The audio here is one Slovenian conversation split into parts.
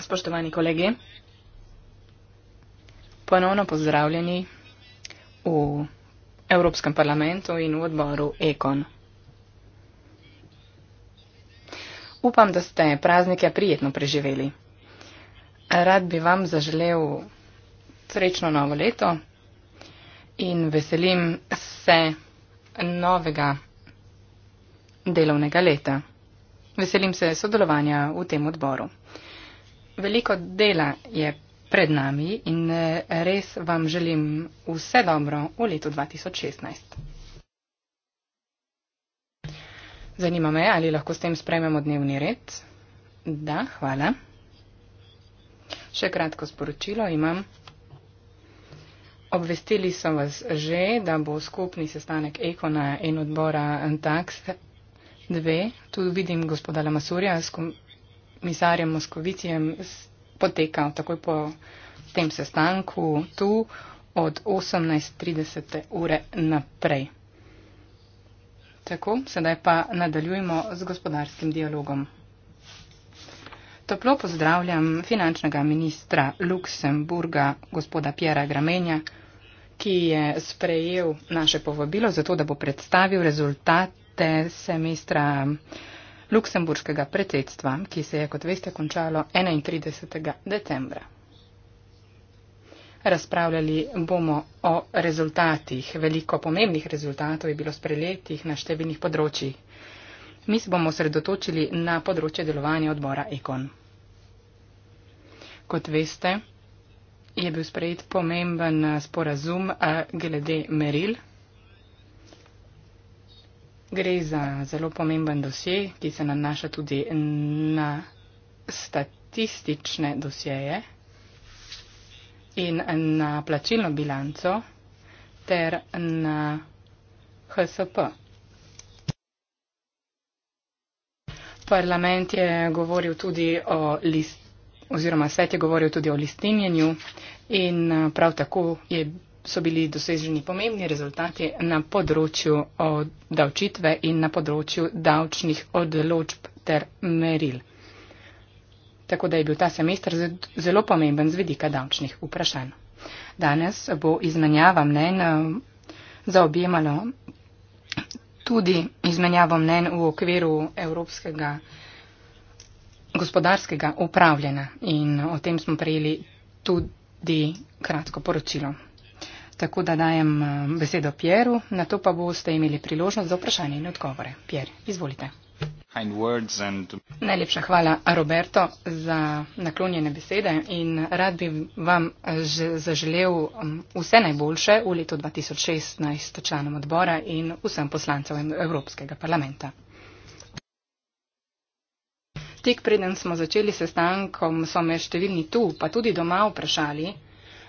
Spoštovani kolegi, ponovno pozdravljeni v Evropskem parlamentu in v odboru Ekon. Upam, da ste praznike prijetno preživeli. Rad bi vam zaželel srečno novo leto in veselim se novega delovnega leta. Veselim se sodelovanja v tem odboru. Veliko dela je pred nami in eh, res vam želim vse dobro v letu 2016. Zanima me, ali lahko s tem sprememo dnevni red. Da, hvala. Še kratko sporočilo imam. Obvestili so vas že, da bo skupni sestanek Ekona in odbora Antaks dve, tu vidim gospoda Lamasurja s komisarjem Moskovicijem, poteka takoj po tem sestanku tu od 18.30 ure naprej. Tako, sedaj pa nadaljujemo z gospodarskim dialogom. Toplo pozdravljam finančnega ministra Luksemburga, gospoda Pjera Gramenja, ki je sprejel naše povabilo za to, da bo predstavil rezultat te semestra luksemburškega predsedstva, ki se je, kot veste, končalo 31. decembra. Razpravljali bomo o rezultatih. Veliko pomembnih rezultatov je bilo sprejetih na številnih področjih. Mi se bomo sredotočili na področje delovanja odbora Ekon. Kot veste, je bil sprejet pomemben eh, sporazum eh, glede meril Gre za zelo pomemben dosje, ki se nanaša tudi na statistične dosjeje in na plačilno bilanco ter na HSP. Parlament je govoril tudi o list, oziroma svet je govoril tudi o listinjenju in eh, prav tako je so bili doseženi pomembni rezultati na področju davčitve in na področju davčnih odločb ter meril. Tako da je bil ta semester zelo pomemben z vedika davčnih vprašanj. Danes bo izmenjava mnen eh, zaobjemalo tudi izmenjavo mnen v okviru evropskega gospodarskega upravljanja in o tem smo prejeli tudi kratko poročilo. Tako da dajem eh, besedo Pjeru, na to pa boste imeli priložnost za vprašanje in odgovore. Pjer, izvolite. And... Najlepša hvala, Roberto, za naklonjene besede in rad bi vam eh, zaželel mm, vse najboljše v letu 2016 članom odbora in vsem poslancev Evropskega parlamenta. Tik preden smo začeli sestankom, so me številni tu, pa tudi doma vprašali,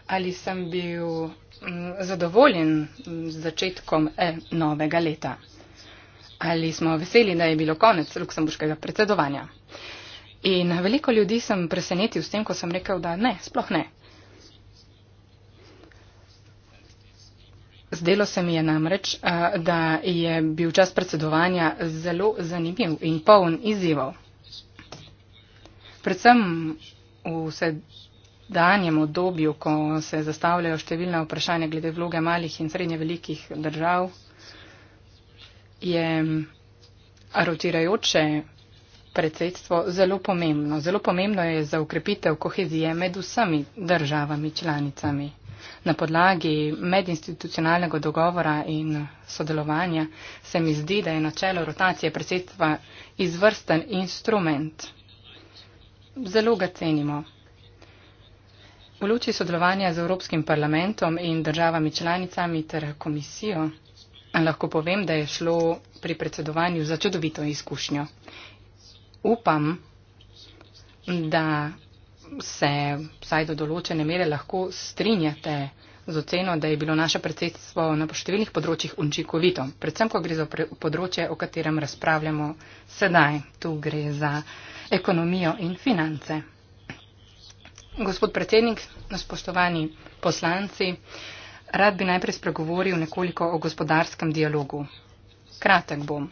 ali sem bil zadovoljen z začetkom e, novega leta? Ali smo veseli, da je bilo konec luksemburškega predsedovanja? In veliko ljudi sem presenetil s tem, ko sem rekel, da ne, sploh ne. Zdelo se mi je namreč, da je bil čas predsedovanja zelo zanimiv in poln izzivov. Predvsem v danjem obdobju, ko se zastavljajo številna vprašanja glede vloge malih in srednje velikih držav, je rotirajoče predsedstvo zelo pomembno. Zelo pomembno je za ukrepitev kohezije med vsemi državami članicami. Na podlagi medinstitucionalnega dogovora in sodelovanja se mi zdi, da je načelo rotacije predsedstva izvrsten instrument. Zelo ga cenimo. V luči sodelovanja z Evropskim parlamentom in državami članicami ter komisijo lahko povem, da je šlo pri predsedovanju za čudovito izkušnjo. Upam, da se vsaj do določene mere lahko strinjate z oceno, da je bilo naše predsedstvo na poštevilnih področjih unčikovito, predvsem, ko gre za področje, o katerem razpravljamo sedaj. Tu gre za ekonomijo in finance. Gospod predsednik, spoštovani poslanci, rad bi najprej spregovoril nekoliko o gospodarskem dialogu. Kratek bom.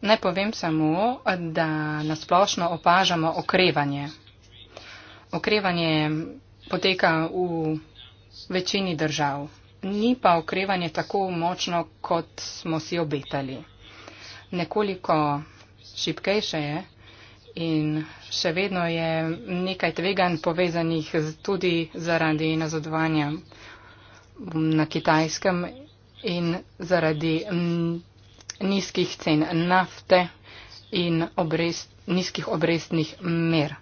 Naj povem samo, da nasplošno opažamo okrevanje. Okrevanje poteka v večini držav, ni pa okrevanje tako močno, kot smo si obetali. Nekoliko šipkejše je in še vedno je nekaj tveganj povezanih tudi zaradi nazadovanja na kitajskem in zaradi mm, nizkih cen nafte in obrest, nizkih obrestnih mer.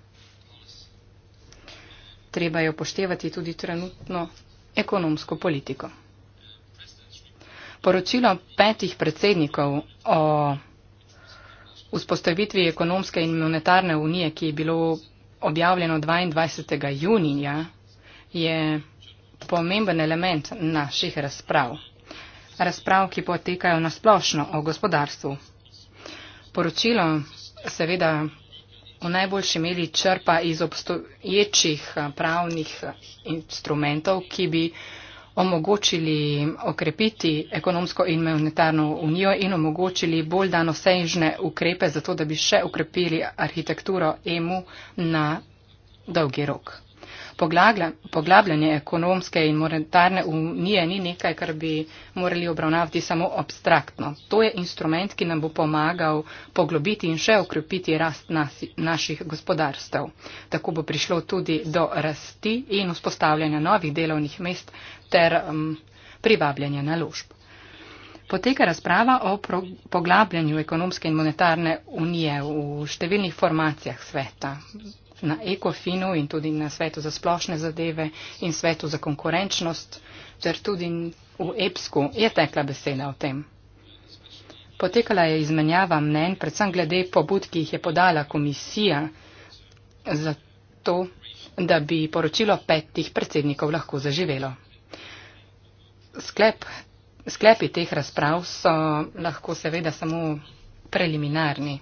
Treba je upoštevati tudi trenutno ekonomsko politiko. Poročilo petih predsednikov o vzpostavitvi ekonomske in monetarne unije, ki je bilo objavljeno 22. junija, je pomemben element naših razprav. Razprav, ki potekajo na splošno o gospodarstvu. Poročilo seveda v najboljši meri črpa iz obstoječih pravnih instrumentov, ki bi omogočili okrepiti ekonomsko in monetarno unijo in omogočili bolj danosežne ukrepe, zato da bi še ukrepili arhitekturo EMU na dolgi rok. Poglabljanje ekonomske in monetarne unije ni nekaj, kar bi morali obravnavati samo abstraktno. To je instrument, ki nam bo pomagal poglobiti in še okrepiti rast nasi, naših gospodarstv. Tako bo prišlo tudi do rasti in vzpostavljanja novih delovnih mest ter um, privabljanja naložb. Poteka razprava o poglabljanju ekonomske in monetarne unije v številnih formacijah sveta na ECOFIN-u in tudi na svetu za splošne zadeve in svetu za konkurenčnost, ter tudi v EPSKU je tekla beseda o tem. Potekala je izmenjava mnen, predvsem glede pobud, ki jih je podala komisija za to, da bi poročilo petih predsednikov lahko zaživelo. Sklep, sklepi teh razprav so lahko seveda samo preliminarni.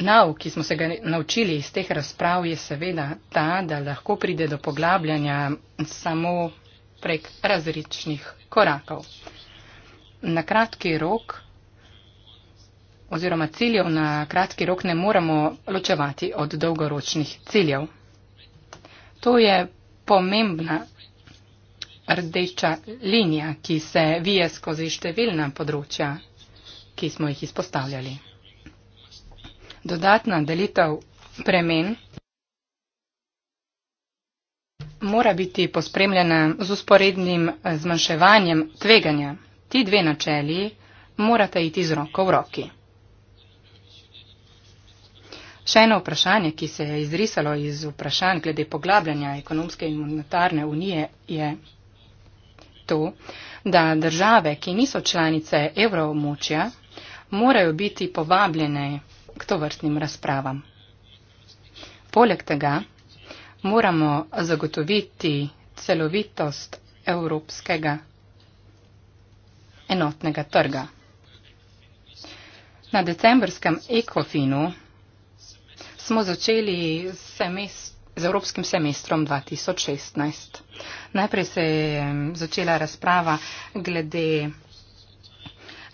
Nauk, ki smo se ga naučili iz teh razprav, je seveda ta, da lahko pride do poglabljanja samo prek različnih korakov. Na kratki rok oziroma ciljev na kratki rok ne moremo ločevati od dolgoročnih ciljev. To je pomembna rdeča linija, ki se vije skozi številna področja, ki smo jih izpostavljali dodatna delitev bremen mora biti pospremljena z usporednim eh, zmanjševanjem tveganja. Ti dve načeli morate iti z roko v roki. Še eno vprašanje, ki se je izrisalo iz vprašanj glede poglabljanja ekonomske in monetarne unije, je to, da države, ki niso članice evroomočja, morajo biti povabljene k tovrstnim razpravam. Poleg tega moramo zagotoviti celovitost evropskega enotnega trga. Na decembrskem ekofinu smo začeli z evropskim semestrom 2016. Najprej se je začela razprava glede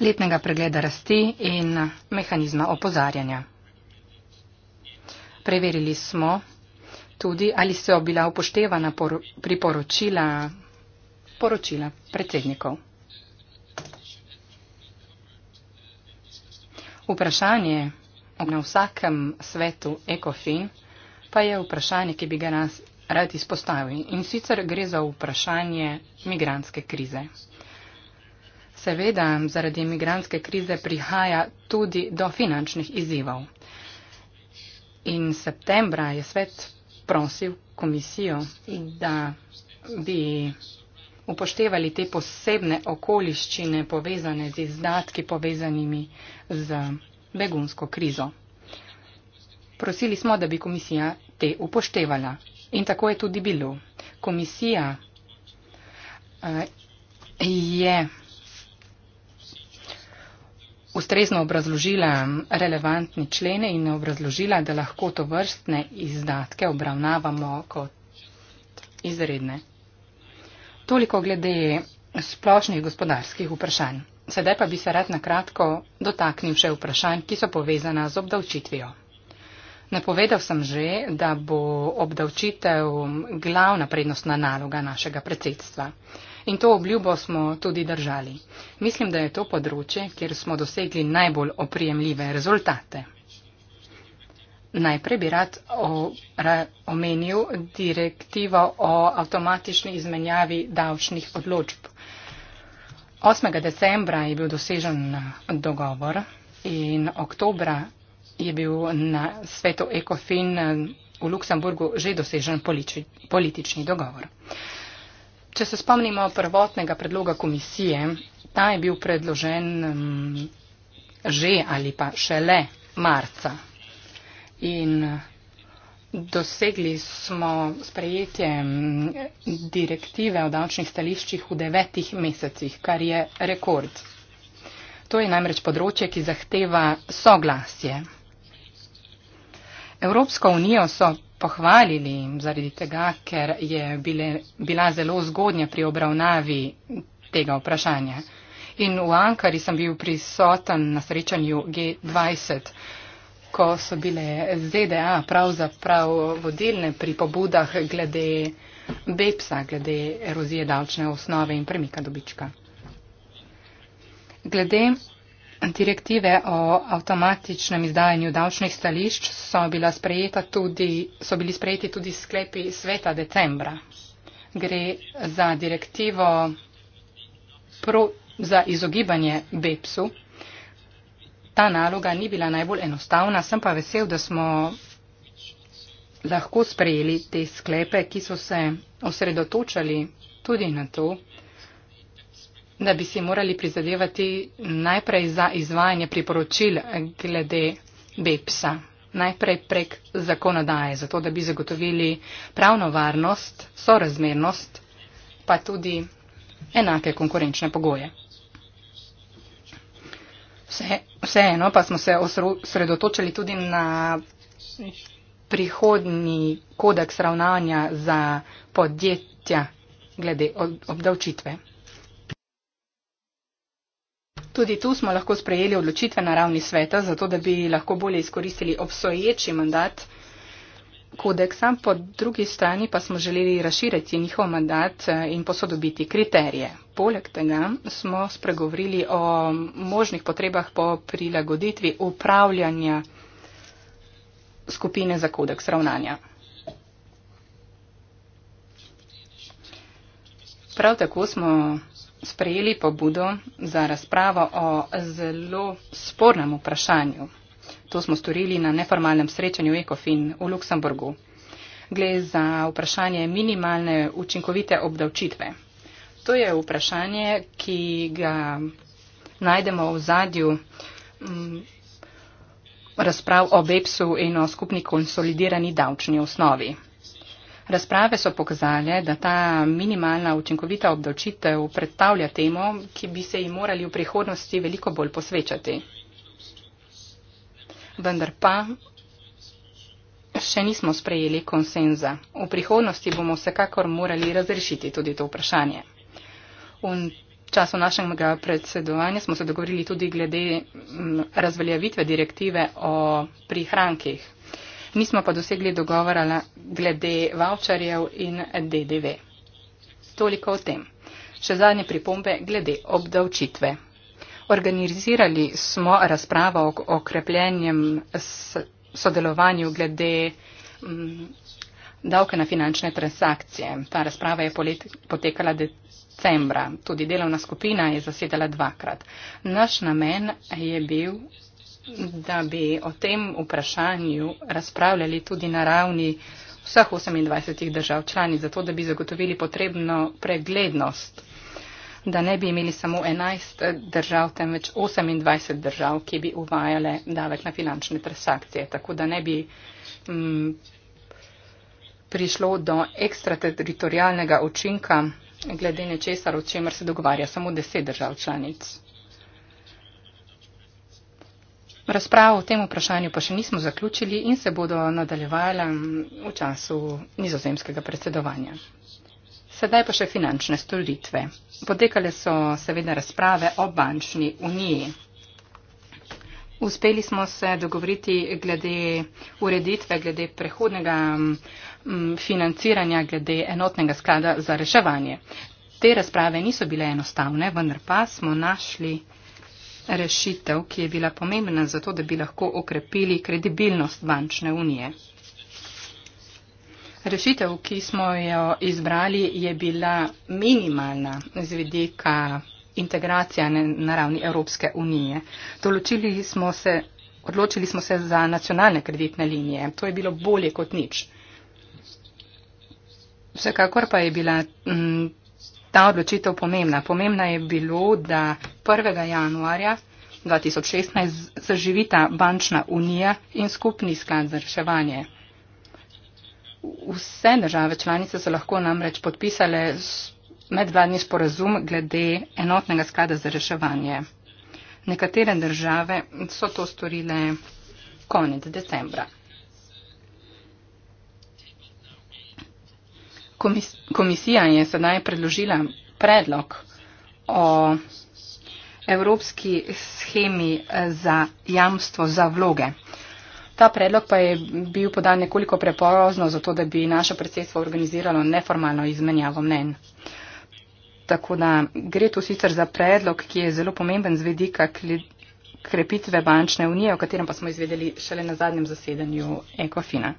letnega pregleda rasti in mehanizma opozarjanja. Preverili smo tudi, ali so bila upoštevana priporočila poročila predsednikov. Vprašanje na vsakem svetu ECOFIN pa je vprašanje, ki bi ga nas rad izpostavil. In sicer gre za vprašanje migranske krize. Seveda, zaradi imigranske krize prihaja tudi do finančnih izzivov. In septembra je svet prosil komisijo, da bi upoštevali te posebne okoliščine povezane z izdatki povezanimi z begunsko krizo. Prosili smo, da bi komisija te upoštevala. In tako je tudi bilo. Komisija uh, je ustrezno obrazložila relevantni člene in obrazložila, da lahko to vrstne izdatke obravnavamo kot izredne. Toliko glede splošnih gospodarskih vprašanj. Sedaj pa bi se rad nakratko dotaknil še vprašanj, ki so povezana z obdavčitvijo. Napovedal sem že, da bo obdavčitev glavna prednostna naloga našega predsedstva in to obljubo smo tudi držali. Mislim, da je to področje, kjer smo dosegli najbolj oprijemljive rezultate. Najprej bi rad o, ra, omenil direktivo o avtomatični izmenjavi davčnih odločb. 8. decembra je bil dosežen dogovor in oktobra je bil na svetu ECOFIN v Luksemburgu že dosežen politični dogovor. Če se spomnimo prvotnega predloga komisije, ta je bil predložen m, mm, že ali pa šele marca. In eh, dosegli smo sprejetje mm, direktive o davčnih stališčih v devetih mesecih, kar je rekord. To je namreč področje, ki zahteva soglasje. Evropsko unijo so pohvalili zaradi tega, ker je bile, bila zelo zgodnja pri obravnavi tega vprašanja. In v Ankari sem bil prisoten na srečanju G20, ko so bile ZDA pravzaprav vodilne pri pobudah glede BEPS-a, glede erozije davčne osnove in premika dobička. Glede Direktive o avtomatičnem izdajanju davčnih stališč so, bila tudi, so bili sprejeti tudi sklepi sveta decembra. Gre za direktivo pro, za izogibanje BEPS-u. Ta naloga ni bila najbolj enostavna, sem pa vesel, da smo lahko sprejeli te sklepe, ki so se osredotočali tudi na to, da bi si morali prizadevati najprej za izvajanje priporočil glede BEPS-a, najprej prek zakonodaje, zato da bi zagotovili pravno varnost, sorazmernost, pa tudi enake konkurenčne pogoje. Vse, vseeno pa smo se osredotočili tudi na prihodni kodeks ravnanja za podjetja glede obdavčitve. Od, Tudi tu smo lahko sprejeli odločitve na ravni sveta, zato da bi lahko bolje izkoristili obstoječi mandat kodeksa, po drugi strani pa smo želeli razširiti njihov mandat eh, in posodobiti kriterije. Poleg tega smo spregovorili o možnih potrebah po prilagoditvi upravljanja skupine za kodeks ravnanja. Prav tako smo sprejeli pobudo za razpravo o zelo spornem vprašanju. To smo storili na neformalnem srečanju ECOFIN v Luksemburgu. Gre za vprašanje minimalne učinkovite obdavčitve. To je vprašanje, ki ga najdemo v zadju mm, razprav o BEPS-u in o skupni konsolidirani davčni osnovi. Razprave so pokazale, da ta minimalna učinkovita obdavčitev predstavlja temo, ki bi se ji morali v prihodnosti veliko bolj posvečati. Vendar pa še nismo sprejeli konsenza. V prihodnosti bomo vsekakor morali razrešiti tudi to vprašanje. V času našega predsedovanja smo se dogovorili tudi glede mm, razveljavitve direktive o prihrankih mi smo pa dosegli dogovora glede vaučarjev in DDV. Toliko o tem. Še zadnje pripombe glede obdavčitve. Organizirali smo razpravo o okrepljenjem sodelovanju glede m, mm, davke na finančne transakcije. Ta razprava je polet, potekala decembra. Tudi delovna skupina je zasedala dvakrat. Naš namen je bil da bi o tem vprašanju razpravljali tudi na ravni vseh 28 držav članic, zato da bi zagotovili potrebno preglednost, da ne bi imeli samo 11 držav, temveč 28 držav, ki bi uvajale davek na finančne transakcije. Tako da ne bi m, mm, prišlo do ekstrateritorijalnega učinka glede nečesar, o čemer se dogovarja samo 10 držav članic. Razpravo o tem vprašanju pa še nismo zaključili in se bodo nadaljevala v času nizozemskega predsedovanja. Sedaj pa še finančne storitve. Potekale so seveda razprave o bančni uniji. Uspeli smo se dogovoriti glede ureditve, glede prehodnega mm, financiranja, glede enotnega sklada za reševanje. Te razprave niso bile enostavne, vendar pa smo našli rešitev, ki je bila pomembna za to, da bi lahko okrepili kredibilnost bančne unije. Rešitev, ki smo jo izbrali, je bila minimalna z vedika integracija na ravni Evropske unije. Določili smo se, odločili smo se za nacionalne kreditne linije. To je bilo bolje kot nič. Vsekakor pa je bila. Mm, ta odločitev pomembna. Pomembna je bilo, da 1. januarja 2016 zaživita bančna unija in skupni sklad za reševanje. Vse države članice so lahko namreč podpisale medvladni sporazum glede enotnega sklada za reševanje. Nekatere države so to storile konec decembra. komis komisija je sedaj predložila predlog o evropski schemi eh, za jamstvo za vloge. Ta predlog pa je bil podan nekoliko prepozno, zato da bi naše predsedstvo organiziralo neformalno izmenjavo mnen. Tako da gre tu sicer za predlog, ki je zelo pomemben z vedika krepitve bančne unije, o katerem pa smo izvedeli šele na zadnjem zasedanju Ekofina.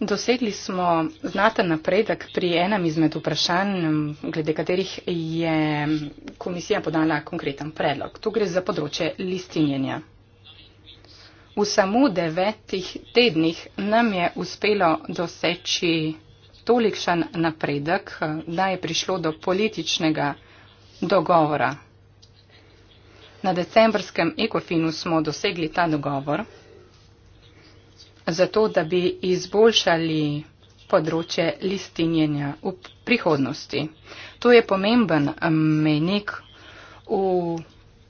Dosegli smo znaten napredek pri enem izmed vprašanj, glede katerih je komisija podala konkreten predlog. Tu gre za področje listinjenja. V samo devetih tednih nam je uspelo doseči tolikšen napredek, da je prišlo do političnega dogovora. Na decembrskem ekofinu smo dosegli ta dogovor zato, da bi izboljšali področje listinjenja v prihodnosti. To je pomemben um, menik v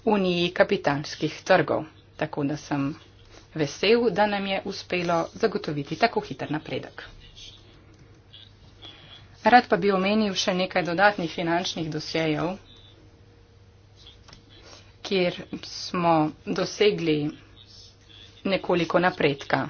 Uniji kapitalskih trgov, tako da sem vesel, da nam je uspelo zagotoviti tako hiter napredek. Rad pa bi omenil še nekaj dodatnih finančnih dosejev, kjer smo dosegli nekoliko napredka.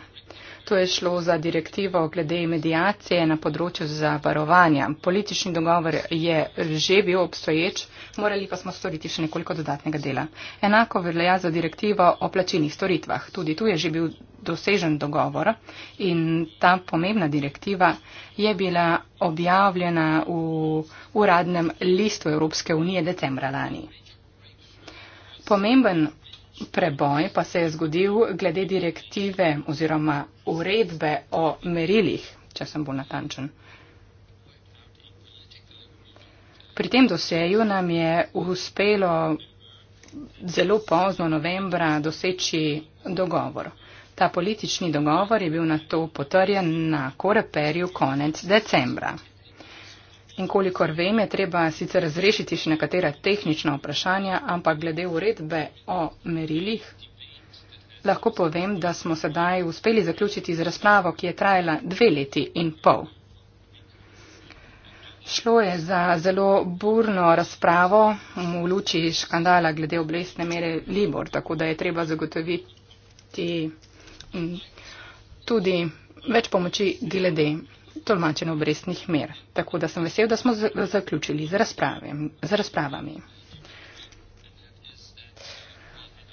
To je šlo za direktivo glede medijacije na področju zavarovanja. Politični dogovor je že bil obstoječ, morali pa smo storiti še nekoliko dodatnega dela. Enako velja za direktivo o plačilnih storitvah. Tudi tu je že bil dosežen dogovor in ta pomembna direktiva je bila objavljena v uradnem listu Evropske unije decembra lani. Pomemben preboj pa se je zgodil glede direktive oziroma uredbe o merilih, če sem bolj natančen. Pri tem doseju nam je uspelo zelo pozno novembra doseči dogovor. Ta politični dogovor je bil na to potrjen na koreperju konec decembra. In kolikor vem, je treba sicer razrešiti še nekatera tehnična vprašanja, ampak glede uredbe o merilih, lahko povem, da smo sedaj uspeli zaključiti z razpravo, ki je trajala dve leti in pol. Šlo je za zelo burno razpravo v luči škandala glede oblestne mere Libor, tako da je treba zagotoviti tudi več pomoči glede tolmačenju obrestnih mer. Tako da sem vesel, da smo zaključili z, z razpravami.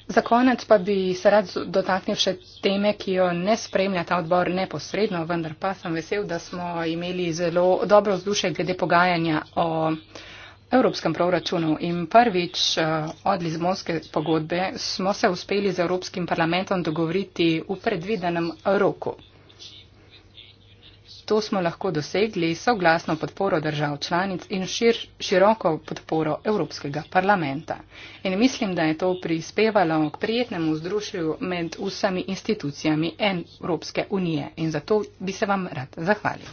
Za konec pa bi se rad dotaknil še teme, ki jo ne spremlja ta odbor neposredno, vendar pa sem vesel, da smo imeli zelo dobro vzdušje glede pogajanja o evropskem proračunu. In prvič eh, od Lizbonske pogodbe smo se uspeli z Evropskim parlamentom dogovoriti v predvidenem roku. To smo lahko dosegli s soglasno podporo držav članic in šir, široko podporo Evropskega parlamenta. In mislim, da je to prispevalo k prijetnemu združju med vsemi institucijami Evropske unije. In zato bi se vam rad zahvalil.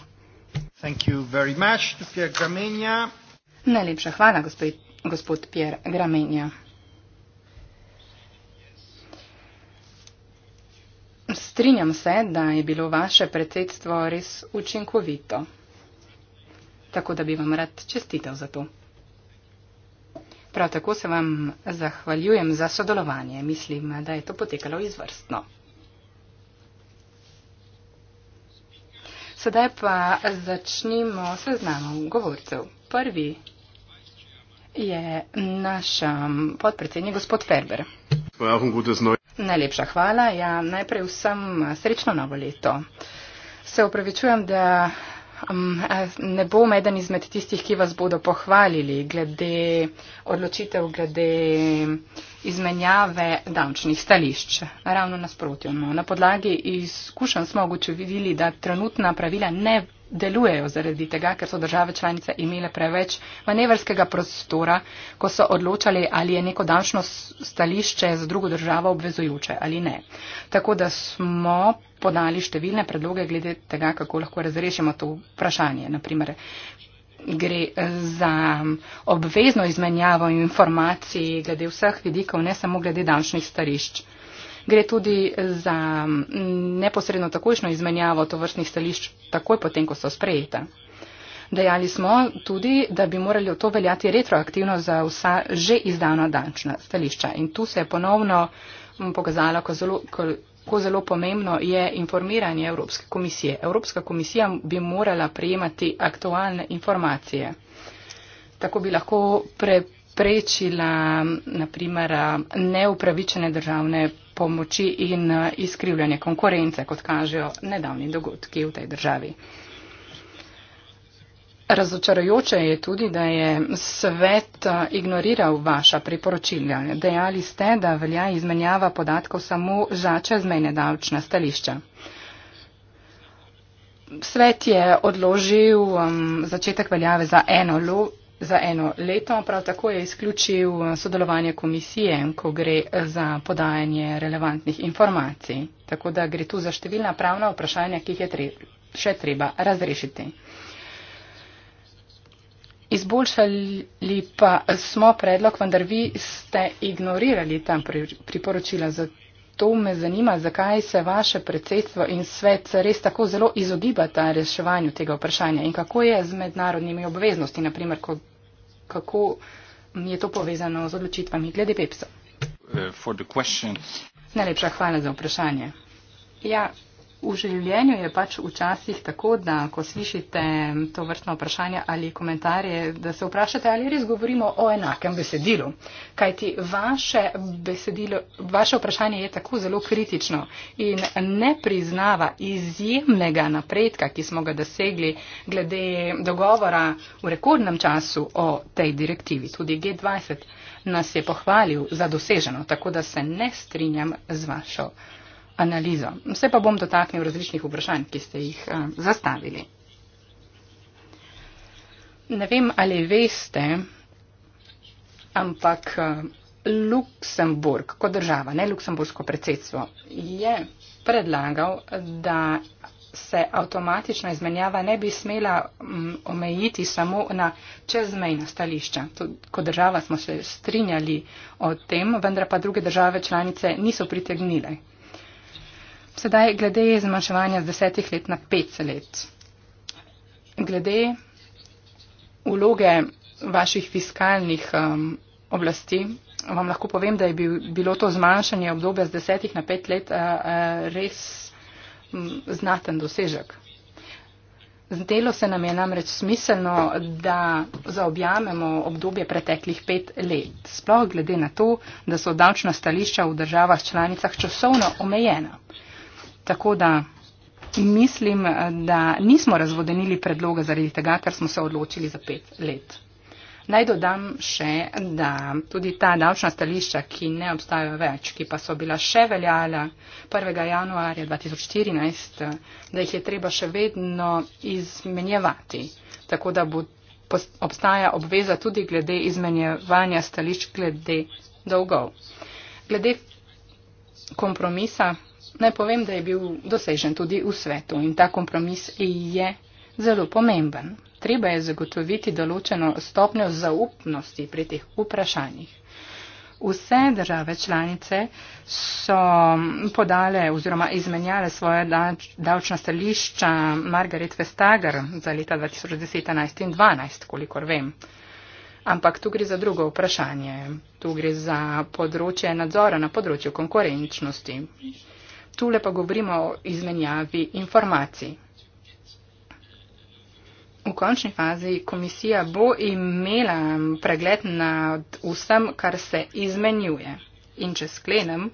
Najlepša hvala, gospod, gospod Pierre Gramenja. Strinjam se, da je bilo vaše predsedstvo res učinkovito. Tako da bi vam rad čestitev za to. Prav tako se vam zahvaljujem za sodelovanje. Mislim, da je to potekalo izvrstno. Sedaj pa začnimo seznamom govorcev. Prvi je naš um, podpredsednik gospod Ferber. Well, Najlepša hvala. Ja, najprej vsem eh, srečno novo leto. Se upravičujem, da um, ne bom eden izmed tistih, ki vas bodo pohvalili glede odločitev, glede izmenjave davčnih stališč. Ravno nasprotno. Na podlagi izkušenj smo ugotovili, da trenutna pravila ne delujejo zaradi tega, ker so države članice imele preveč manevrskega prostora, ko so odločali, ali je neko davčno stališče za drugo državo obvezujoče ali ne. Tako da smo podali številne predloge glede tega, kako lahko razrešimo to vprašanje. Naprimer, gre za obvezno izmenjavo informacij glede vseh vidikov, ne samo glede davčnih starišč gre tudi za neposredno takojšno izmenjavo tovrstnih stališč takoj potem, ko so sprejeta. Dejali smo tudi, da bi morali to veljati retroaktivno za vsa že izdana dančna stališča. In tu se je ponovno pokazalo, ko zelo, ko Ko zelo pomembno je informiranje Evropske komisije. Evropska komisija bi morala prejemati aktualne informacije. Tako bi lahko pre, preprečila naprimer neupravičene državne pomoči in izkrivljanje konkurence, kot kažejo nedavni dogodki v tej državi. Razočarajoče je tudi, da je svet ignoriral vaša priporočila. Dejali ste, da velja izmenjava podatkov samo za čezmejne davčna stališča. Svet je odložil um, začetek veljave za eno za eno leto. Prav tako je izključil sodelovanje komisije, ko gre za podajanje relevantnih informacij. Tako da gre tu za številna pravna vprašanja, ki jih je tre še treba razrešiti. Izboljšali pa smo predlog, vendar vi ste ignorirali ta priporočila. Zato me zanima, zakaj se vaše predsedstvo in svet res tako zelo izogibata reševanju tega vprašanja in kako je z mednarodnimi obveznosti, naprimer kot kako je to povezano z odločitvami glede pepsa. Eh, Najlepša hvala za vprašanje. Ja, V življenju je pač včasih tako, da ko slišite to vrstno vprašanje ali komentarje, da se vprašate, ali res govorimo o enakem besedilu. Kajti vaše, besedilo, vaše vprašanje je tako zelo kritično in ne priznava izjemnega napredka, ki smo ga dosegli glede dogovora v rekordnem času o tej direktivi. Tudi G20 nas je pohvalil za doseženo, tako da se ne strinjam z vašo analizo. Vse pa bom dotaknil različnih vprašanj, ki ste jih eh, zastavili. Ne vem, ali veste, ampak eh, Luksemburg kot država, ne Luksemburgsko predsedstvo, je predlagal, da se avtomatična izmenjava ne bi smela mm, omejiti samo na čezmejna stališča. Kot država smo se strinjali o tem, vendar pa druge države članice niso pritegnile Sedaj glede zmanjševanja z desetih let na pet let. Glede uloge vaših fiskalnih um, oblasti, vam lahko povem, da je bil, bilo to zmanjšanje obdobja z desetih na pet let uh, uh, res um, znaten dosežek. Zdelo se nam je namreč smiselno, da zaobjamemo obdobje preteklih pet let, sploh glede na to, da so davčna stališča v državah članicah časovno omejena. Tako da mislim, da nismo razvodenili predloga zaradi tega, ker smo se odločili za pet let. Naj dodam še, da tudi ta davčna stališča, ki ne obstajajo več, ki pa so bila še veljala 1. januarja 2014, da jih je treba še vedno izmenjevati. Tako da bo, obstaja obveza tudi glede izmenjevanja stališč glede dolgov. Glede kompromisa Naj povem, da je bil dosežen tudi v svetu in ta kompromis je zelo pomemben. Treba je zagotoviti določeno stopnjo zaupnosti pri teh vprašanjih. Vse države članice so podale oziroma izmenjale svoje davčna stališča Margaret Vestager za leta 2011 in 2012, kolikor vem. Ampak tu gre za drugo vprašanje. Tu gre za področje nadzora na področju konkurenčnosti. Tule pa govorimo o izmenjavi informacij. V končni fazi komisija bo imela pregled nad vsem, kar se izmenjuje. In če sklenem,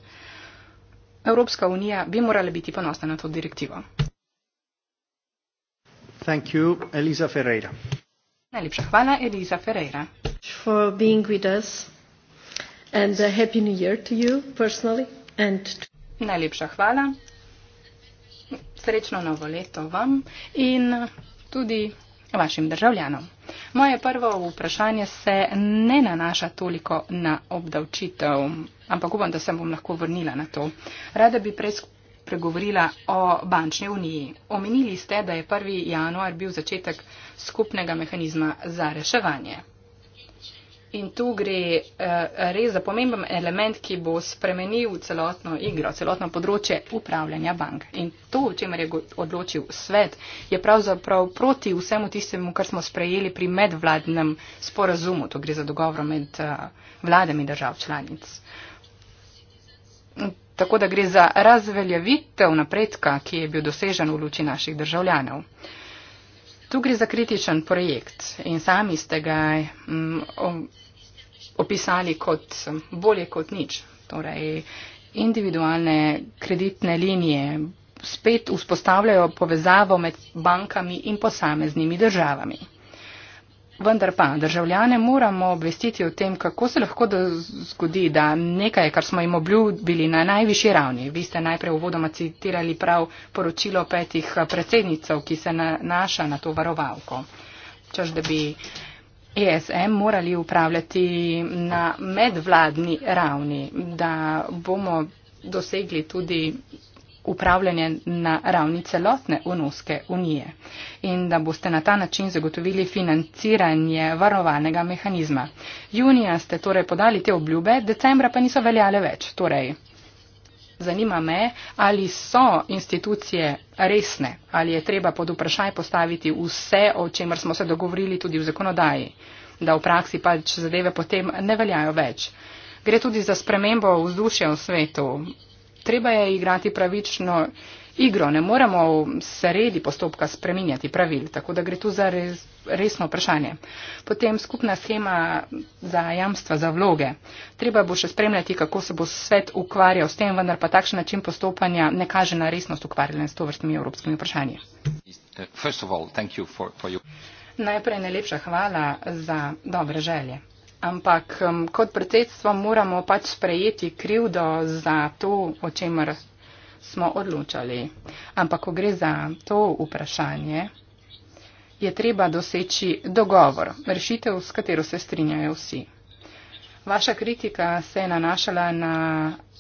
Evropska unija bi morala biti ponosna na to direktivo. Thank you, Elisa Ferreira. Najlepša hvala, Elisa Ferreira. For being with us and a happy new year to you personally and to Najlepša hvala. Srečno novo leto vam in tudi vašim državljanom. Moje prvo vprašanje se ne nanaša toliko na obdavčitev, ampak upam, da se bom lahko vrnila na to. Rada bi pregovorila o bančni uniji. Omenili ste, da je 1. januar bil začetek skupnega mehanizma za reševanje. In tu gre eh, res za pomemben element, ki bo spremenil celotno igro, celotno področje upravljanja bank. In to, o čemer je odločil svet, je pravzaprav proti vsemu tistemu, kar smo sprejeli pri medvladnem sporazumu. To gre za dogovor med eh, vladami držav članic. Tako da gre za razveljavitev napredka, ki je bil dosežen v luči naših državljanov. Eh, Tu gre za kritičen projekt in sami ste ga mm, opisali kot bolje kot nič. Torej, individualne kreditne linije spet vzpostavljajo povezavo med bankami in posameznimi državami. Vendar pa državljane moramo obvestiti o tem, kako se lahko da zgodi, da nekaj, kar smo jim obljubili na najvišji ravni, vi ste najprej uvodoma citirali prav poročilo petih eh, predsednicov, ki se nanaša na to varovalko. Čež da bi ESM morali upravljati na medvladni ravni, da bomo dosegli tudi upravljanje na ravni celotne unoske unije in da boste na ta način zagotovili financiranje varovanega mehanizma. Junija ste torej podali te obljube, decembra pa niso veljale več. Torej, zanima me, ali so institucije resne, ali je treba pod vprašaj postaviti vse, o čemer smo se dogovorili tudi v zakonodaji, da v praksi pač zadeve potem ne veljajo več. Gre tudi za spremembo vzdušja v svetu treba je igrati pravično igro, ne moremo sredi postopka spreminjati pravil, tako da gre tu za res, resno vprašanje. Potem skupna schema za jamstva za vloge. Treba bo še spremljati, kako se bo svet ukvarjal s tem, vendar pa takšen način postopanja ne kaže na resnost ukvarjanja s to vrstnimi evropskimi vprašanji. Najprej najlepša hvala za dobre želje ampak um, kot predsedstvo moramo pač sprejeti krivdo za to, o čemer smo odločali. Ampak, ko gre za to vprašanje, je treba doseči dogovor, rešitev, s katero se strinjajo vsi. Vaša kritika se je nanašala na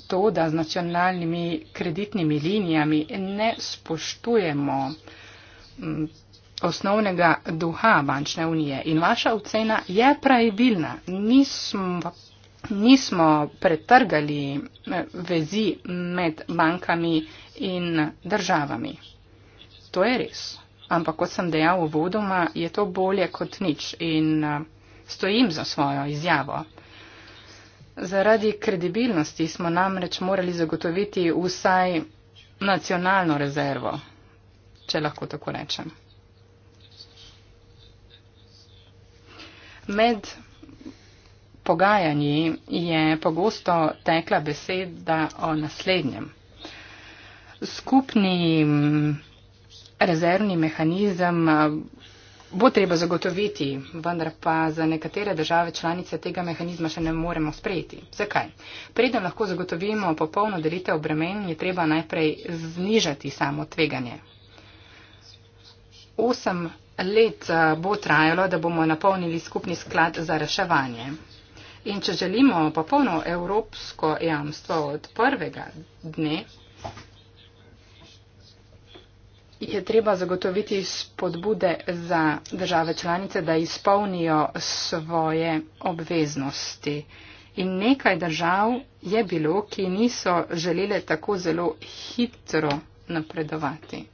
to, da z nacionalnimi kreditnimi linijami ne spoštujemo osnovnega duha bančne unije in vaša ocena je pravilna. Nismo, nismo pretrgali eh, vezi med bankami in državami. To je res. Ampak kot sem dejal v vodoma, je to bolje kot nič in eh, stojim za svojo izjavo. Zaradi kredibilnosti smo namreč morali zagotoviti vsaj nacionalno rezervo, če lahko tako rečem. Med pogajanji je pogosto tekla beseda o naslednjem. Skupni mm, rezervni mehanizem mm, bo treba zagotoviti, vendar pa za nekatere države članice tega mehanizma še ne moremo sprejeti. Zakaj? Preden lahko zagotovimo popolno delitev bremen, je treba najprej znižati samo tveganje osem let eh, bo trajalo, da bomo napolnili skupni sklad za reševanje. In če želimo popolno evropsko jamstvo od prvega dne, je treba zagotoviti spodbude za države članice, da izpolnijo svoje obveznosti. In nekaj držav je bilo, ki niso želele tako zelo hitro napredovati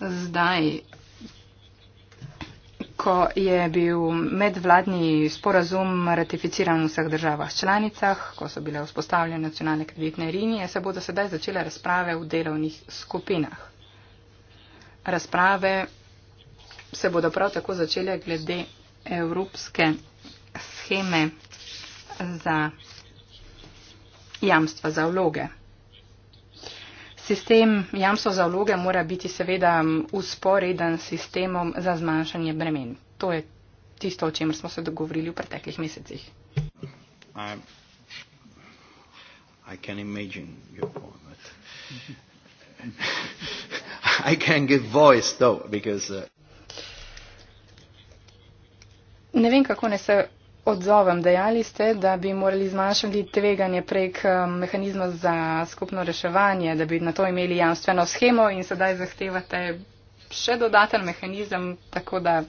zdaj, ko je bil medvladni sporazum ratificiran v vseh državah članicah, ko so bile vzpostavljene nacionalne kreditne linije, se bodo sedaj začele razprave v delovnih skupinah. Razprave se bodo prav tako začele glede evropske scheme za jamstva za vloge. Sistem jamstva za vloge mora biti seveda usporeden s sistemom za zmanjšanje bremen. To je tisto, o čemer smo se dogovorili v preteklih mesecih. Though, because, uh... Ne vem, kako ne se odzovem. Dejali ste, da bi morali zmanjšati tveganje prek um, mehanizma za skupno reševanje, da bi na to imeli jamstveno schemo in sedaj zahtevate še dodaten mehanizem, tako da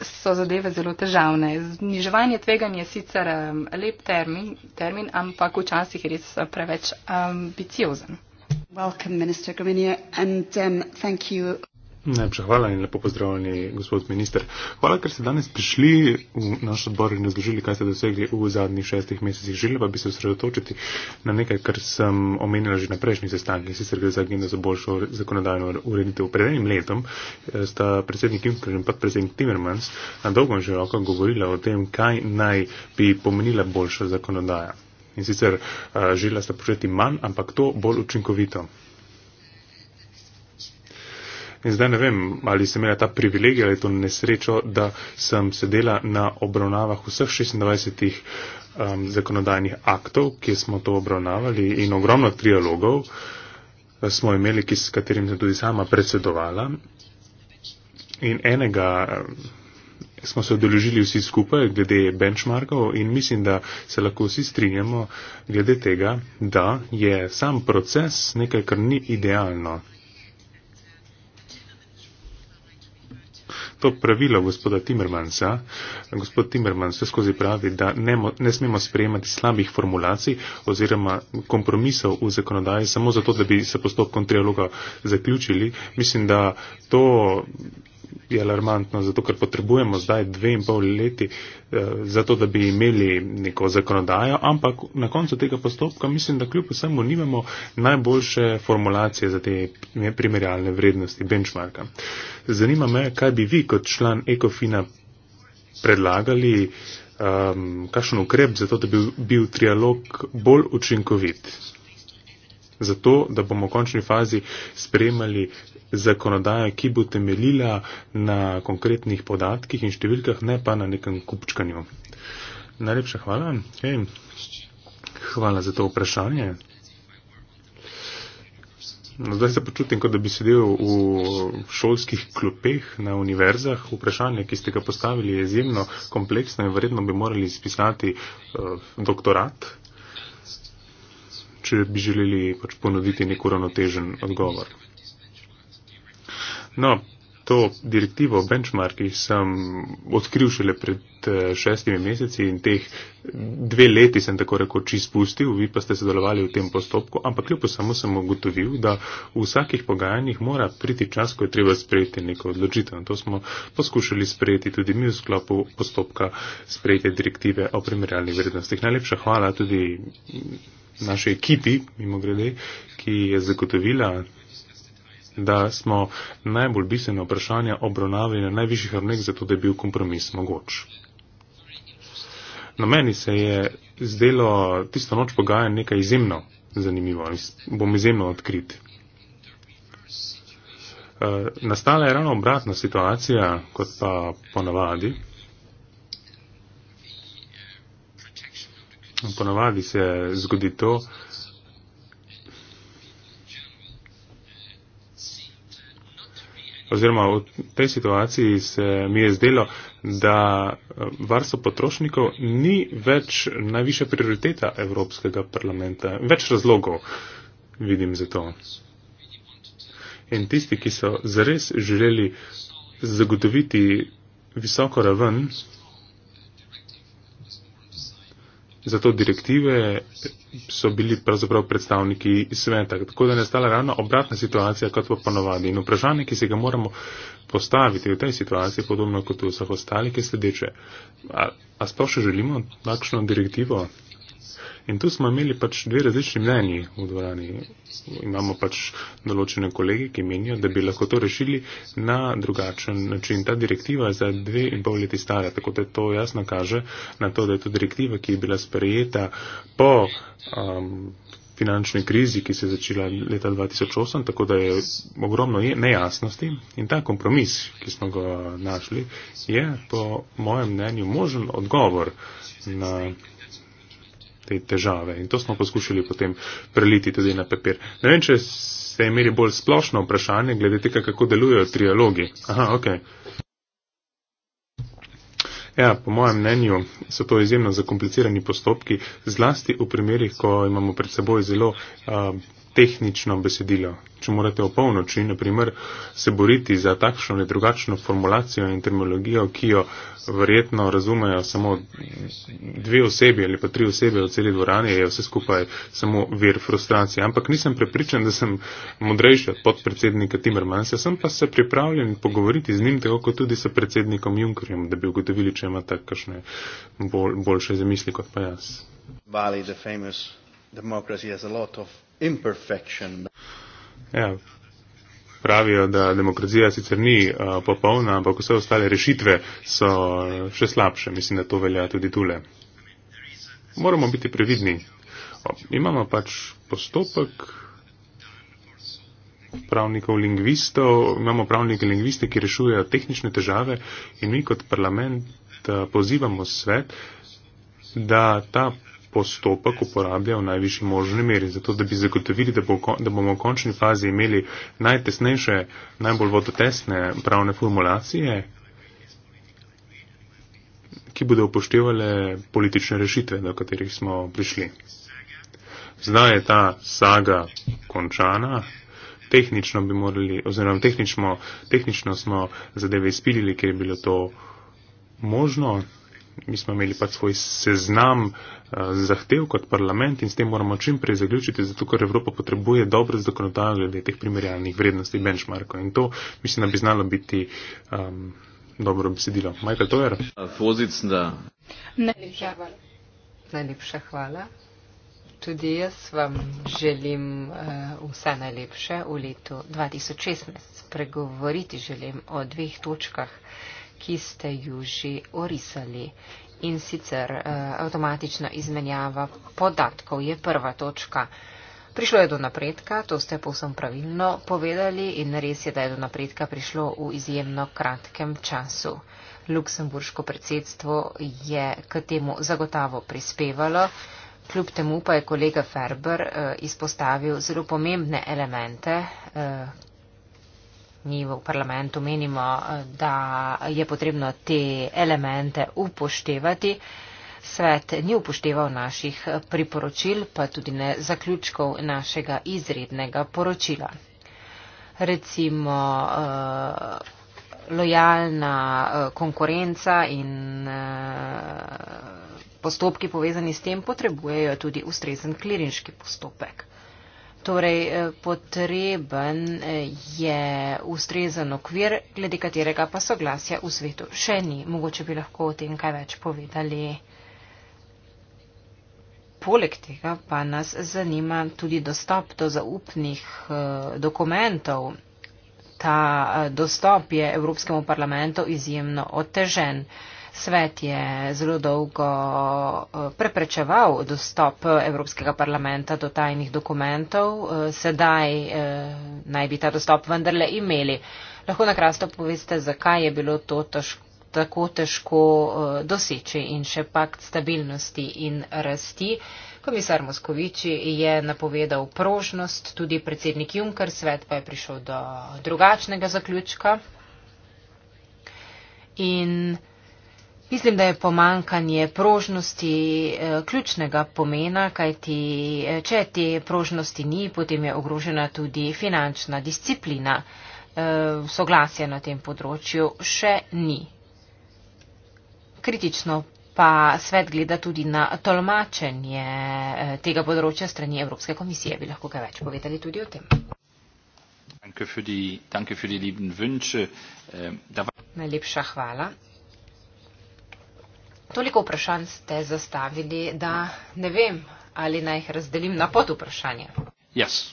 so zadeve zelo težavne. Zniževanje tveganja je sicer um, lep termin, termin ampak včasih je res uh, preveč um, ambiciozen. Welcome, Minister Gominio, and um, thank you. Najlepša hvala in lepo pozdravljeni, gospod minister. Hvala, ker ste danes prišli v naš odbor in razložili, kaj ste dosegli v zadnjih šestih mesecih. Želela pa bi se osredotočiti na nekaj, kar sem omenila že na prejšnjih sestankih, sicer gre za agendo za boljšo zakonodajno ureditev. Pred enim letom eh, sta predsednik Junker in predsednik Timmermans na dolgo in široko govorila o tem, kaj naj bi pomenila boljša zakonodaja. In sicer eh, želela sta početi manj, ampak to bolj učinkovito. In zdaj ne vem, ali sem imela ta privilegij ali to nesrečo, da sem sedela na obravnavah vseh 26 um, zakonodajnih aktov, ki smo to obravnavali in ogromno trialogov eh, smo imeli, s katerim sem tudi sama predsedovala. In enega eh, smo se odeložili vsi skupaj glede benchmarkov in mislim, da se lahko vsi strinjamo glede tega, da je sam proces nekaj, kar ni idealno. to pravilo gospoda Timmermansa. Gospod Timmermans vse skozi pravi, da ne, ne smemo sprejemati slabih formulacij oziroma kompromisov v zakonodaji samo zato, da bi se postopkom trialoga zaključili. Mislim, da to je alarmantno, zato ker potrebujemo zdaj dve in pol leti, eh, zato da bi imeli neko zakonodajo, ampak na koncu tega postopka mislim, da kljub vsemu nimamo najboljše formulacije za te primerjalne vrednosti benchmarka. Zanima me, kaj bi vi kot član Ecofina predlagali, um, kakšen ukrep za to, da bi bil trialog bolj učinkovit. Zato, da bomo v končni fazi spremljali zakonodaja, ki bo temeljila na konkretnih podatkih in številkah, ne pa na nekem kupčkanju. Najlepša hvala. Hej. Hvala za to vprašanje. No, zdaj se počutim, kot da bi sedel v šolskih klopeh na univerzah. Vprašanje, ki ste ga postavili, je izjemno kompleksno in verjetno bi morali spisati eh, doktorat, če bi želeli pač ponuditi nek uravnotežen odgovor. No, to direktivo o benchmarkih sem odkril šele pred eh, šestimi meseci in teh dve leti sem tako rekoč izpustil, vi pa ste sodelovali v tem postopku, ampak kljub samo sem ugotovil, da v vsakih pogajanjih mora priti čas, ko je treba sprejeti neko odločitev. To smo poskušali sprejeti tudi mi v sklopu postopka sprejete direktive o primerjalnih vrednostih. Najlepša hvala tudi naše ekipi, mimo grede, ki je zagotovila da smo najbolj bistvene vprašanja obravnavali na najvišjih ravneh, zato da je bil kompromis mogoč. Na meni se je zdelo tisto noč pogajanj nekaj izjemno zanimivo in bom izjemno odkrit. Eh, nastala je ravno obratna situacija, kot pa ponavadi. Ponavadi se zgodi to, oziroma v tej situaciji se mi je zdelo, da eh, varstvo potrošnikov ni več najviše prioriteta Evropskega parlamenta. Več razlogov vidim za to. In tisti, ki so zares želeli zagotoviti visoko raven Zato direktive so bili pravzaprav predstavniki sveta. Tako da je nastala ravno obratna situacija, kot pa ponovadi. In vprašanje, ki se ga moramo postaviti v tej situaciji, podobno kot v vseh ostalih, je sledeče. A, a sploh še želimo takšno direktivo? In tu smo imeli pač dve različni mnenji v dvorani. Imamo pač določene kolege, ki menijo, da bi lahko to rešili na drugačen način. Ta direktiva je za dve in pol leti stara, tako da to jasno kaže na to, da je to direktiva, ki je bila sprejeta po. Um, finančne krizi, ki se je začela leta 2008, tako da je ogromno nejasnosti in ta kompromis, ki smo ga našli, je po mojem mnenju možen odgovor na te težave. In to smo poskušali potem preliti tudi na papir. Ne vem, če ste imeli bolj splošno vprašanje glede tega, kako delujejo trialogi. Aha, ok. Ja, po mojem mnenju so to izjemno zakomplicirani postopki, zlasti v primerih, ko imamo pred seboj zelo. Uh, tehnično besedilo. Če morate v polnoči, naprimer, se boriti za takšno ali drugačno formulacijo in terminologijo, ki jo verjetno razumejo samo dve osebi ali pa tri osebe v celi dvorani, je vse skupaj samo vir frustracije. Ampak nisem prepričan, da sem modrejši od podpredsednika Timmermansa, sem pa se pripravljen pogovoriti z njim, tako kot tudi s predsednikom Junkerjem, da bi ugotovili, če ima takšne bolj, boljše zamisli kot pa jaz. Bali, the famous democracy has a lot of Ja, pravijo, da demokracija sicer ni uh, popolna, ampak vse ostale rešitve so še slabše. Mislim, da to velja tudi tule. Moramo biti previdni. O, imamo pač postopek pravnikov lingvistov, imamo pravnike lingviste, ki rešujejo tehnične težave in mi kot parlament uh, pozivamo svet, da ta postopek uporablja v najvišji možni meri, zato da bi zagotovili, da, bo, da bomo v končni fazi imeli najtesnejše, najbolj vodotesne pravne formulacije, ki bodo upoštevale politične rešitve, do katerih smo prišli. Zdaj je ta saga končana. Tehnično bi morali, oziroma tehnično, tehnično smo zadeve izpilili, ker je bilo to možno. Mi smo imeli pa svoj seznam uh, zahtev kot parlament in s tem moramo čim prej zaključiti, zato ker Evropa potrebuje dobro zakonodajo glede teh primerjalnih vrednosti benchmarkov in to mislim, da bi znalo biti um, dobro besedilo. Majka Tojer. Najlepša hvala. Tudi jaz vam želim uh, vse najlepše v letu 2016. Pregovoriti želim o dveh točkah, ki ste ju že orisali in sicer eh, avtomatična izmenjava podatkov je prva točka. Prišlo je do napredka, to ste povsem pravilno povedali in res je, da je do napredka prišlo v izjemno kratkem času. Luksemburško predsedstvo je k temu zagotavo prispevalo, kljub temu pa je kolega Ferber eh, izpostavil zelo pomembne elemente, eh, mi v parlamentu menimo, eh, da je potrebno te elemente upoštevati. Svet ni upošteval naših eh, priporočil, pa tudi ne zaključkov našega izrednega poročila. Recimo eh, lojalna konkurenca in postopki povezani s tem potrebujejo tudi ustrezen klirinški postopek. Torej, eh, potreben eh, je ustrezen okvir, glede katerega pa soglasja v svetu še ni. Mogoče bi lahko o tem kaj več povedali. Poleg tega pa nas zanima tudi dostop do zaupnih eh, dokumentov. Ta dostop je Evropskemu parlamentu izjemno otežen. Svet je zelo dolgo eh, preprečeval dostop eh, Evropskega parlamenta do tajnih dokumentov, eh, sedaj naj bi ta dostop vendarle imeli. Lahko na krasto poveste, zakaj je bilo to težko, tako težko doseči in še pakt stabilnosti in rasti. Komisar Moskoviči je napovedal prožnost, tudi predsednik Juncker svet pa je prišel do drugačnega zaključka. In Mislim, da je pomankanje prožnosti eh, ključnega pomena, kajti eh, če te prožnosti ni, potem je ogrožena tudi finančna disciplina. Eh, Soglasje na tem področju še ni. Kritično pa svet gleda tudi na tolmačenje tega področja strani Evropske komisije. Bi lahko kaj več povedali tudi o tem. Ähm, Najlepša hvala. Toliko vprašanj ste zastavili, da ne vem, ali naj jih razdelim na pot vprašanja. Yes.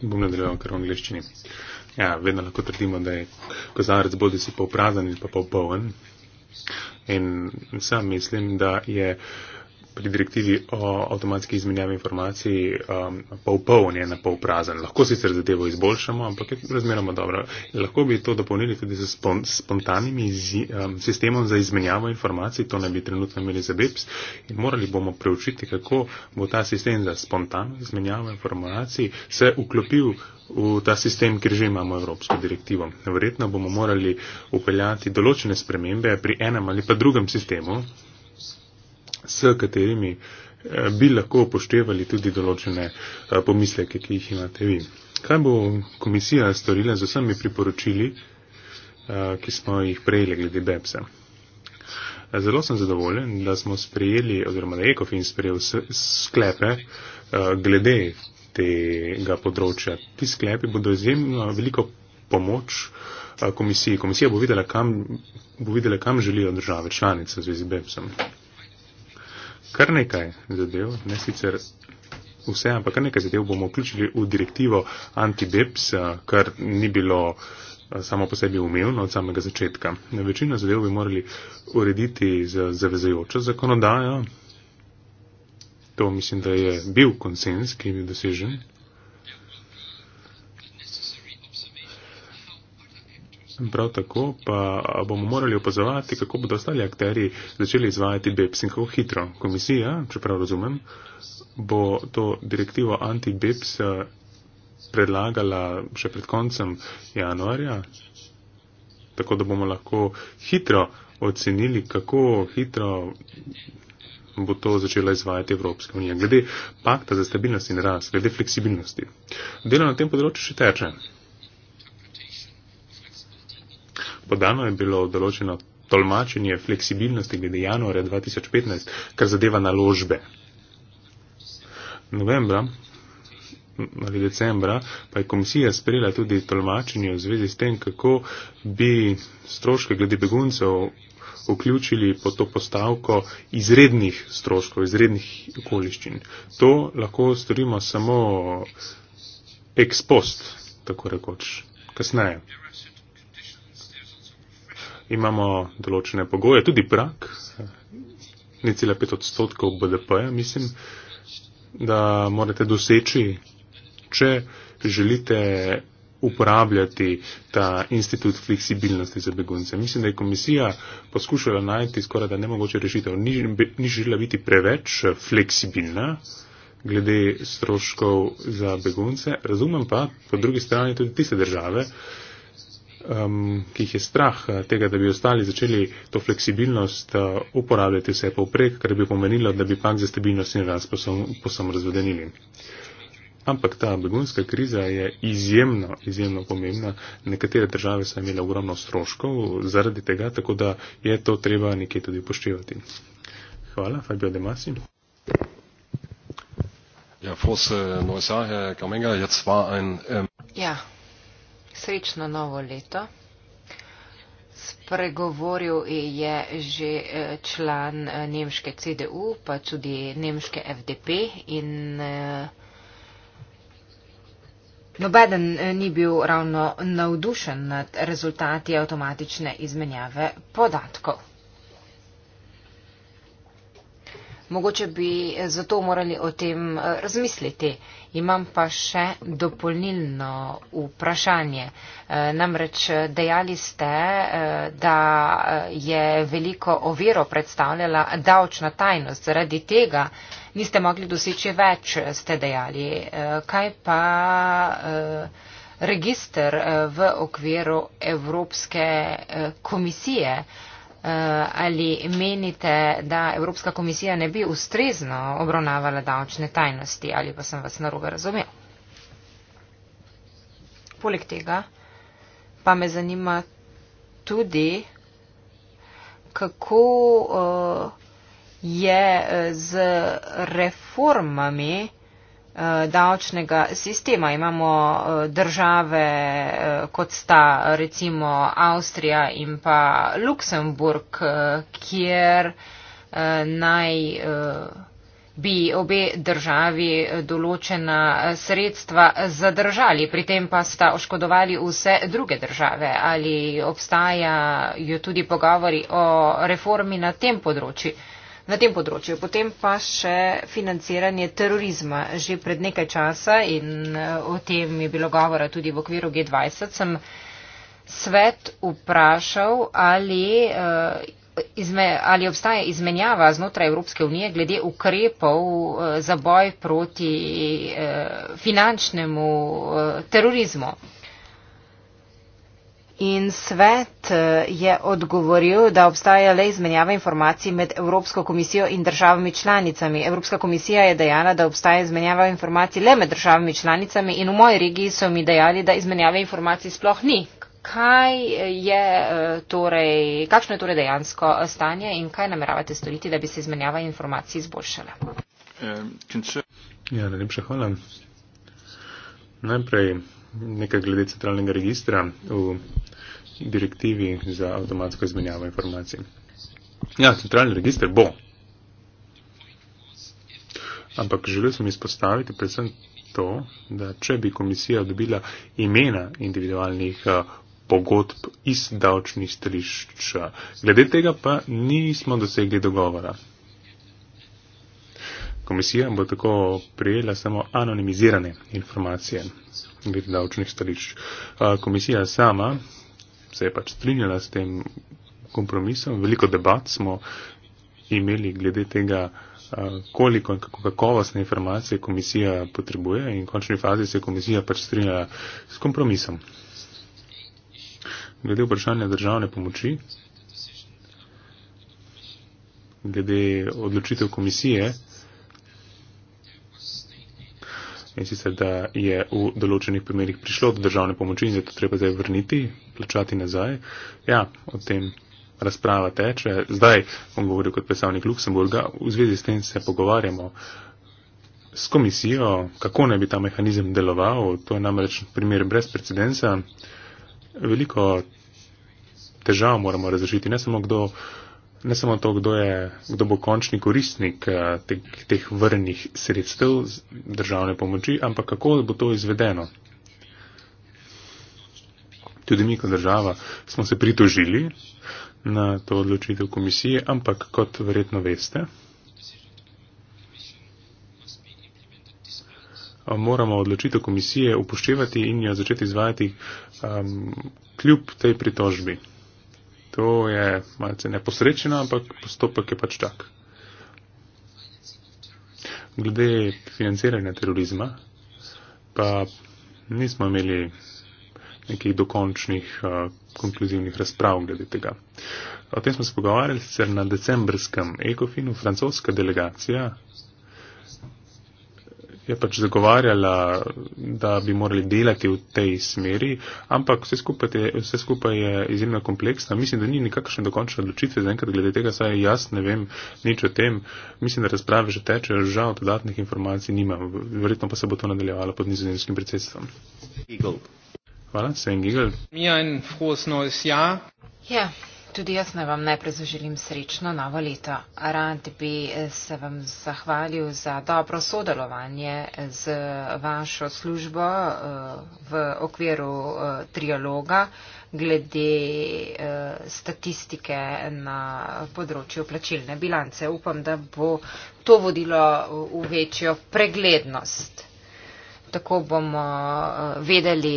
Bom nadaljeval kar v angliščini. Ja, vedno lahko trdimo, da je kozarec bodi si poprazen ali pa popoln. In sam mislim, da je uh, pri direktivi o avtomatski izmenjavi informacij um, pol poln, ne pol prazen. Lahko sicer zadevo izboljšamo, ampak je razmeroma dobro. Lahko bi to dopolnili tudi z spon, spontanim um, sistemom za izmenjavo informacij, to ne bi trenutno imeli za BEPS in morali bomo preučiti, kako bo ta sistem za spontano izmenjavo informacij se uklopil v ta sistem, ker že imamo Evropsko direktivo. Verjetno bomo morali upeljati določene spremembe pri enem ali pa drugem sistemu s katerimi eh, bi lahko upoštevali tudi določene eh, pomisleke, ki jih imate vi. Kaj bo komisija storila z vsemi priporočili, eh, ki smo jih prejeli glede BEPS-a? Zelo sem zadovoljen, da smo sprejeli, oziroma da je Ekofin sprejel sklepe glede tega področja. Ti sklepi bodo izjemno veliko pomoč komisiji. Komisija bo videla, kam, bo videla, kam želijo države članice v zvezi BEPS-om kar nekaj zadev, ne sicer vse, ampak kar nekaj zadev bomo vključili v direktivo anti-BEPS, kar ni bilo eh, samo po sebi umevno od samega začetka. Večino zadev bi morali urediti z zavezajočo zakonodajo. To mislim, da je bil konsens, ki je bil dosežen. Prav tako pa bomo morali opazovati, kako bodo ostali akteri začeli izvajati BEPS in kako hitro. Komisija, čeprav razumem, bo to direktivo anti-BEPS predlagala še pred koncem januarja, tako da bomo lahko hitro ocenili, kako hitro bo to začela izvajati Evropska unija. Glede pakta za stabilnost in rast, glede fleksibilnosti. Delo na tem področju še teče. podano je bilo določeno tolmačenje fleksibilnosti glede januarja 2015, kar zadeva naložbe. Novembra ali decembra pa je komisija sprejela tudi tolmačenje v zvezi s tem, kako bi stroške glede beguncev vključili pod to postavko izrednih stroškov, izrednih okoliščin. To lahko storimo samo ex post, tako rekoč, kasneje imamo določene pogoje, tudi prak, necela pet odstotkov BDP-ja, mislim, da morate doseči, če želite uporabljati ta institut fleksibilnosti za begunce. Mislim, da je komisija poskušala najti skoraj da nemogoče rešitev. Ni, ni želela biti preveč fleksibilna glede stroškov za begunce. Razumem pa, po drugi strani, tudi tiste države, um, ki jih je strah eh, tega, da bi ostali začeli to fleksibilnost uh, uporabljati vse povprek, kar bi pomenilo, da bi pak za stabilnost in rast posam razvedenili. Ampak ta begunska kriza je izjemno, izjemno pomembna. Nekatere države so imele ogromno stroškov zaradi tega, tako da je to treba nekje tudi upoštevati. Hvala, Fabio De Masi. Ja, Herr Kamenga, jetzt war ein, ähm ja srečno novo leto. Spregovoril je že eh, član eh, nemške CDU, pa tudi nemške FDP in eh, nobeden ni bil ravno navdušen nad rezultati avtomatične izmenjave podatkov. Mogoče bi eh, zato morali o tem eh, razmisliti. Imam pa še dopolnilno vprašanje. Eh, namreč dejali ste, da je veliko oviro predstavljala davčna tajnost. Zaradi tega niste mogli doseči več, ste dejali. Kaj pa register v okviru Evropske komisije? Eh, ali menite, da Evropska komisija ne bi ustrezno obravnavala davčne tajnosti ali pa sem vas narobe razumel. Poleg tega pa me zanima tudi, kako uh, je eh, z reformami, Eh, davčnega sistema. Imamo eh, države, eh, kot sta recimo Avstrija in pa Luksemburg, kjer naj bi obe državi določena sredstva zadržali, pri tem pa sta oškodovali vse druge države. Ali obstajajo tudi pogovori o reformi na tem področju? na tem področju. Potem pa še financiranje terorizma. Že pred nekaj časa in eh, o tem je bilo govora tudi v okviru G20, sem svet vprašal, ali, eh, ali obstaja izmenjava znotraj Evropske unije glede ukrepov eh, za boj proti finančnemu terorizmu. In svet eh, je odgovoril, da obstaja le izmenjava informacij med Evropsko komisijo in državami članicami. Evropska komisija je dejala, da obstaja izmenjava informacij le med državami članicami in v moji regiji so mi dejali, da izmenjave informacij sploh ni. Kaj je eh, torej, kakšno je torej dejansko eh, stanje in kaj nameravate storiti, da bi se izmenjava informacij izboljšala? Ja, najlepša hvala. Najprej nekaj glede centralnega registra. V direktivi za avtomatsko izmenjavo informacij. Ja, centralni register bo. Ampak želel sem izpostaviti predvsem to, da če bi komisija dobila imena individualnih eh, pogodb iz davčnih stališč, glede tega pa nismo dosegli dogovora. Komisija bo tako prijela samo anonimizirane informacije glede davčnih stališč. Eh, komisija sama se je pač strinjala s tem kompromisom. Veliko debat smo imeli glede tega, koliko in kako kakovostne informacije komisija potrebuje in v končni fazi se je komisija pač strinjala s kompromisom. Glede vprašanja državne pomoči, glede odločitev komisije, in sicer, da je v določenih primerjih prišlo do državne pomoči in zato treba zdaj vrniti, plačati nazaj. Ja, o tem razprava teče. Zdaj bom govoril kot predstavnik Luksemburga. V zvezi s tem se pogovarjamo s komisijo, kako naj bi ta mehanizem deloval. To je namreč primer brez precedensa. Veliko težav moramo razrešiti, ne samo kdo ne samo to, kdo, je, kdo bo končni koristnik eh, teh, teh vrnih sredstev državne pomoči, ampak kako bo to izvedeno. Tudi mi, kot država, smo se pritožili na to odločitev komisije, ampak kot verjetno veste, moramo odločitev komisije upoštevati in jo začeti izvajati um, kljub tej pritožbi. To je malce neposrečeno, ampak postopek je pač tak. Glede financiranja terorizma, pa nismo imeli nekih dokončnih, uh, konkluzivnih razprav glede tega. O tem smo se pogovarjali sicer na decembrskem ECOFINu. Francoska delegacija je pač zagovarjala, da bi morali delati v tej smeri, ampak vse skupaj, te, vse skupaj je izjemno kompleksno. Mislim, da ni nikakšne dokončne odločitve, zaenkrat glede tega saj jaz ne vem nič o tem. Mislim, da razprave že tečejo, žal dodatnih informacij nimam. Verjetno pa se bo to nadaljevalo pod nizozemskim predsedstvom. Hvala, Sven Giegel. Ja, en frohes novs, ja. Ja. Tudi jaz naj vam najprej zaželim srečno novo leto. Rad bi eh, se vam zahvalil za dobro sodelovanje z vašo službo eh, v okviru eh, trialoga glede statistike na področju plačilne bilance. Upam, da bo to vodilo v večjo preglednost. Tako bomo vedeli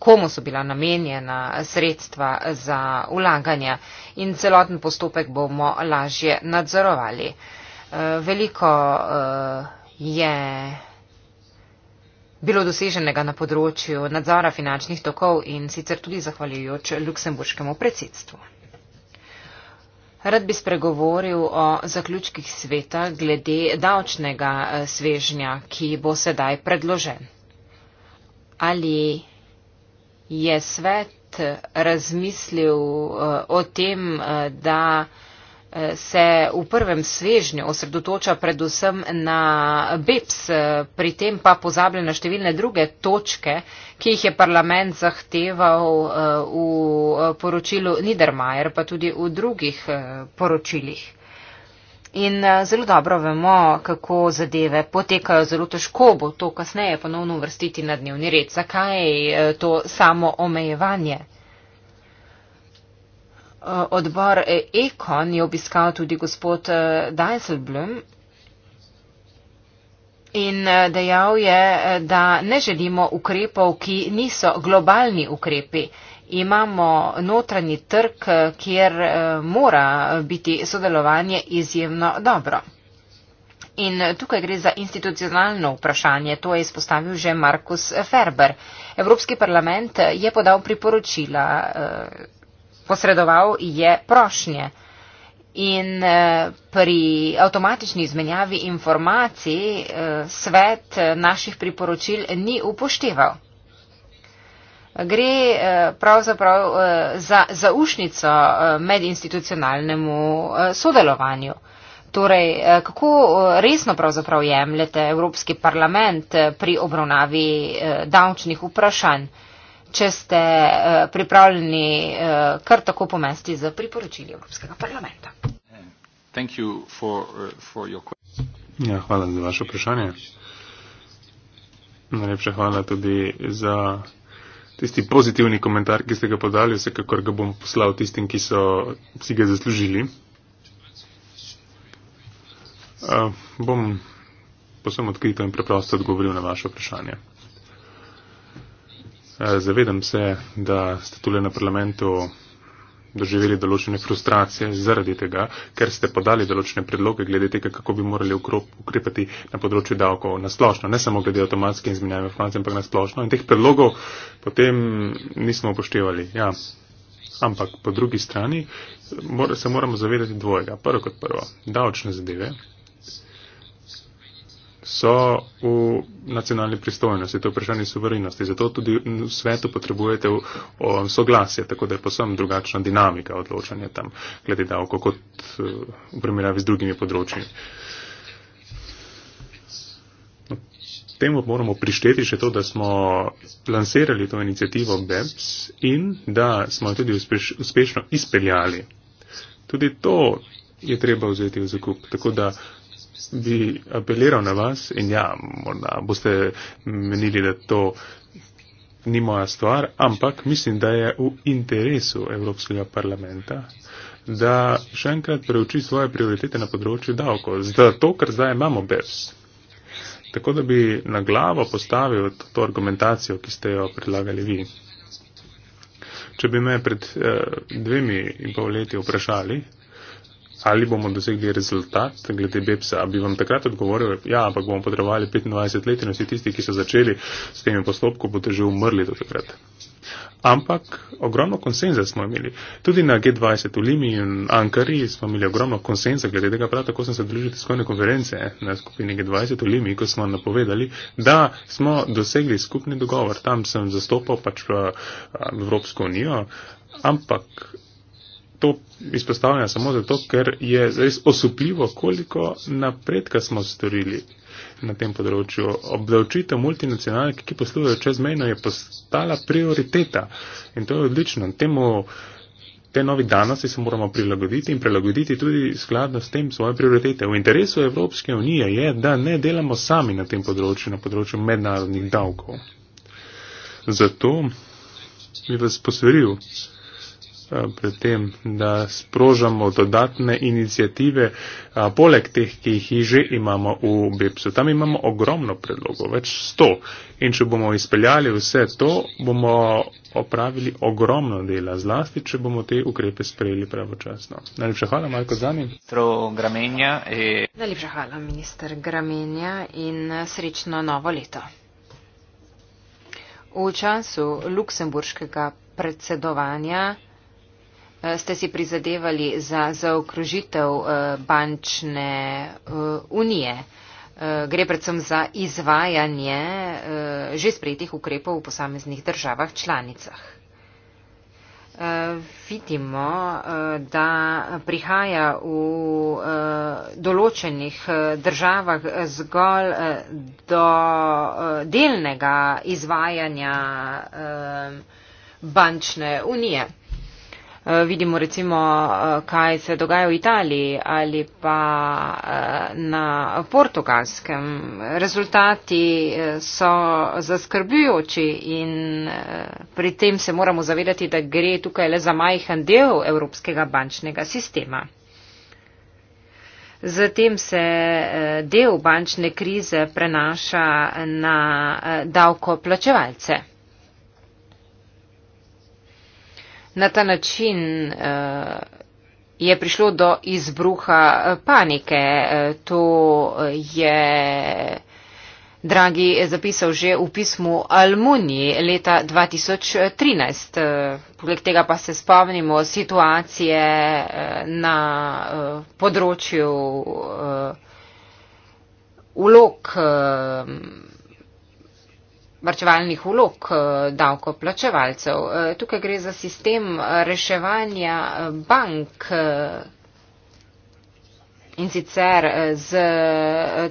komu so bila namenjena sredstva za ulaganja in celoten postopek bomo lažje nadzorovali. Eh, veliko eh, je bilo doseženega na področju nadzora finančnih tokov in sicer tudi zahvaljujoč luksemburškemu predsedstvu. Rad bi spregovoril o zaključkih sveta glede davčnega eh, svežnja, ki bo sedaj predložen. Ali je svet razmislil eh, o tem, eh, da eh, se v prvem svežnju osredotoča predvsem na BEPS, pri tem pa pozablja na številne druge točke, ki jih je parlament zahteval v poročilu Niedermayer, pa tudi v drugih poročilih. In eh, zelo dobro vemo, kako zadeve potekajo, zelo težko bo to kasneje ponovno uvrstiti na dnevni red. Zakaj je eh, to samo omejevanje? Eh, odbor Ekon je obiskal tudi gospod Dijsselblum in dejal je, da ne želimo ukrepov, ki niso globalni ukrepi imamo notranji trg, kjer eh, mora biti sodelovanje izjemno dobro. In tukaj gre za institucionalno vprašanje, to je izpostavil že Markus Ferber. Evropski parlament je podal priporočila, eh, posredoval je prošnje. In eh, pri avtomatični izmenjavi informacij svet naših priporočil ni upošteval gre eh, pravzaprav eh, za zaušnico eh, medinstitucionalnemu sodelovanju. Torej, kako resno pravzaprav jemljete Evropski parlament pri obravnavi davčnih vprašanj, če ste pripravljeni kar tako pomesti z priporočili Evropskega parlamenta? Ja, hvala za vaše vprašanje. Najlepša hvala tudi za tisti pozitivni komentar, ki ste ga podali, vsekakor ga bom poslal tistim, ki so si ga zaslužili. Uh, bom posem odkrito in preprosto odgovoril na vaše vprašanje. Uh, zavedam se, da ste tule na parlamentu doživeli določene frustracije zaradi tega, ker ste podali določene predloge glede tega, kako bi morali ukrepati na področju davkov na splošno. Ne samo glede avtomatske izmenjave informacij, ampak na splošno. In teh predlogov potem nismo upoštevali. Ja. Ampak po drugi strani mora, se moramo zavedati dvojega. Prvo kot prvo, davčne zadeve, so v nacionalni pristojnosti, to je vprašanje suverenosti. Zato tudi v svetu potrebujete soglasje, tako da je posebno drugačna dinamika odločanja tam, glede davko, kot eh, v primerjavi z drugimi področji. No, temu moramo prišteti še to, da smo lansirali to inicijativo BEPS in da smo jo tudi uspeš, uspešno izpeljali. Tudi to je treba vzeti v zakup. Tako da uh, bi apeliral na vas in ja, morda boste menili, da to ni moja stvar, ampak mislim, da je v interesu Evropskega parlamenta, da še enkrat preuči svoje prioritete na področju davko. Zato, ker zdaj imamo BEPS. Tako da bi na glavo postavil to, to argumentacijo, ki ste jo predlagali vi. Če bi me pred eh, dvemi in pol leti vprašali, ali bomo dosegli rezultat glede BEPS-a, bi vam takrat odgovoril, ja, ampak bomo potrebovali 25 let in vsi tisti, ki so začeli s temi postopki, bodo že umrli do takrat. Ampak ogromno konsenza smo imeli. Tudi na G20 v Limi in Ankari smo imeli ogromno konsenza glede tega, prav tako sem se družil tiskovne konference na skupini G20 v Limi, ko smo napovedali, da smo dosegli skupni dogovor. Tam sem zastopal pač v Evropsko unijo, ampak to izpostavljam samo zato, ker je res osupljivo, koliko napredka smo storili na tem področju. Obdavčitev multinacionalk, ki poslujejo čezmejno, je postala prioriteta in to je odlično. Temu, te novi danosti se moramo prilagoditi in prilagoditi tudi skladno s tem svoje prioritete. V interesu Evropske unije je, da ne delamo sami na tem področju, na področju mednarodnih davkov. Zato bi vas posveril pri tem, da sprožamo dodatne inicijative, a, poleg teh, ki jih že imamo v BEPS-u. Tam imamo ogromno predlogov, več sto. In če bomo izpeljali vse to, bomo opravili ogromno dela, zlasti, če bomo te ukrepe sprejeli pravočasno. Najlepša hvala, Marko Zamin. Eh. Najlepša hvala, minister Gramenja in eh, srečno novo leto. V času luksemburškega predsedovanja Eh, ste si prizadevali za zaokrožitev eh, bančne eh, unije. Gre predvsem za izvajanje že sprejetih ukrepov v posameznih državah članicah. Vidimo, da prihaja v določenih državah zgolj do delnega izvajanja bančne unije. Eh, vidimo recimo, eh, kaj se dogaja v Italiji ali pa eh, na portugalskem. Rezultati so zaskrbujoči in pri tem se moramo zavedati, da gre tukaj le za majhen del evropskega bančnega sistema. Zatem se del bančne krize prenaša na davkoplačevalce. na ta način eh, je prišlo do izbruha eh, panike. Eh, to je Dragi zapisal že v pismu Almuni leta 2013. Poleg tega pa se spomnimo situacije na področju vlog varčevalnih vlog eh, davkoplačevalcev. Eh, tukaj gre za sistem eh, reševanja bank in sicer z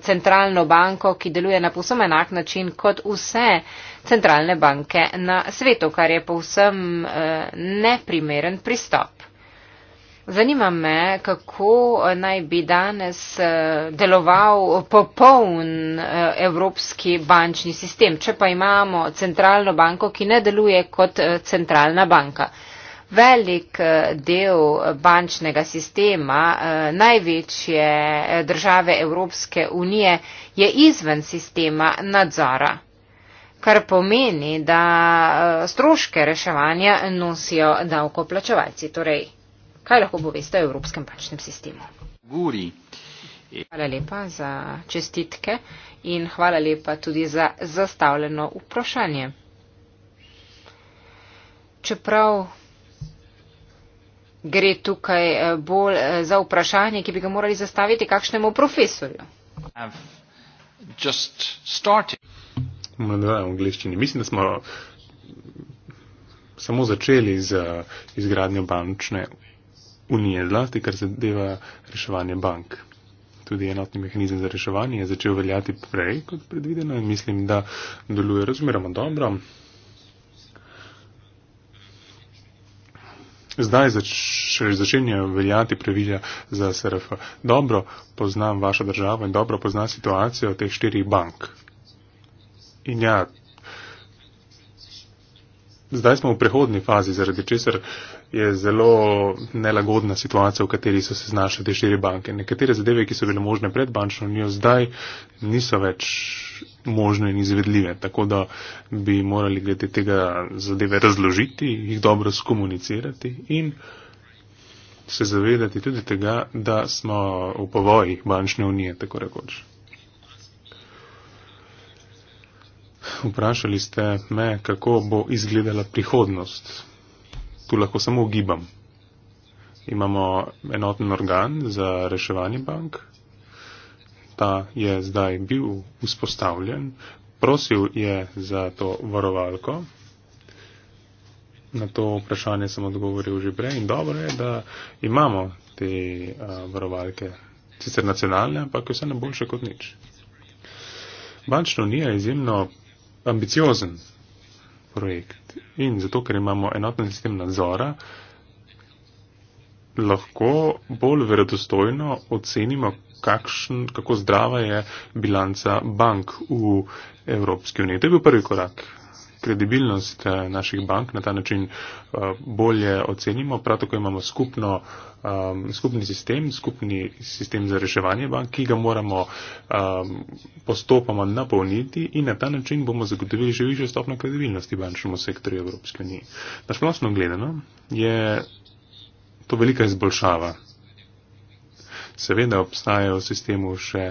centralno banko, ki deluje na povsem enak način kot vse centralne banke na svetu, kar je povsem neprimeren pristop. Zanima me, kako eh, naj bi danes eh, deloval popoln eh, evropski bančni sistem, če pa imamo centralno banko, ki ne deluje kot centralna banka. Velik del bančnega sistema največje države Evropske unije je izven sistema nadzora, kar pomeni, da stroške reševanja nosijo davkoplačevalci. Torej, kaj lahko poveste o evropskem bančnem sistemu. Guri. Hvala lepa za čestitke in hvala lepa tudi za zastavljeno vprašanje. Čeprav gre tukaj eh, bolj eh, za vprašanje, ki bi ga morali zastaviti kakšnemu profesorju. Mada, Mislim, da smo samo začeli z izgradnjo bančne unije, zlasti kar zadeva reševanje bank. Tudi enotni mehanizem za reševanje je začel veljati prej kot predvideno in mislim, da deluje razmeroma dobro. Zdaj zač, začenjajo veljati pravila za SRF. Dobro poznam vašo državo in dobro poznam situacijo teh štirih bank. In ja, zdaj smo v prehodni fazi, zaradi česar. Uh, je zelo nelagodna situacija, v kateri so se znašle te štiri banke. Nekatere zadeve, ki so bile možne pred bančno unijo, zdaj niso več možne in izvedljive. Tako da bi morali glede tega zadeve razložiti, jih dobro skomunicirati in se zavedati tudi tega, da smo v povojih bančne unije, tako rekoč. Vprašali ste me, kako bo izgledala prihodnost tu lahko samo ugibam. Imamo enoten organ za reševanje bank, ta je zdaj bil vzpostavljen, prosil je za to varovalko. Na to vprašanje sem odgovoril že prej in dobro je, da imamo te uh, varovalke, sicer nacionalne, ampak vse najboljše kot nič. Bančno unija je izjemno ambiciozen projekt. In zato, ker imamo enoten sistem nadzora, lahko bolj verodostojno ocenimo, kakšen, kako zdrava je bilanca bank v Evropski uniji. To je bil prvi korak kredibilnost eh, naših bank, na ta način eh, bolje ocenimo. Prav tako imamo skupno, um, skupni sistem, skupni sistem za reševanje bank, ki ga moramo um, postopoma napolniti in na ta način bomo zagotovili še višjo stopno kredibilnosti bančnemu sektorju Evropske unije. Našplosno gledano je to velika izboljšava Seveda obstajajo v sistemu še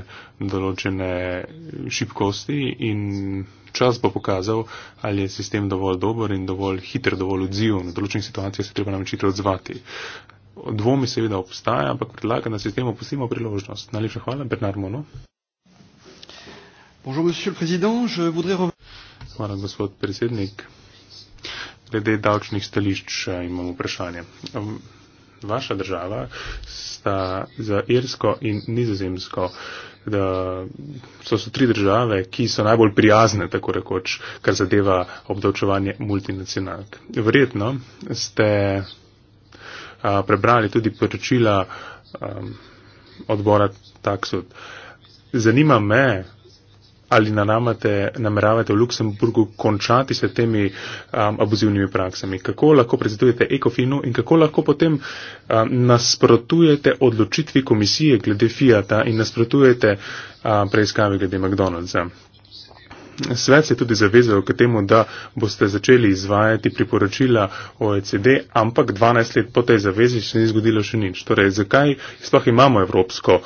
določene šibkosti in čas bo pokazal, ali je sistem dovolj dober in dovolj hiter, dovolj odziv. Na določenih situacijah se treba namreč hitro odzvati. Dvomi seveda obstaja, ampak predlagam, da sistemu pustimo priložnost. Najlepša hvala, Bernard Mono. Bonjour, monsieur le président. Je voudrais Hvala, gospod predsednik. Glede davčnih stališč eh, imamo vprašanje vaša država sta za Irsko in Nizozemsko, da so, so tri države, ki so najbolj prijazne, tako rekoč, kar zadeva obdavčevanje multinacionalk. Verjetno ste a, prebrali tudi poročila a, odbora Taksud. Zanima me, ali nanamate, nameravate v Luksemburgu končati s temi um, abuzivnimi praksami? Kako lahko predstavljate ECOFIN-u in kako lahko potem um, nasprotujete odločitvi komisije glede Fiat-a in nasprotujete um, preiskave glede McDonald's-a? Svet se je tudi zavezal k temu, da boste začeli izvajati priporočila OECD, ampak 12 let po tej zavezi se ni zgodilo še nič. Torej, zakaj sploh imamo Evropsko uh,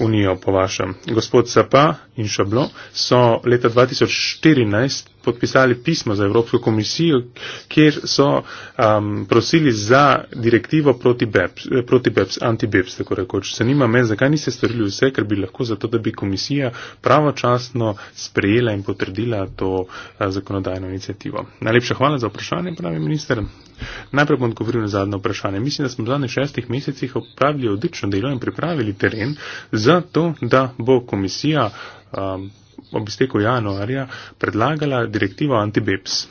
unijo po vašem. Gospod Sapa in Šablo so leta 2014 podpisali pismo za Evropsko komisijo, kjer so um, prosili za direktivo proti BEPS, proti BEPS anti BEPS, tako rekoč. Zanima me, zakaj niste storili vse, kar bi lahko zato, da bi komisija pravočasno sprejela in potrdila to uh, zakonodajno inicijativo. Najlepša hvala za vprašanje, pravi minister. Najprej bom odgovoril na zadnje vprašanje. Mislim, da smo v zadnjih šestih mesecih opravili odlično delo in pripravili teren za to, da bo komisija um, ob izteku januarja predlagala direktivo anti-BEPS.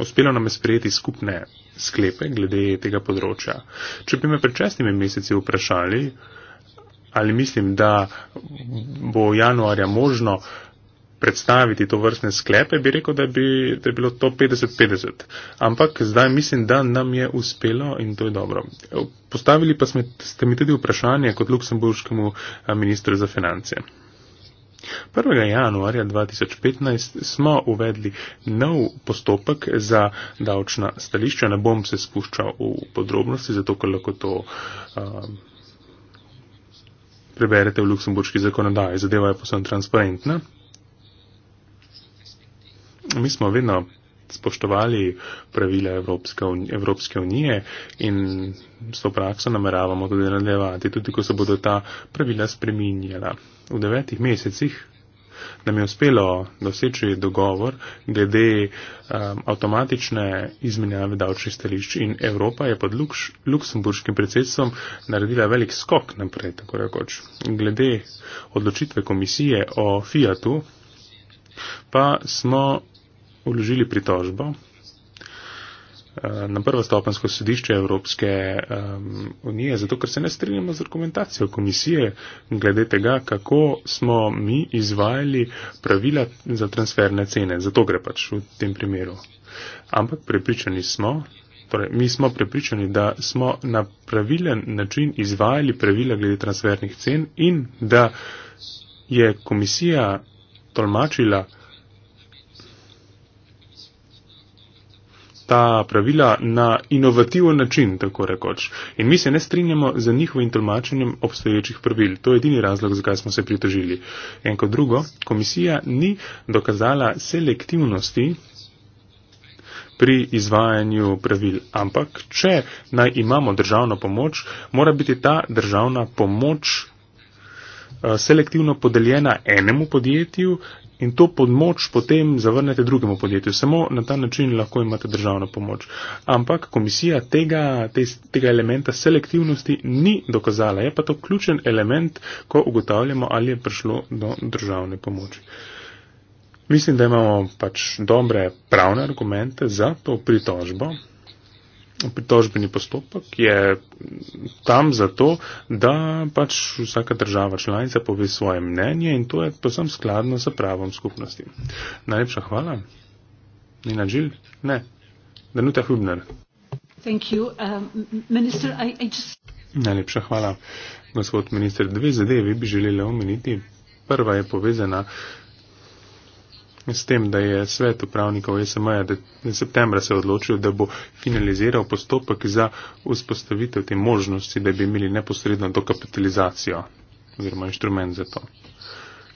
Uspelo nam je sprejeti skupne sklepe glede tega področja. Če bi me pred šestimi meseci vprašali, ali mislim, da bo januarja možno uh, predstaviti to vrstne sklepe, bi rekel, da bi, da bi bilo to 50-50. Ampak zdaj mislim, da nam je uspelo in to je dobro. Postavili pa smo, ste mi tudi vprašanje kot luksemburškemu eh, ministru za finance. 1. januarja 2015 smo uvedli nov postopek za davčna stališča. Ne bom se spuščal v podrobnosti, zato ker lahko to um, preberete v luksemburški zakonodaji. Zadeva je posebno transparentna mi smo vedno spoštovali pravila Evropske, Evropske unije in s to prakso nameravamo tudi nadaljevati, tudi ko se bodo ta pravila spreminjala. V devetih mesecih nam je uspelo doseči dogovor glede um, avtomatične izmenjave davčnih stališč in Evropa je pod Lukš, luksemburškim predsedstvom naredila velik skok naprej, tako rekoč. Glede odločitve komisije o Fiatu pa smo vložili pritožbo eh, na prvostopensko sodišče Evropske um, unije, zato ker se ne strinjamo z argumentacijo komisije glede tega, kako smo mi izvajali pravila za transferne cene. Zato gre pač v tem primeru. Ampak prepričani smo, torej mi smo prepričani, da smo na pravilen način izvajali pravila glede transfernih cen in da je komisija tolmačila ta pravila na inovativen način, tako rekoč. In mi se ne strinjamo z njihovim tolmačenjem obstoječih pravil. To je edini razlog, zakaj smo se pritožili. In kot drugo, komisija ni dokazala selektivnosti pri izvajanju pravil. Ampak, če naj imamo državno pomoč, mora biti ta državna pomoč eh, selektivno podeljena enemu podjetju in to pomoč potem zavrnete drugemu podjetju. Samo na ta način lahko imate državno pomoč. Ampak komisija tega, te, tega elementa selektivnosti ni dokazala. Je pa to ključen element, ko ugotavljamo, ali je prišlo do državne pomoči. Mislim, da imamo pač dobre pravne argumente za to pritožbo pritožbeni postopek je tam zato, da pač vsaka država članica pove svoje mnenje in to je posem skladno s pravom skupnosti. Najlepša hvala. Nina Džil? Ne. Danuta Hübner. Um, just... Najlepša hvala. Gospod minister, dve zadeve bi želeli omeniti. Prva je povezana s tem, da je svet upravnikov SMA-ja septembra se odločil, da bo finaliziral postopek za vzpostavitev te možnosti, da bi imeli neposredno dokapitalizacijo oziroma inštrument za to.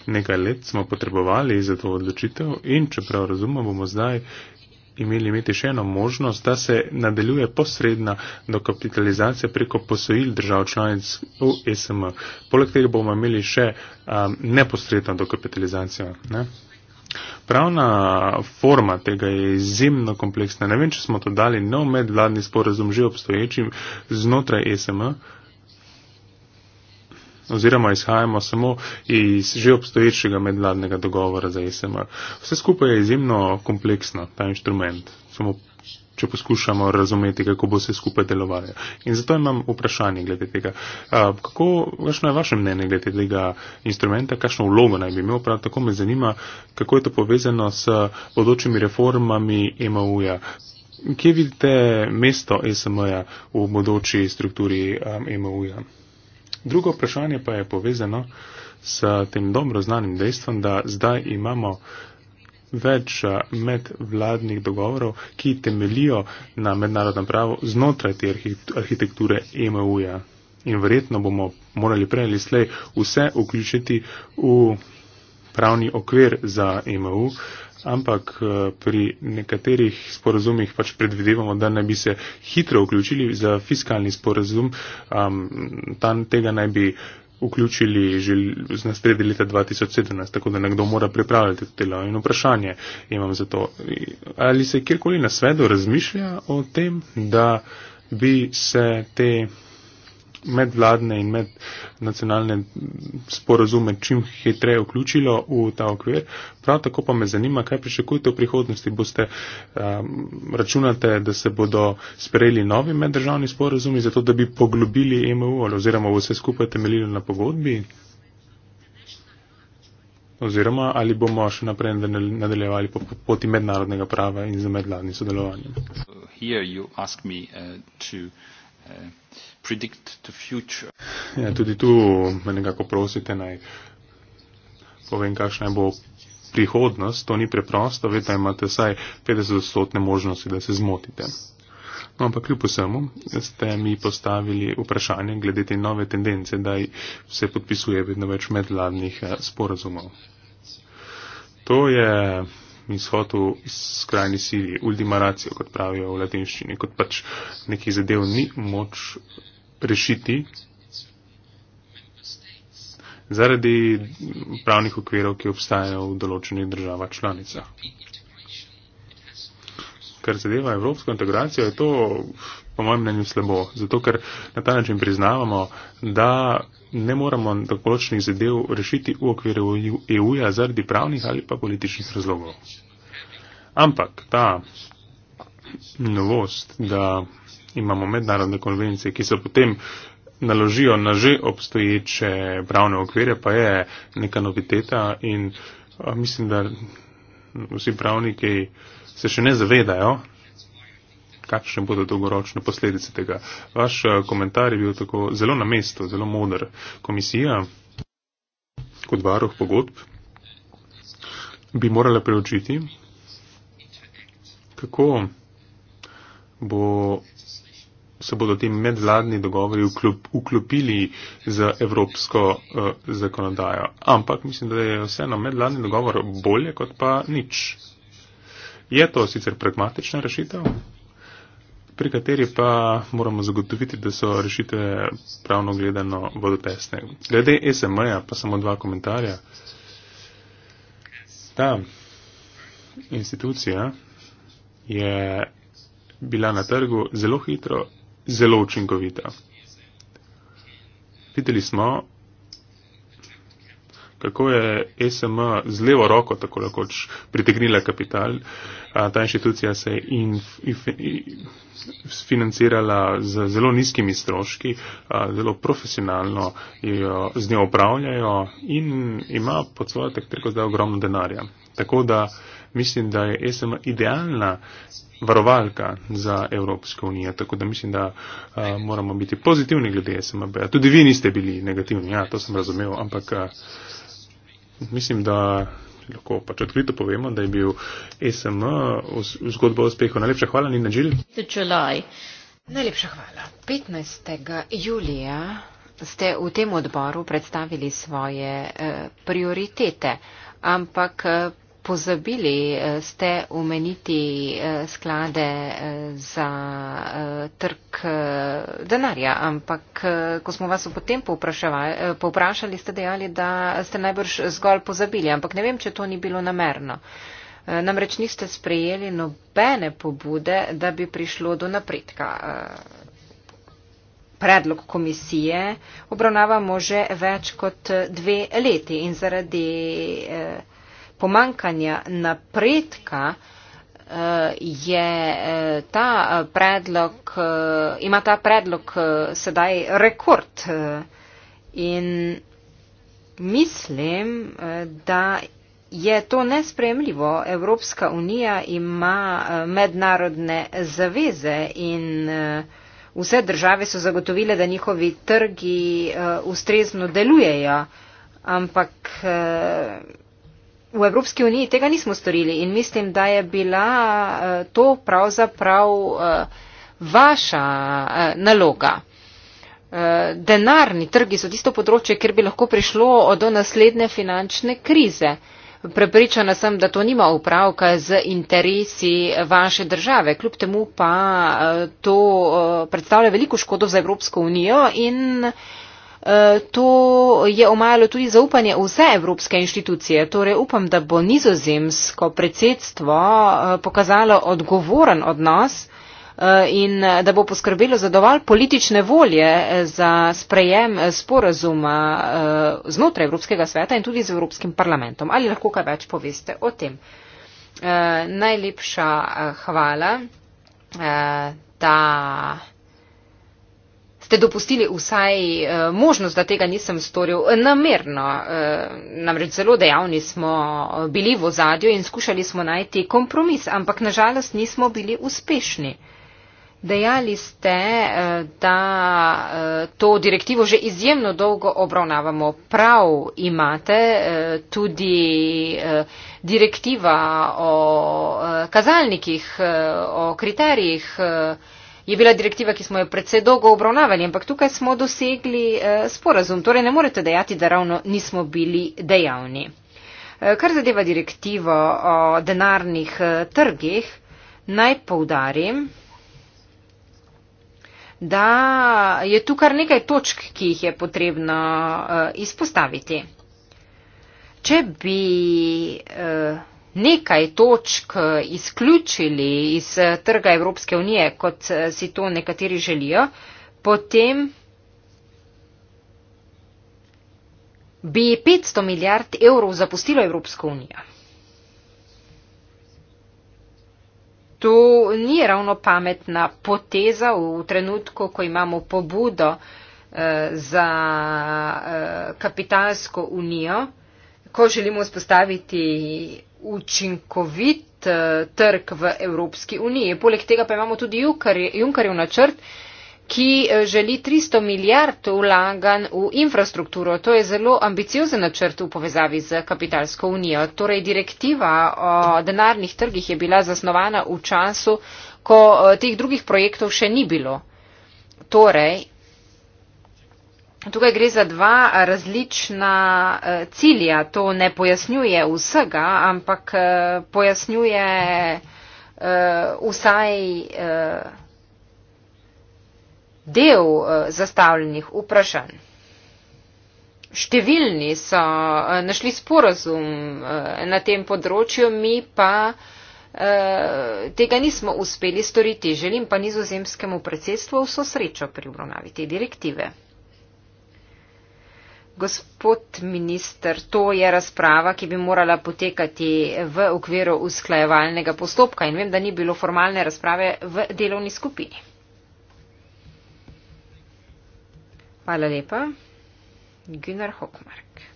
Nekaj let smo potrebovali za to odločitev in, čeprav razumemo, bomo zdaj imeli imeti še eno možnost, da se nadaljuje posredna dokapitalizacija preko posojil držav članic v SM. Poleg tega bomo imeli še um, neposredno dokapitalizacijo. Ne? Pravna forma tega je izjemno kompleksna. Ne vem, če smo to dali nov medvladni sporazum že obstoječim znotraj e SM. Oziroma izhajamo samo iz že obstoječega medvladnega dogovora za e SM. Vse skupaj je izjemno kompleksno, ta inštrument. Samo če poskušamo razumeti, kako bo se skupaj delovalo. In zato imam vprašanje glede tega. Kako, kakšno je vaše mnenje glede tega instrumenta, kakšno vlogo naj bi imel? Prav tako me zanima, kako je to povezano s bodočimi reformami EMU-ja. Kje vidite mesto SM-ja v bodoči strukturi EMU-ja? Drugo vprašanje pa je povezano s tem dobro znanim dejstvom, da zdaj imamo več eh, medvladnih dogovorov, ki temelijo na mednarodnem pravu znotraj te arhitekture EMU-ja. In verjetno bomo morali prej ali slej vse vključiti v pravni okvir za EMU, ampak eh, pri nekaterih sporazumih pač predvidevamo, da ne bi se hitro vključili za fiskalni sporazum. Um, tam tega naj bi uh, vključili že na sredi leta 2017, tako da nekdo mora pripravljati to delo. In vprašanje imam za to, ali se kjerkoli na svedu razmišlja o tem, da bi se te medvladne in mednacionalne sporazume čim hitreje vključilo v ta okvir. Prav tako pa me zanima, kaj pričakujete v prihodnosti. Boste um, računate, da se bodo sprejeli novi meddržavni sporazumi, zato da bi poglobili EMU ali oziroma vse skupaj temeljili na pogodbi? Oziroma, ali bomo še naprej nadaljevali po poti mednarodnega prava in za medvladnim sodelovanjem? So Uh, predict the future. Ja, tudi tu me nekako prosite naj povem, kakšna bo prihodnost. To ni preprosto, vedno imate vsaj 50-odstotne možnosti, da se zmotite. No, ampak kljub vsemu ste mi postavili vprašanje glede te nove tendence, da se podpisuje vedno več medladnih eh, sporazumov. To je izhod v skrajni Siriji, ultimaracijo, kot pravijo v latinščini, kot pač nekih zadev ni moč rešiti zaradi pravnih okvirov, ki obstajajo v določenih državah članicah. Kar zadeva evropsko integracijo, je to po mojem mnenju slabo, zato ker na ta način priznavamo, da ne moremo določenih zadev rešiti v okviru EU-ja zaradi pravnih ali pa političnih razlogov. Ampak ta novost, da imamo mednarodne konvencije, ki se potem naložijo na že obstoječe pravne okvire, pa je neka noviteta in mislim, da vsi pravniki se še ne zavedajo, kakšne bodo dolgoročne posledice tega. Vaš eh, komentar je bil tako zelo na mestu, zelo moder. Komisija kot varoh pogodb bi morala preučiti, kako bo, se bodo ti medvladni dogovori vklopili za evropsko uh, zakonodajo. Ampak mislim, da je vseeno medvladni dogovor bolje kot pa nič. Je to sicer pragmatična rešitev? pri kateri pa moramo zagotoviti, da so rešitve pravno gledano vodotesne. Glede SMA pa samo dva komentarja. Ta institucija je bila na trgu zelo hitro, zelo učinkovita. Videli smo, kako je e SM z levo roko tako lahko pritegnila kapital. A, ta inštitucija se je in, in, in, financirala z zelo nizkimi stroški, a, zelo profesionalno jo, z njo upravljajo in ima pod svojo tekterko zdaj ogromno denarja. Tako da mislim, da je e SM idealna varovalka za Evropsko unijo. Tako da mislim, da a, moramo biti pozitivni glede e SMB. Tudi vi niste bili negativni, ja, to sem razumel, ampak. A, mislim, da lahko pač odkrito povemo, da je bil SM v zgodbo o uspehu. Najlepša hvala, Nina Džil. Najlepša hvala. 15. julija ste v tem odboru predstavili svoje eh, prioritete, ampak eh, pozabili eh, ste umeniti eh, sklade eh, za trg denarja, ampak ko smo vas potem povprašali, ste dejali, da ste najbrž zgolj pozabili, ampak ne vem, če to ni bilo namerno. Namreč niste sprejeli nobene pobude, da bi prišlo do napredka. Predlog komisije obravnavamo že več kot dve leti in zaradi eh, pomankanja napredka eh, je eh, ta eh, predlog, ima ta predlog sedaj rekord in mislim, da je to nespremljivo. Evropska unija ima mednarodne zaveze in vse države so zagotovile, da njihovi trgi ustrezno delujejo, ampak v Evropski uniji tega nismo storili in mislim, da je bila eh, to pravzaprav eh, vaša eh, naloga. Denarni trgi so tisto področje, kjer bi lahko prišlo do naslednje finančne krize. Prepričana sem, da to nima upravka z interesi vaše države, kljub temu pa to predstavlja veliko škodo za Evropsko unijo in uh, E, to je omajalo tudi zaupanje vse evropske inštitucije. Torej upam, da bo nizozemsko predsedstvo e, pokazalo odgovoren odnos e, in da bo poskrbelo za dovolj politične volje za sprejem sporazuma znotraj Evropskega sveta in tudi z Evropskim parlamentom. Ali lahko kaj več poveste o tem? Najlepša hvala, da ste dopustili vsaj eh, možnost, da tega nisem storil eh, namerno. Eh, namreč zelo dejavni smo bili v ozadju in skušali smo najti kompromis, ampak nažalost nismo bili uspešni. Dejali ste, da to direktivo že izjemno dolgo obravnavamo. Prav imate tudi direktiva o kazalnikih, o kriterijih je bila direktiva, ki smo jo predvsej dolgo obravnavali, ampak tukaj smo dosegli eh, sporazum. Torej ne morete dejati, da ravno nismo bili dejavni. Eh, kar zadeva direktivo o denarnih eh, trgih, naj poudarim, da je tu kar nekaj točk, ki jih je potrebno izpostaviti. Če bi. Uh, nekaj točk eh, izključili iz eh, trga Evropske unije, kot eh, si to nekateri želijo, potem bi 500 milijard evrov zapustilo Evropsko unijo. To ni ravno pametna poteza v trenutku, ko imamo pobudo za kapitalsko unijo, ko želimo spostaviti učinkovit uh, trg v Evropski uniji. Poleg tega pa imamo tudi Junkarjev načrt, ki eh, želi 300 milijard vlagan v infrastrukturo. To je zelo ambiciozen načrt v povezavi z kapitalsko unijo. Torej, direktiva o denarnih trgih je bila zasnovana v času, ko eh, teh drugih projektov še ni bilo. Torej, Tukaj gre za dva različna eh, cilja. To ne pojasnjuje vsega, ampak eh, pojasnjuje eh, vsaj del zastavljenih vprašanj. Številni so našli sporozum na tem področju, mi pa tega nismo uspeli storiti. Želim pa nizozemskemu predsedstvu vso srečo pri obravnavi te direktive. Gospod minister, to je razprava, ki bi morala potekati v okviru usklajevalnega postopka in vem, da ni bilo formalne razprave v delovni skupini. Hvala lepa. Gunnar Hokmark.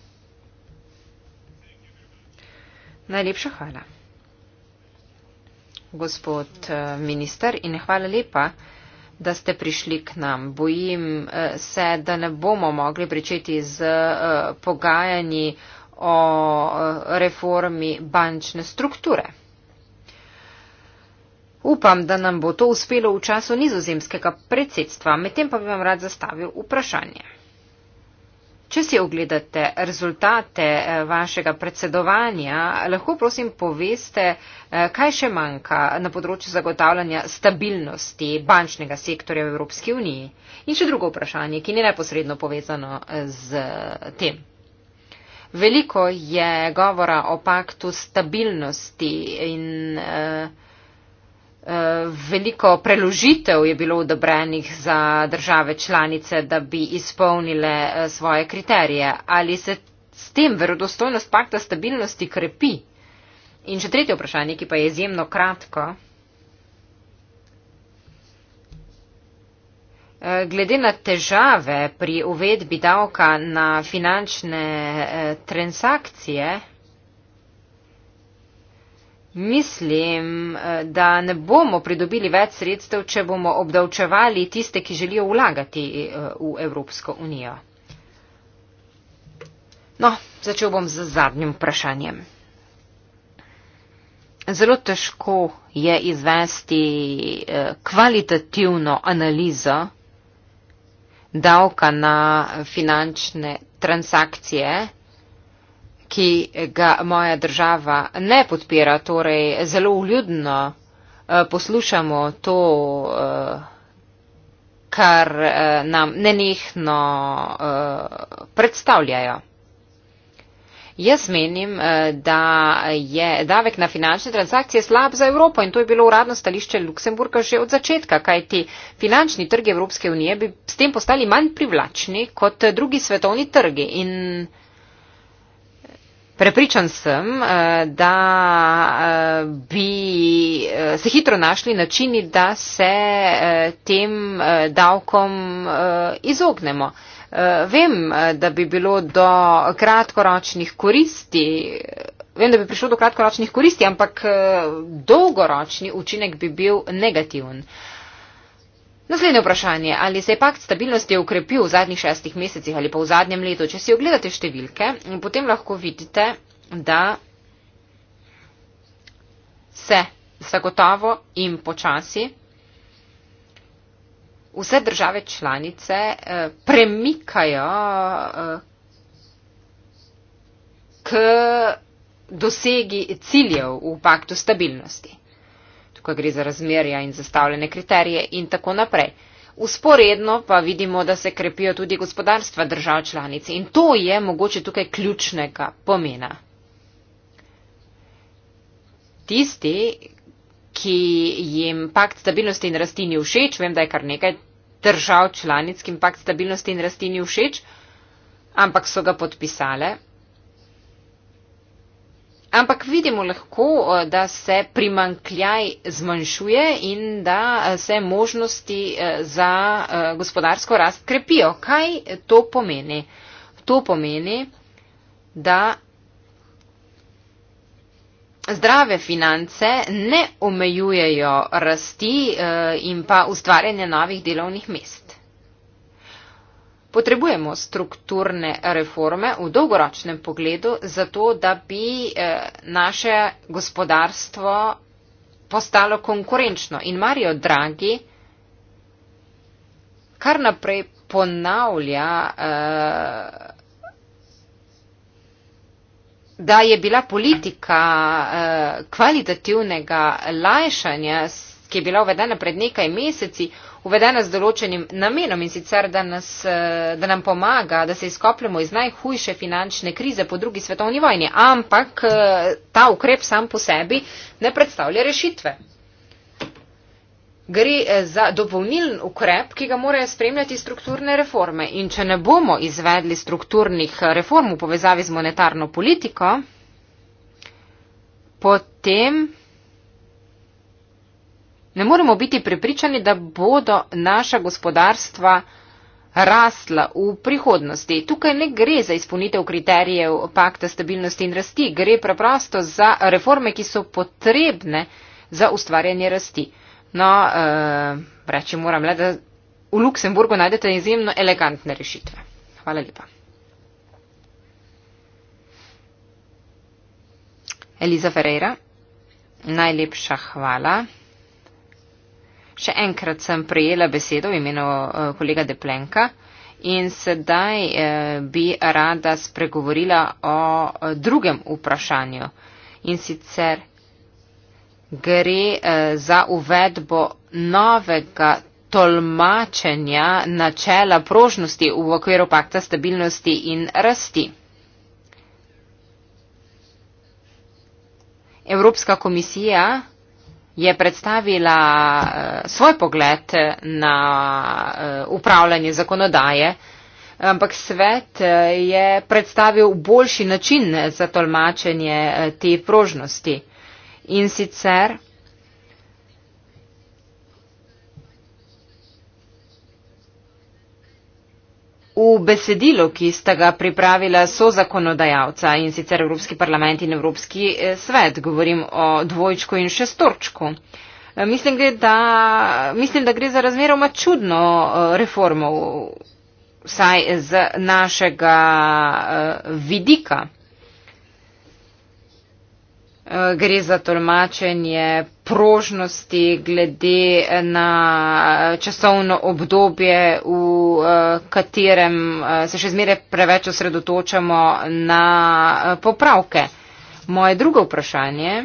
Najlepša hvala. Gospod eh, minister in hvala lepa da ste prišli k nam. Bojim eh, se, da ne bomo mogli pričeti z eh, pogajanji o eh, reformi bančne strukture. Upam, da nam bo to uspelo v času nizozemskega predsedstva, medtem pa bi vam rad zastavil vprašanje. Če si ogledate rezultate eh, vašega predsedovanja, lahko prosim poveste, eh, kaj še manjka na področju zagotavljanja stabilnosti bančnega sektorja v Evropski uniji. In še drugo vprašanje, ki ni neposredno povezano eh, z tem. Veliko je govora o paktu stabilnosti in eh, veliko preložitev je bilo odobrenih za države članice, da bi izpolnile eh, svoje kriterije. Ali se s tem verodostojnost pakta stabilnosti krepi? In še tretje vprašanje, ki pa je izjemno kratko. Eh, glede na težave pri uvedbi davka na finančne eh, transakcije, Mislim, eh, da ne bomo pridobili več sredstev, če bomo obdavčevali tiste, ki želijo vlagati eh, v Evropsko unijo. No, začel bom z zadnjim vprašanjem. Zelo težko je izvesti eh, kvalitativno analizo davka na finančne transakcije ki ga moja država ne podpira. Torej, zelo uljudno eh, poslušamo to, eh, kar eh, nam nenehno predstavljajo. Jaz menim, da je davek na finančne transakcije slab za Evropo in to je bilo uradno stališče Luksemburga že od začetka, kajti finančni trgi Evropske unije bi s tem postali manj privlačni kot drugi svetovni trgi. In Prepričan sem, eh, da eh, bi eh, se hitro našli načini, da se tem davkom izognemo. Vem, da bi bilo do kratkoročnih koristi, vem, da bi prišlo do kratkoročnih koristi, ampak dolgoročni učinek bi bil negativen. Naslednje vprašanje, ali se je pakt stabilnosti ukrepil v zadnjih šestih mesecih ali pa v zadnjem letu, če si ogledate številke, potem lahko vidite, da se zagotovo in počasi vse države članice eh, premikajo eh, k dosegi ciljev v paktu stabilnosti ko gre za razmerja in zastavljene kriterije in tako naprej. Usporedno pa vidimo, da se krepijo tudi gospodarstva držav članic in to je mogoče tukaj ključnega pomena. Tisti, ki jim pakt stabilnosti in rasti ni všeč, vem, da je kar nekaj držav članic, ki jim pakt stabilnosti in rasti ni všeč, ampak so ga podpisale. Ampak vidimo lahko, eh, da se primankljaj zmanjšuje in da eh, se možnosti eh, za gospodarsko rast krepijo. Kaj to pomeni? To pomeni, da zdrave finance ne omejujejo rasti in pa ustvarjanje novih delovnih mest. Potrebujemo strukturne reforme v dolgoročnem pogledu, zato da bi eh, naše gospodarstvo postalo konkurenčno. In Mario Draghi kar naprej ponavlja, eh, da je bila politika eh, kvalitativnega lajšanja, ki je bila uvedena pred nekaj meseci, uvedena z določenim namenom in sicer, da, nas, eh, da nam pomaga, da se izkopljemo iz najhujše finančne krize po drugi svetovni vojni. Ampak eh, ta ukrep sam po sebi ne predstavlja rešitve. Gre eh, za dopolniln ukrep, ki ga morajo spremljati strukturne reforme. In če ne bomo izvedli strukturnih reform v povezavi z monetarno politiko, potem Ne moremo biti prepričani, da bodo naša gospodarstva rastla v prihodnosti. Tukaj ne gre za izpolnitev kriterijev pakta stabilnosti in rasti, gre preprosto za reforme, ki so potrebne za ustvarjanje rasti. No, uh, reči moram le, da v Luksemburgu najdete izjemno elegantne rešitve. Hvala lepa. Eliza Ferreira, najlepša hvala. Še enkrat sem prejela besedo v imenu eh, kolega Deplenka in sedaj eh, bi rada spregovorila o eh, drugem vprašanju. In sicer gre za uvedbo novega tolmačenja načela prožnosti v okviru pakta stabilnosti in rasti. Evropska komisija je predstavila eh, svoj pogled na eh, upravljanje zakonodaje, ampak svet eh, je predstavil boljši način za tolmačenje te prožnosti. In sicer besedilo, ki sta ga pripravila so zakonodajalca in sicer Evropski parlament in Evropski eh, svet. Govorim o dvojčku in šestorčku. Eh, mislim, da, mislim, da gre za razmeroma čudno eh, reformo, vsaj z našega vidika. Gre za tolmačenje prožnosti glede na eh, časovno obdobje, v eh, katerem eh, se še zmeraj preveč osredotočamo na popravke. Moje drugo vprašanje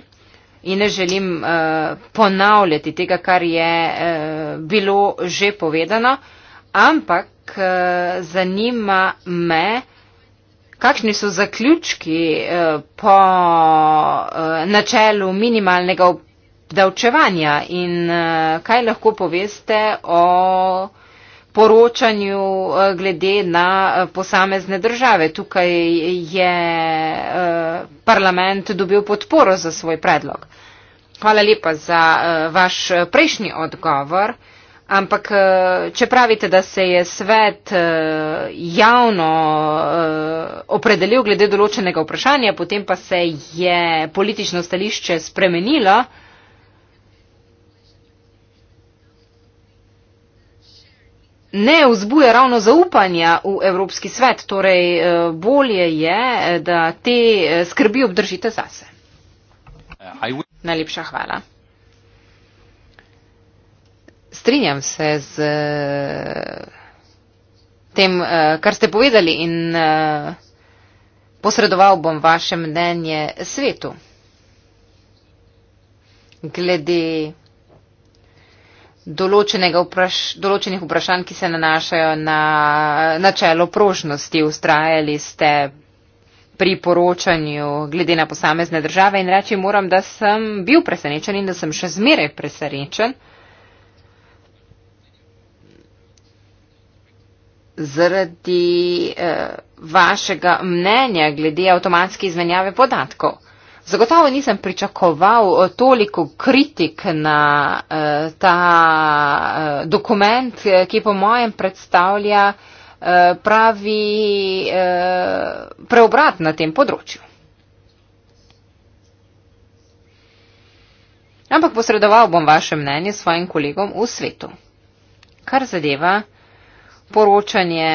in ne želim ponavljati tega, kar je bilo že povedano, ampak zanima me, Kakšni so zaključki po načelu minimalnega obdavčevanja in eh, kaj lahko poveste o poročanju eh, glede na eh, posamezne države. Tukaj je parlament dobil podporo za svoj predlog. Hvala lepa za vaš prejšnji odgovor, ampak če pravite, da se je svet javno opredelil glede določenega vprašanja, potem pa se je politično stališče spremenilo, ne vzbuja ravno zaupanja v Evropski svet. Torej, eh, bolje je, eh, da te eh, skrbi obdržite zase. Najlepša hvala. Strinjam se z tem, kar ste povedali in posredoval bom vaše mnenje svetu. Glede vpraš določenih vprašanj, ki se nanašajo na načelo prožnosti. Ustrajali ste pri poročanju glede na posamezne države in reči moram, da sem bil presenečen in da sem še zmeraj presenečen. zaradi eh, vašega mnenja glede avtomatske izmenjave podatkov. Zagotovo nisem pričakoval eh, toliko kritik na uh, ta uh, dokument, ki po mojem predstavlja uh, pravi uh, preobrat na tem področju. Ampak posredoval bom vaše mnenje svojim kolegom v svetu, kar zadeva poročanje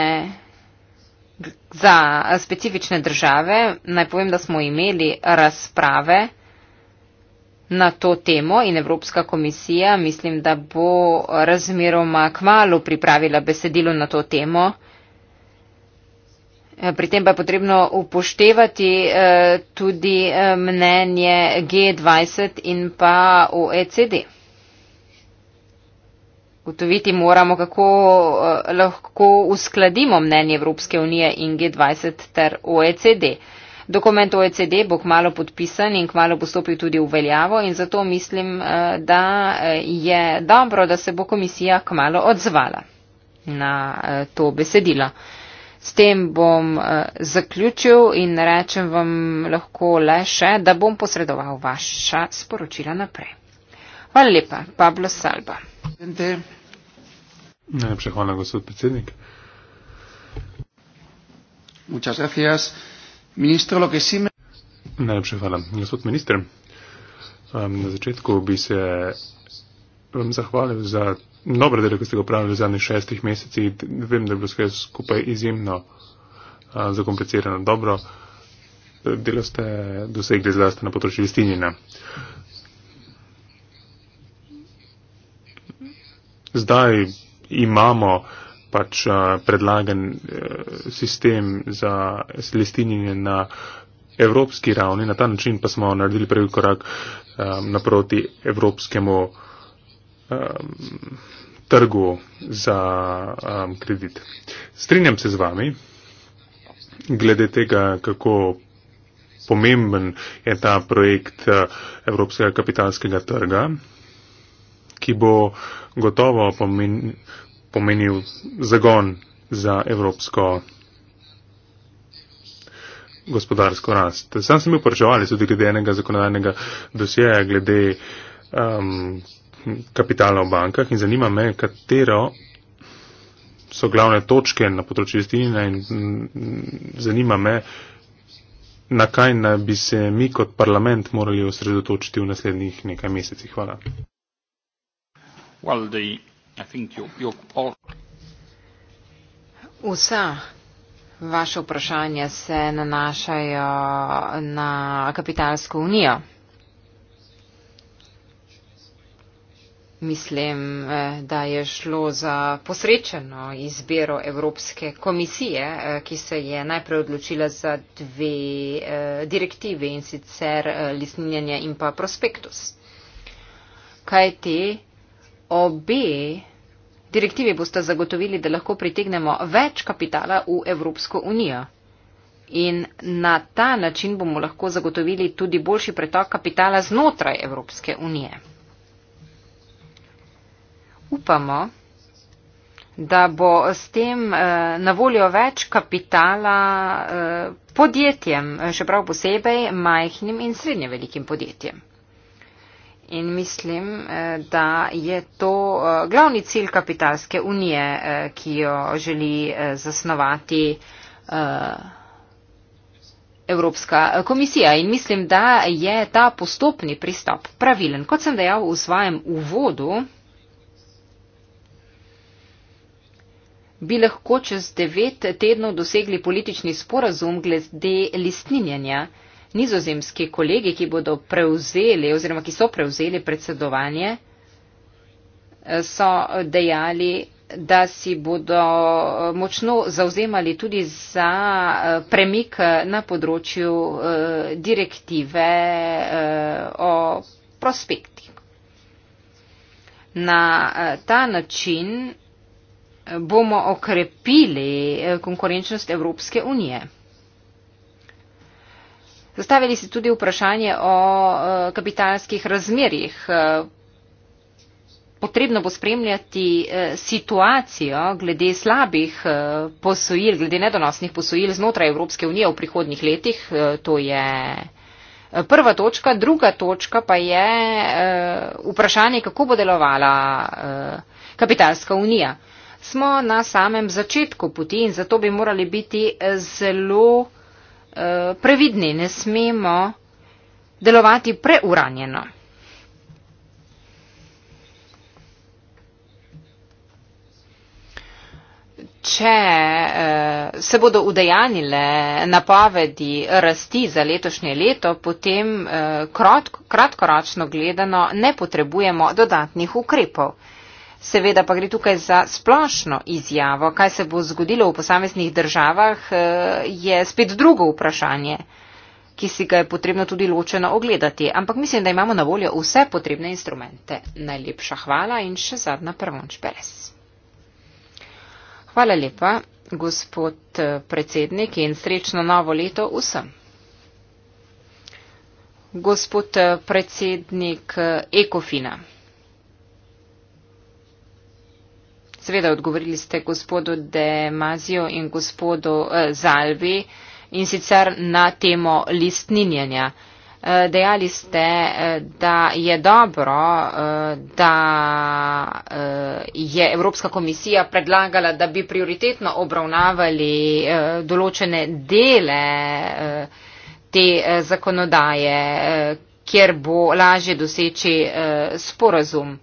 za specifične države. Naj povem, da smo imeli razprave na to temo in Evropska komisija mislim, da bo razmeroma kmalo pripravila besedilo na to temo. Pri tem pa je potrebno upoštevati eh, tudi eh, mnenje G20 in pa OECD gotoviti moramo, kako eh, lahko uskladimo mnenje Evropske unije in G20 ter OECD. Dokument OECD bo kmalo podpisan in kmalo bo stopil tudi v veljavo in zato mislim, eh, da eh, je dobro, da se bo komisija kmalo odzvala na to besedilo. S tem bom zaključil in rečem vam lahko le še, da bom posredoval vaša sporočila naprej. Hvala lepa, Pablo Salba. Najlepša hvala, gospod predsednik. Ministro, si... Najlepša hvala, gospod minister. Um, na začetku bi se vam zahvalil za dobro delo, ki ste ga opravili v zadnjih šestih mesecih. Vem, da je bilo vse skupaj izjemno uh, zakomplicirano dobro. Delo ste dosegli zlasti na področju listinjina. Uh, zdaj imamo pač uh, predlagan uh, sistem za listinjenje na evropski ravni, na ta način pa smo naredili prvi korak um, naproti evropskemu um, trgu za um, kredit. Strinjam se z vami glede tega, kako pomemben je ta projekt uh, evropskega kapitalskega trga, ki bo uh, gotovo pomen, pomenil zagon za evropsko gospodarsko rast. Sam sem bil pričevali tudi glede enega zakonodajnega dosjeja, glede um, kapitala v bankah in zanima me, katero so glavne točke na področju istinina in mm, zanima me, na kaj naj bi se mi kot parlament morali osredotočiti v naslednjih nekaj mesecih. Hvala. Vsa vaša vprašanja se nanašajo na kapitalsko unijo. Mislim, eh, da je šlo za posrečeno izbiro Evropske komisije, eh, ki se je najprej odločila za dve eh, direktive in sicer lisninjanje in pa prospektus. Kaj te? obe direktivi boste zagotovili, da lahko pritegnemo več kapitala v Evropsko unijo. In na ta način bomo lahko zagotovili tudi boljši pretok kapitala znotraj Evropske unije. Upamo, da bo s tem eh, na voljo več kapitala eh, podjetjem, še prav posebej majhnim in srednje velikim podjetjem. In mislim, eh, da je to eh, glavni cilj kapitalske unije, eh, ki jo želi zasnovati Evropska komisija. In mislim, da je ta postopni pristop pravilen. Kot sem dejal v svojem uvodu, bi lahko čez devet tednov dosegli politični sporazum glede listninjanja nizozemski kolegi, ki bodo prevzeli oziroma ki so prevzeli predsedovanje, eh, so dejali, da si bodo eh, močno zauzemali tudi za eh, premik na področju direktive o prospekti. Na ta način bomo okrepili konkurenčnost Evropske unije. Zastavili ste tudi vprašanje o e, kapitalskih razmerjih. E, potrebno bo spremljati e, situacijo glede slabih posojil, glede nedonosnih posojil znotraj Evropske unije v prihodnih letih. To je prva točka. Druga točka pa je vprašanje, kako bo delovala kapitalska unija. Smo na samem začetku poti in zato bi morali biti zelo. Eh, previdni, ne smemo delovati preuranjeno. Če eh, se bodo udejanile napovedi rasti za letošnje leto, potem eh, kratkoročno gledano ne potrebujemo dodatnih ukrepov. Seveda pa gre tukaj za splošno izjavo, kaj se bo zgodilo v posameznih državah, eh, je spet drugo vprašanje, ki si ga je potrebno tudi ločeno ogledati. Ampak mislim, da imamo na voljo vse potrebne instrumente. Najlepša hvala in še zadnja prvonč peres. Hvala lepa, gospod eh, predsednik in srečno novo leto vsem. Gospod eh, predsednik Ekofina. Seveda odgovorili ste gospodu De Mazijo in gospodu eh, Zalvi in sicer na temo listninjenja. Eh, dejali ste, eh, da je dobro, da je Evropska komisija predlagala, da bi prioritetno obravnavali določene dele te zakonodaje, kjer bo lažje doseči sporazum.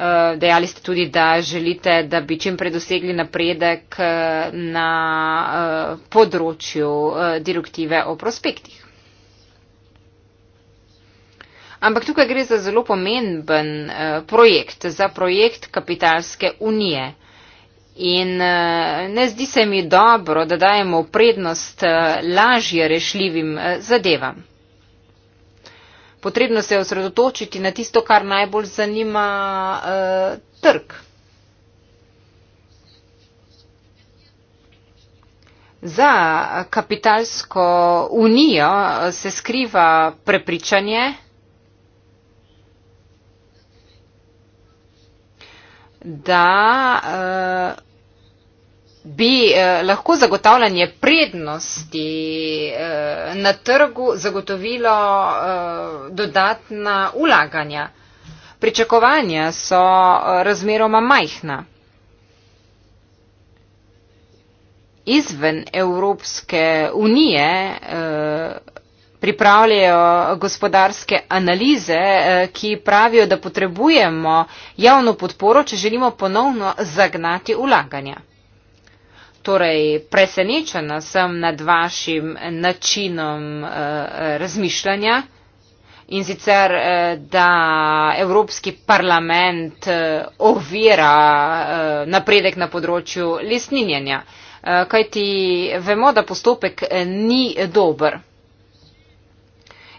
Eh, dejali ste tudi, da želite, da bi čim prej dosegli napredek eh, na eh, področju direktive o prospektih. Ampak tukaj gre za zelo pomemben projekt, za projekt kapitalske unije. In ne zdi se mi dobro, da dajemo prednost lažje rešljivim zadevam potrebno se je osredotočiti na tisto, kar najbolj zanima uh, trg. Za kapitalsko unijo eh, se skriva prepričanje, da uh, bi eh, lahko zagotavljanje prednosti eh, na trgu zagotovilo eh, dodatna ulaganja. Pričakovanja so eh, razmeroma majhna. Izven Evropske unije eh, pripravljajo gospodarske analize, eh, ki pravijo, da potrebujemo javno podporo, če želimo ponovno zagnati ulaganja torej presenečena sem nad vašim načinom eh, razmišljanja in sicer, eh, da Evropski parlament eh, ovira napredek na področju lesninjanja, kajti vemo, da postopek ni dober.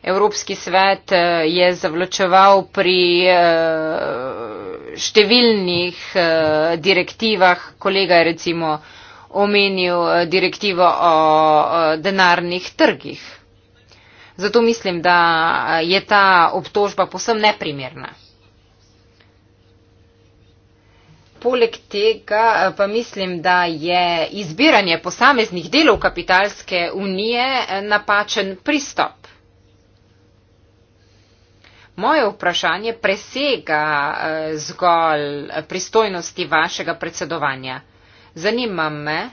Evropski svet je zavlačeval pri številnih direktivah, kolega je recimo vsega, omenil eh, direktivo o denarnih trgih. Zato mislim, da eh, je ta obtožba posem neprimerna. Poleg tega eh, pa mislim, da je izbiranje posameznih delov kapitalske unije napačen pristop. Moje vprašanje presega zgolj pristojnosti vašega predsedovanja. Zanima me,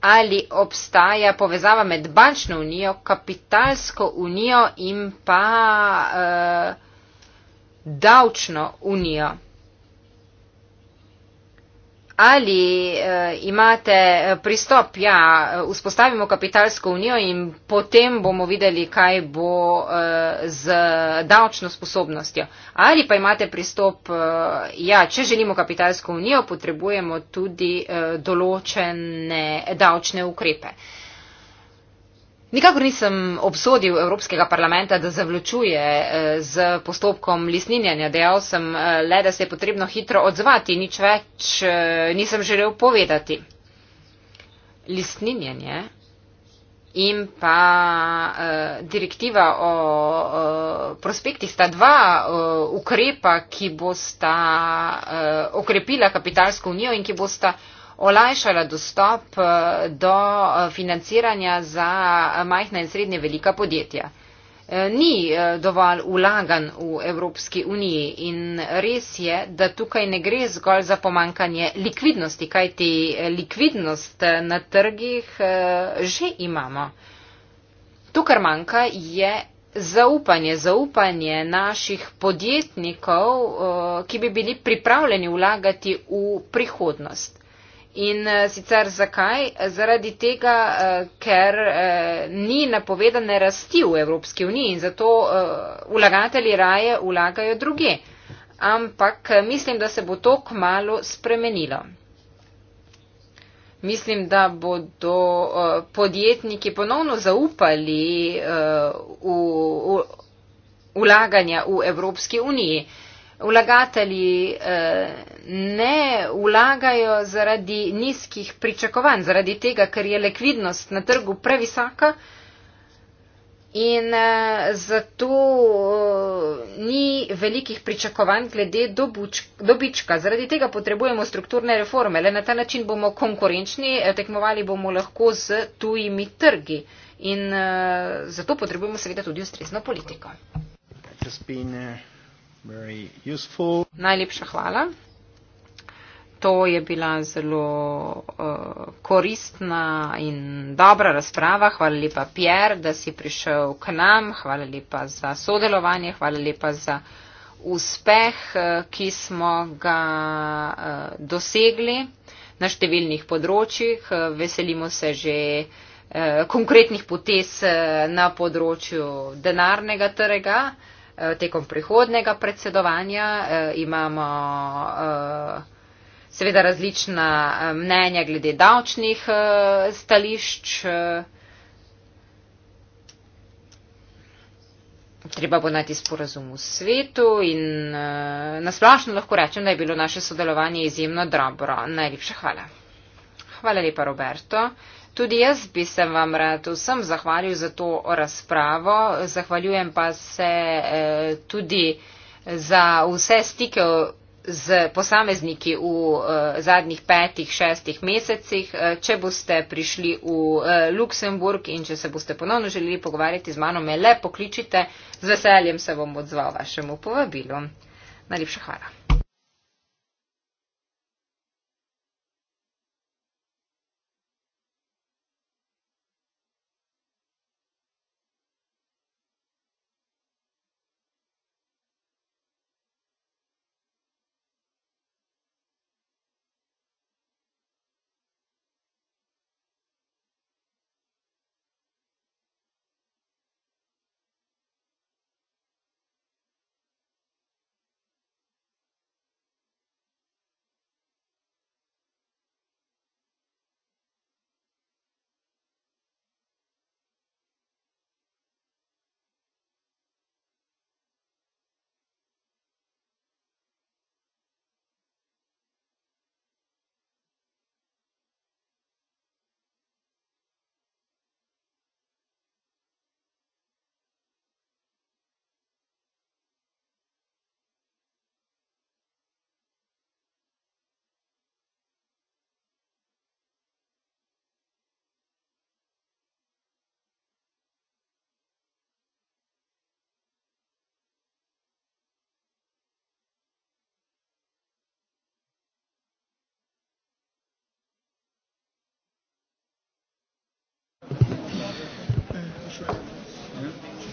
ali obstaja povezava med bančno unijo, kapitalsko unijo in pa eh, davčno unijo ali uh, imate eh, pristop, ja, vzpostavimo kapitalsko unijo in potem bomo videli, kaj bo uh, z davčno sposobnostjo. Ali pa imate pristop, uh, ja, če želimo kapitalsko unijo, potrebujemo tudi uh, določene davčne ukrepe. Uh, Nikakor nisem obsodil Evropskega parlamenta, da zavlačuje eh, z postopkom lisninjanja. Dejal sem eh, le, da se je potrebno hitro odzvati, nič več eh, nisem želel povedati. Lisninjanje in pa direktiva o prospektih sta dva ukrepa, ki bosta okrepila kapitalsko unijo in ki bosta olajšala dostop eh, do eh, financiranja za eh, majhna in srednje velika podjetja. Ni dovolj ulagan v Evropski uniji in res je, da tukaj ne gre zgolj za pomankanje likvidnosti, kajti likvidnost na trgih že imamo. To, kar manjka, je zaupanje, zaupanje naših podjetnikov, ki bi bili pripravljeni ulagati v prihodnost. In eh, sicer zakaj? Zaradi tega, eh, ker eh, ni napovedane rasti v Evropski uniji in zato vlagatelji raje vlagajo druge. Ampak mislim, da se bo to kmalo spremenilo. Mislim, da bodo podjetniki ponovno zaupali v vlaganja v Evropski uniji vlagatelji eh, ne vlagajo zaradi nizkih pričakovanj, zaradi tega, ker je likvidnost na trgu previsaka in eh, zato eh, ni velikih pričakovanj glede dobička. Zaradi tega potrebujemo strukturne reforme. Le na ta način bomo konkurenčni, tekmovali bomo lahko z tujimi trgi. In uh, zato potrebujemo seveda tudi ustrezno politiko. Been, uh, Najlepša hvala. To je bila zelo uh, koristna in dobra razprava. Hvala lepa, Pierre, da si prišel k nam. Hvala lepa za sodelovanje. Hvala lepa za uspeh, eh, ki smo ga uh, dosegli na številnih področjih. Veselimo se že uh, konkretnih potez na področju denarnega trga. Eh, tekom prihodnega predsedovanja. Eh, imamo eh, seveda različna mnenja glede davčnih stališč. Treba bo najti sporazum v svetu in nasplošno lahko rečem, da je bilo naše sodelovanje izjemno dobro. Najlepša hvala. Hvala lepa, Roberto. Tudi jaz bi se vam rad vsem zahvalil za to razpravo. Zahvaljujem pa se eh, tudi za vse stike z posamezniki v eh, zadnjih petih, šestih mesecih. Eh, če boste prišli v Luksemburg in če se boste ponovno želeli pogovarjati z mano, me le pokličite. Z veseljem se bom odzval vašemu povabilu. Najlepša hvala.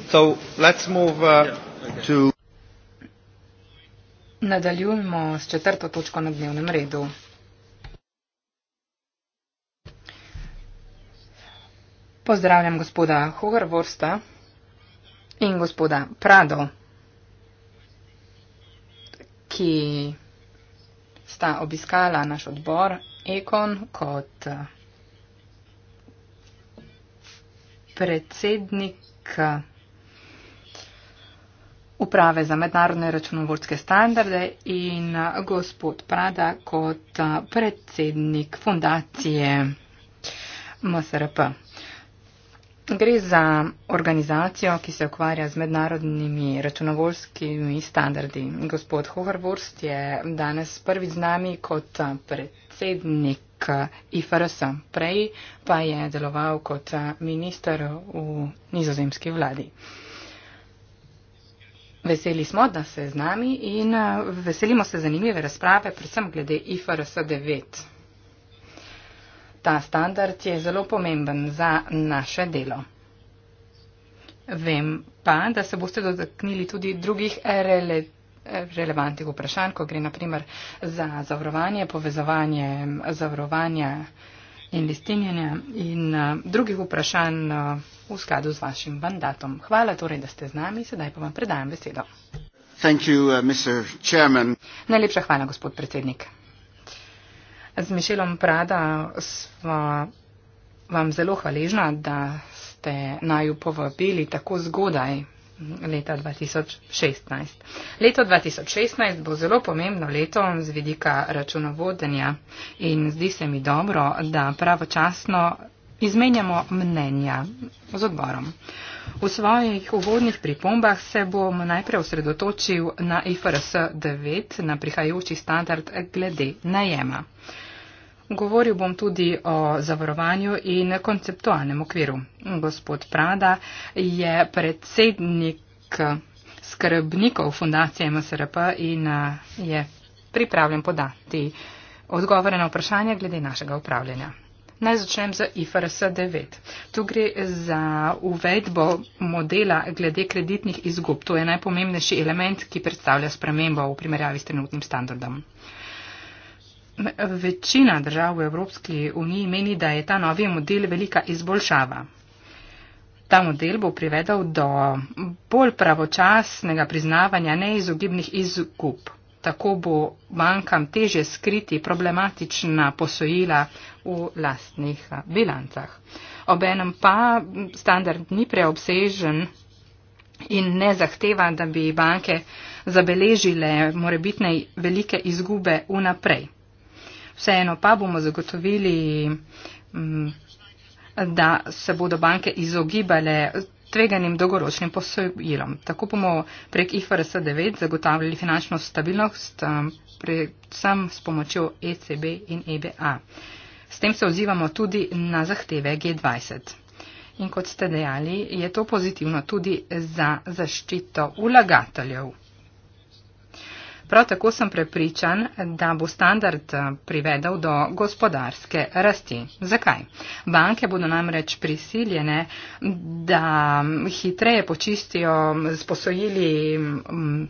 So let's move uh, yeah. okay. to. Nadaljujemo s četrto točko na dnevnem redu. Pozdravljam gospoda Hogarvorsta in gospoda Prado, ki sta obiskala naš odbor Ekon kot uh, predsednik uprave za mednarodne računovodske standarde in gospod Prada kot predsednik fundacije MSRP. Gre za organizacijo, ki se ukvarja z mednarodnimi računovodskimi standardi. Gospod Hoverwurst je danes prvi z nami kot predsednik IFRS, prej pa je deloval kot minister v nizozemski vladi. Veseli smo, da ste z nami in eh, veselimo se zanimive razprave, predvsem glede IFRS 9. Ta standard je zelo pomemben za naše delo. Vem pa, da se boste dotaknili tudi drugih rele, relevantnih vprašanj, ko gre naprimer za zavarovanje, povezovanje zavarovanja in listinjenja in eh, drugih vprašanj eh, v skladu z vašim mandatom. Hvala torej, da ste z nami. Sedaj pa vam predajam besedo. You, uh, Najlepša hvala, gospod predsednik. Z Mišelom Prada smo vam zelo hvaležna, da ste naju povabili tako zgodaj leta 2016. Leto 2016 bo zelo pomembno leto z vidika računovodenja in zdi se mi dobro, da pravočasno izmenjamo mnenja z odborom. V svojih uvodnih pripombah se bom najprej osredotočil na IFRS 9, na prihajajoči standard glede najema. Govoril bom tudi o zavarovanju in konceptualnem okviru. Gospod Prada je predsednik skrbnikov fundacije MSRP in je pripravljen podati odgovore na vprašanje glede našega upravljanja. Naj začnem z IFRS 9. Tu gre za uvedbo modela glede kreditnih izgub. To je najpomembnejši element, ki predstavlja spremembo v primerjavi s trenutnim standardom. Večina držav v Evropski uniji meni, da je ta novi model velika izboljšava. Ta model bo privedel do bolj pravočasnega priznavanja neizogibnih izgub. Tako bo bankam teže skriti problematična posojila v lastnih bilancah. Obenem pa standard ni preobsežen in ne zahteva, da bi banke zabeležile morebitne velike izgube vnaprej. Vseeno pa bomo zagotovili, mm, da se bodo banke izogibale tveganim dolgoročnim posojilom. Tako bomo prek IFRS 9 zagotavljali finančno stabilnost, mm, predvsem s pomočjo ECB in EBA. S tem se odzivamo tudi na zahteve G20. In kot ste dejali, je to pozitivno tudi za zaščito vlagateljev. Prav tako sem prepričan, da bo standard eh, privedel do gospodarske rasti. Zakaj? Banke bodo namreč prisiljene, da mm, hitreje počistijo z posojili mm,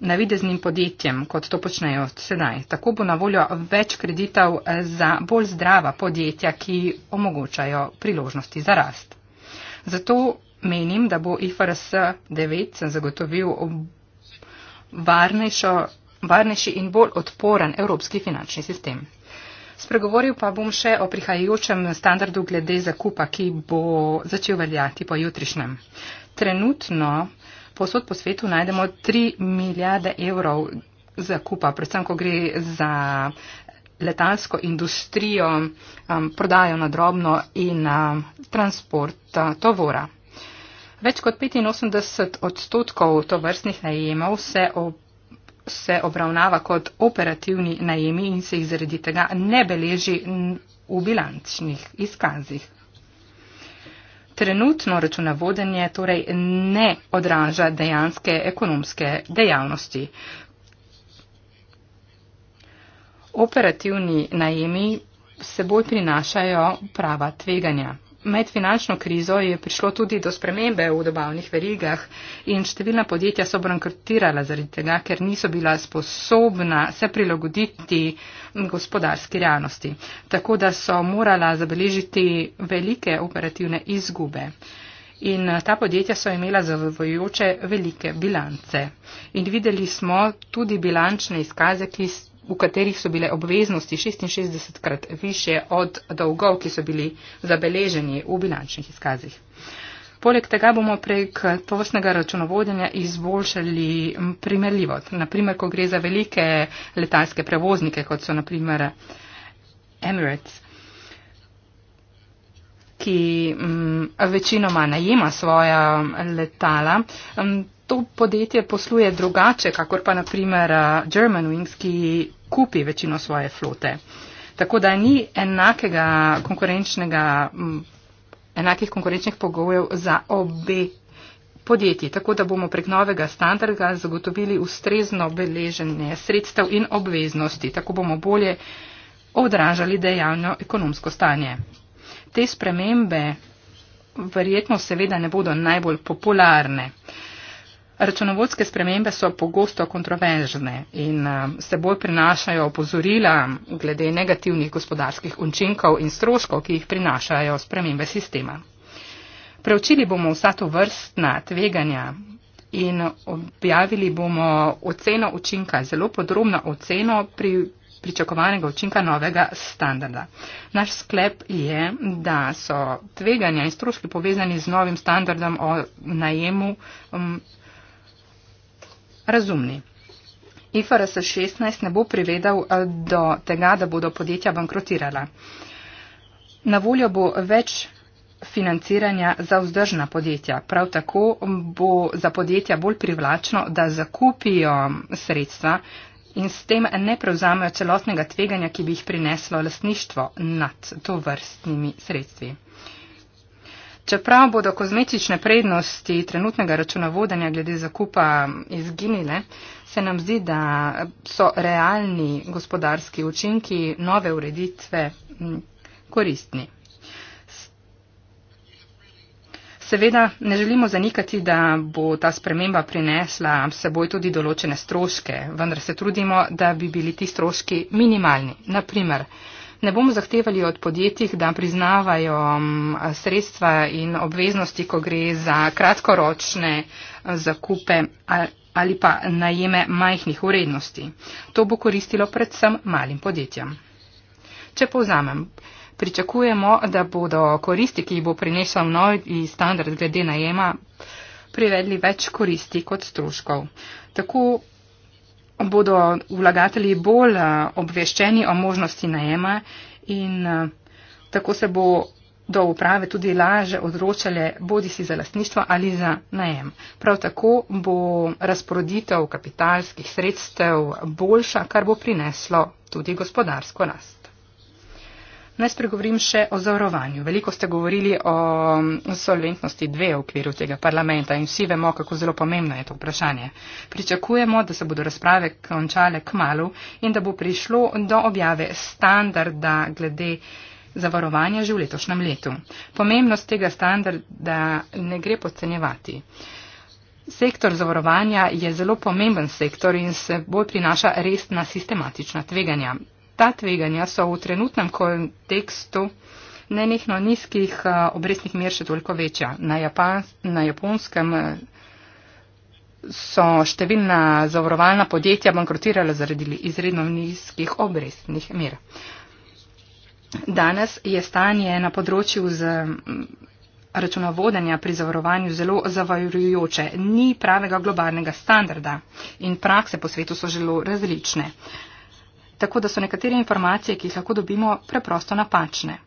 navideznim podjetjem, kot to počnejo sedaj. Tako bo na voljo več kreditov eh, za bolj zdrava podjetja, ki omogočajo priložnosti za rast. Zato menim, da bo IFRS 9 zagotovil varnejšo, varnejši in bolj odporen evropski finančni sistem. Spregovoril pa bom še o prihajajočem standardu glede zakupa, ki bo začel veljati po jutrišnjem. Trenutno posod po svetu najdemo 3 milijarde evrov zakupa, predvsem, ko gre za letalsko industrijo, um, prodajo na drobno in um, transport uh, tovora. Več kot 85 odstotkov tovrstnih najemov se, ob, se obravnava kot operativni najemi in se jih zaradi tega ne beleži v bilančnih izkazih. Trenutno računovodenje torej ne odraža dejanske ekonomske dejavnosti. Operativni najemi seboj prinašajo prava tveganja med finančno krizo je prišlo tudi do spremembe v dobavnih verigah in številna podjetja so bankrotirala zaradi tega, ker niso bila sposobna se prilagoditi gospodarski realnosti. Tako da so morala zabeležiti velike operativne izgube. In eh, ta podjetja so imela zavojujoče velike bilance. In videli smo tudi bilančne izkaze, ki v katerih so bile obveznosti 66 krat više od dolgov, ki so bili zabeleženi v bilančnih izkazih. Poleg tega bomo prek tovrstnega računovodenja izboljšali primerljivo. Naprimer, ko gre za velike letalske prevoznike, kot so naprimer Emirates ki um, večinoma najema svoja letala. Um, to podjetje posluje drugače, kakor pa naprimer Germanwings, ki kupi večino svoje flote. Tako da ni enakega konkurenčnega, enakih konkurenčnih pogojev za obe podjetji. Tako da bomo prek novega standarda zagotovili ustrezno beleženje sredstev in obveznosti. Tako bomo bolje odražali dejavno ekonomsko stanje. Te spremembe verjetno seveda ne bodo najbolj popularne. Uh, Računovodske spremembe so pogosto kontroverzne in eh, seboj prinašajo opozorila glede negativnih gospodarskih učinkov in stroškov, ki jih prinašajo spremembe sistema. Preučili bomo vsa to vrstna tveganja in objavili bomo oceno učinka, zelo podrobno oceno pri pričakovanega učinka novega standarda. Naš sklep je, da so tveganja in stroški povezani z novim standardom o najemu razumni. IFRS 16 ne bo privedal eh, do tega, da bodo podjetja bankrotirala. Na voljo bo več financiranja za vzdržna podjetja. Prav tako bo za podjetja bolj privlačno, da zakupijo eh, sredstva in s tem ne prevzamejo celotnega tveganja, ki bi jih prineslo lasništvo nad to vrstnimi sredstvi. Čeprav bodo kozmetične prednosti trenutnega računovodanja glede zakupa izginile, se nam zdi, da so realni gospodarski učinki nove ureditve mm, koristni. Seveda ne želimo zanikati, da bo ta sprememba prinesla seboj tudi določene stroške, vendar se trudimo, da bi bili ti stroški minimalni. Naprimer, ne bomo zahtevali od podjetij, da priznavajo mm, sredstva in obveznosti, ko gre za kratkoročne eh, zakupe ali pa najeme majhnih urednosti. To bo koristilo predvsem malim podjetjem. Če povzamem, pričakujemo, da bodo koristi, ki jih bo prinesel nov standard glede najema, privedli več koristi kot stroškov. Tako bodo vlagatelji bolj eh, obveščeni o možnosti najema in eh, tako se bo do uprave tudi laže odročale bodi si za lastništvo ali za najem. Prav tako bo razporoditev kapitalskih sredstev boljša, kar bo prineslo tudi gospodarsko rast. Naj spregovorim še o zavarovanju. Veliko ste govorili o mm, solventnosti dve v okviru tega parlamenta in vsi vemo, kako zelo pomembno je to vprašanje. Pričakujemo, da se bodo razprave končale k malu in da bo prišlo do objave standarda glede zavarovanja že v letošnjem letu. Pomembnost tega standarda ne gre podcenjevati. Sektor zavarovanja je zelo pomemben sektor in se bolj prinaša resna sistematična tveganja ta tveganja so v trenutnem kontekstu nenehno nizkih eh, obrestnih mer še toliko večja. Na, Japan, na japonskem eh, so številna zavarovalna podjetja bankrotirala zaradi izredno nizkih obrestnih mer. Danes je stanje na področju z mm, računovodenja pri zavarovanju zelo zavarujoče. Ni pravega globalnega standarda in prakse po svetu so zelo različne tako da so nekatere informacije, ki jih lahko dobimo, preprosto napačne.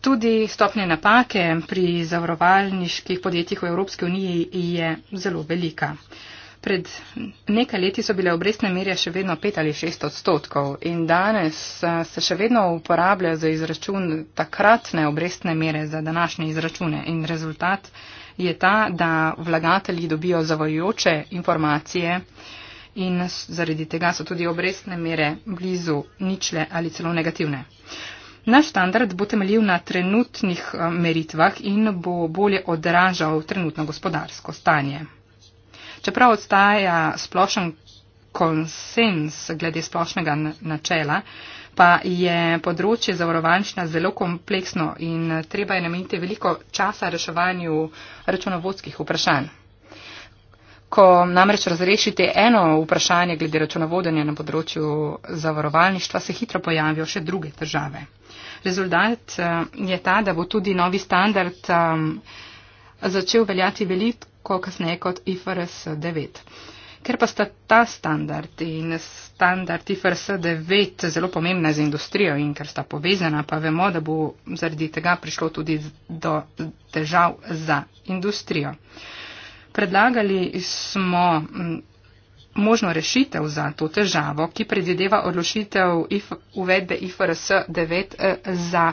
Tudi stopnje napake pri zavarovalniških podjetjih v Evropski uniji je zelo velika. Pred nekaj leti so bile obrestne merje še vedno 5 ali 6 odstotkov in danes eh, se še vedno uporablja za izračun takratne obrestne mere za današnje izračune in rezultat je ta, da vlagatelji dobijo zavajoče informacije, uh, in zaradi tega so tudi obrestne mere blizu ničle ali celo negativne. Naš standard bo temeljil na trenutnih eh, meritvah in bo bolje odražal trenutno gospodarsko stanje. Čeprav odstaja splošen konsens glede splošnega načela, pa je področje zavarovančna zelo kompleksno in treba je nameniti veliko časa reševanju računovodskih vprašanj. Ko namreč razrešite eno vprašanje glede računovodenja na področju zavarovalništva, se hitro pojavijo še druge države. Rezultat eh, je ta, da bo tudi novi standard um, začel veljati veliko kasneje kot IFRS 9. Ker pa sta ta standard in standard IFRS 9 zelo pomembna za industrijo in ker sta povezana, pa vemo, da bo zaradi tega prišlo tudi do težav za industrijo. Predlagali smo mm, možno rešitev za to težavo, ki predvideva odločitev if, uvedbe IFRS 9 eh, za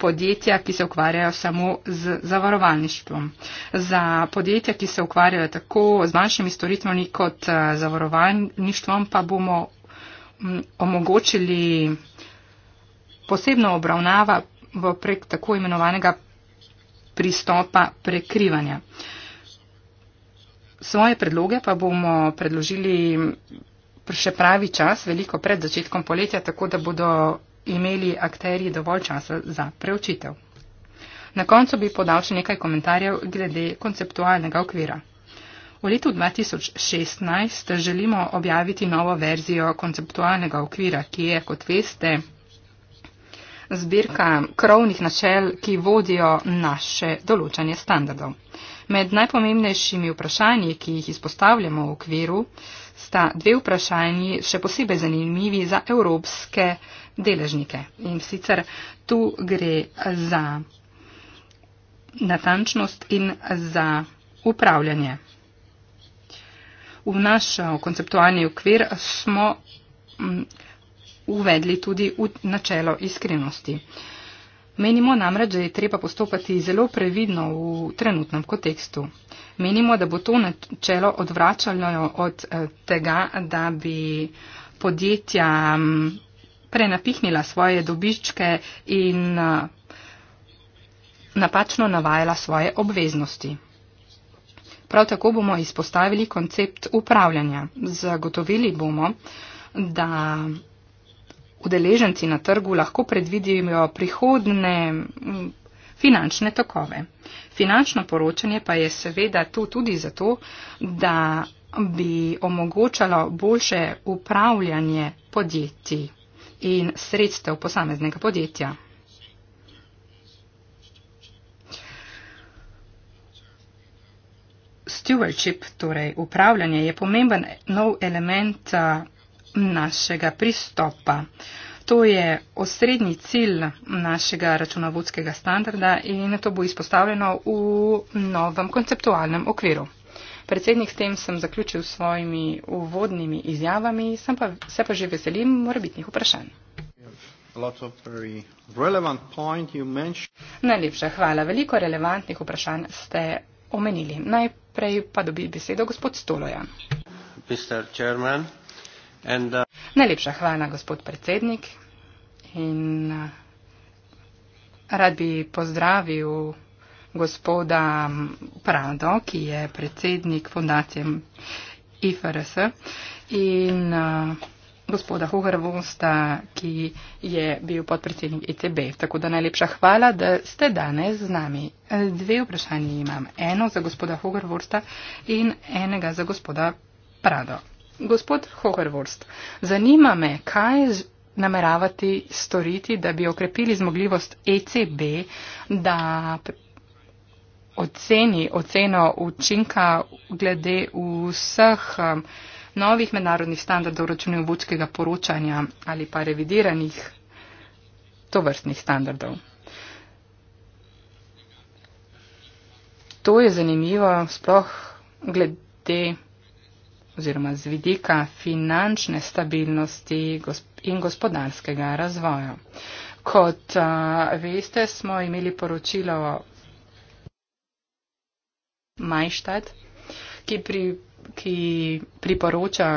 podjetja, ki se ukvarjajo samo z zavarovalništvom. Za podjetja, ki se ukvarjajo tako z manjšimi storitvami kot eh, zavarovalništvom, pa bomo mm, omogočili posebno obravnava prek tako imenovanega pristopa prekrivanja. Uh, Svoje predloge pa bomo predložili še pravi čas, veliko pred začetkom poletja, tako da bodo imeli akteri dovolj časa za preučitev. Na koncu bi podal še nekaj komentarjev glede konceptualnega okvira. V letu 2016 želimo objaviti novo verzijo konceptualnega okvira, ki je, kot veste, zbirka krovnih načel, ki vodijo naše določanje standardov. Med najpomembnejšimi vprašanji, ki jih izpostavljamo v okviru, sta dve vprašanji še posebej zanimivi za evropske deležnike. In sicer tu gre za natančnost in za upravljanje. V naš eh, konceptualni okvir smo mm, uvedli tudi načelo iskrenosti. Uh, Menimo namreč, da je treba postopati zelo previdno v trenutnem kontekstu. Menimo, da bo to načelo odvračalo od eh, tega, da bi podjetja prenapihnila svoje dobičke in eh, napačno navajala svoje obveznosti. Prav tako bomo izpostavili koncept upravljanja. Zagotovili bomo, da udeleženci na trgu lahko predvidijo prihodne mm, finančne tokove. Finančno poročanje pa je seveda tu tudi zato, da bi omogočalo boljše upravljanje podjetij in sredstev posameznega podjetja. Stewardship, torej upravljanje, je pomemben nov element uh, našega pristopa. To je osrednji cilj našega računovodskega standarda in to bo izpostavljeno v novem konceptualnem okviru. Predsednik, s tem sem zaključil svojimi uvodnimi izjavami, pa, se pa že veselim morbitnih vprašanj. Najlepša hvala. Veliko relevantnih vprašanj ste omenili. Najprej pa dobi besedo gospod Stoloja. Mr. Chairman. And, uh, Najlepša hvala, gospod predsednik. In uh, rad bi pozdravil gospoda Prado, ki je predsednik fundacije IFRS in uh, gospoda Huhrvosta, ki je bil podpredsednik ECB. Tako da najlepša hvala, da ste danes z nami. Dve vprašanje imam. Eno za gospoda Huhrvosta in enega za gospoda Prado. Gospod Hohervorst, zanima me, kaj nameravati storiti, da bi okrepili zmogljivost ECB, da oceni oceno učinka glede vseh um, novih mednarodnih standardov računov vodskega poročanja ali pa revidiranih tovrstnih standardov. To je zanimivo, sploh glede oziroma z vidika finančne stabilnosti in gospodarskega razvoja. Kot uh, veste, smo imeli poročilo Majštad, ki, pri, ki priporoča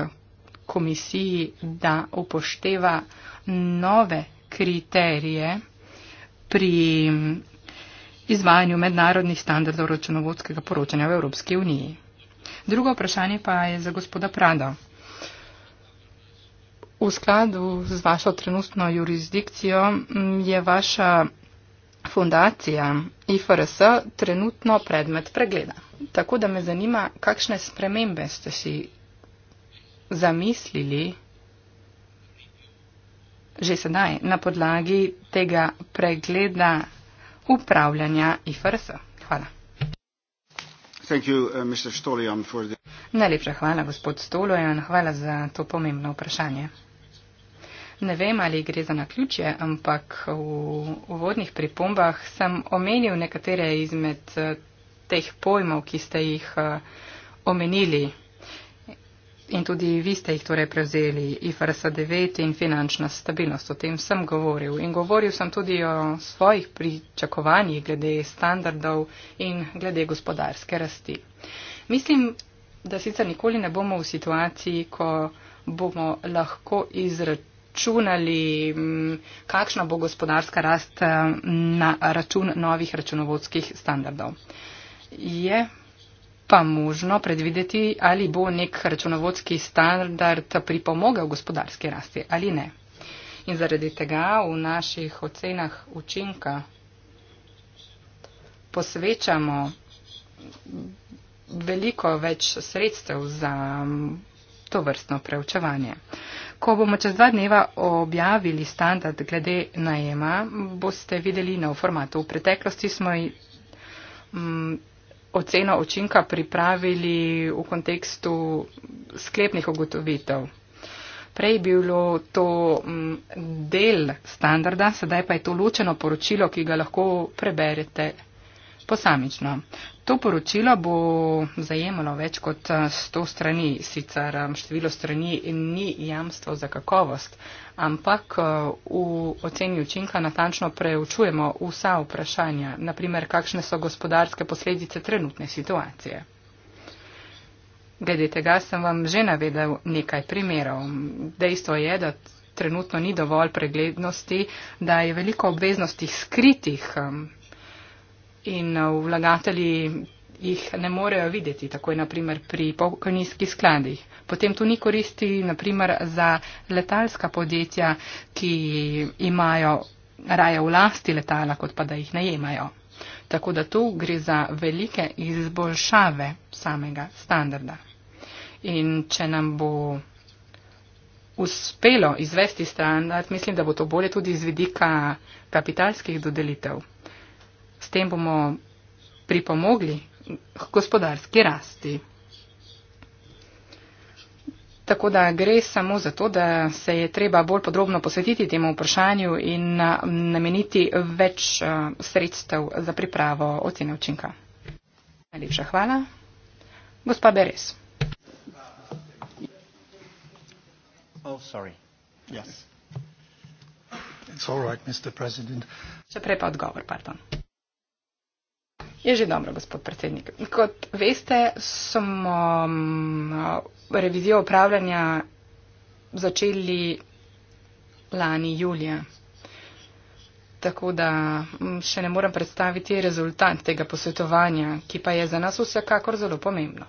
komisiji, da upošteva nove kriterije pri izvajanju mednarodnih standardov računovodskega poročanja v Evropski uniji. Drugo vprašanje pa je za gospoda Prado. V skladu z vašo trenutno jurisdikcijo je vaša fundacija IFRS trenutno predmet pregleda. Tako da me zanima, kakšne spremembe ste si zamislili že sedaj na podlagi tega pregleda upravljanja IFRS. Hvala. Uh, Najlepša hvala, gospod Stolojan, hvala za to pomembno vprašanje. Ne vem, ali gre za naključje, ampak v uvodnih pripombah sem omenil nekatere izmed eh, teh pojmov, ki ste jih eh, omenili in tudi vi ste jih torej prevzeli, IFRS 9 in finančna stabilnost. O tem sem govoril in govoril sem tudi o svojih pričakovanjih glede standardov in glede gospodarske rasti. Mislim, da sicer nikoli ne bomo v situaciji, ko bomo lahko izračunati Računali, mm, kakšna bo gospodarska rast eh, na račun novih računovodskih standardov. Je pa možno predvideti, ali bo nek računovodski standard pripomogel gospodarski rasti ali ne. In zaradi tega v naših ocenah učinka posvečamo veliko več sredstev za to vrstno preučevanje. Ko bomo čez dva dneva objavili standard glede najema, boste videli nov format. V preteklosti smo oceno učinka pripravili v kontekstu sklepnih ugotovitev. Prej je bilo to mm, del standarda, sedaj pa je to ločeno poročilo, ki ga lahko preberete posamično. To poročilo bo zajemalo več kot 100 eh, strani, sicer eh, število strani ni jamstvo za kakovost, ampak eh, v oceni učinka natančno preučujemo vsa vprašanja, naprimer kakšne so gospodarske posledice trenutne situacije. Glede tega sem vam že navedel nekaj primerov. Dejstvo je, da trenutno ni dovolj preglednosti, da je veliko obveznosti skritih, in uh, vlagatelji jih ne morejo videti, takoj naprimer pri pokojninskih skladih. Potem to ni koristi naprimer za letalska podjetja, ki imajo raje v lasti letala, kot pa da jih najemajo. Tako da tu gre za velike izboljšave samega standarda. In če nam bo uspelo izvesti standard, mislim, da bo to bolje tudi z vidika kapitalskih dodelitev s tem bomo pripomogli k gospodarski rasti. Tako da gre samo za to, da se je treba bolj podrobno posvetiti temu vprašanju in um, nameniti več uh, sredstev za pripravo ocene učinka. Najlepša hvala. Gospa Beres. Oh, sorry. Yes. It's all right, Mr. President. Če prej pa odgovor, pardon. Je že dobro, gospod predsednik. Kot veste, smo uh, revizijo upravljanja začeli lani julija. Tako da mm, še ne moram predstaviti rezultat tega posvetovanja, ki pa je za nas vsekakor zelo pomembno.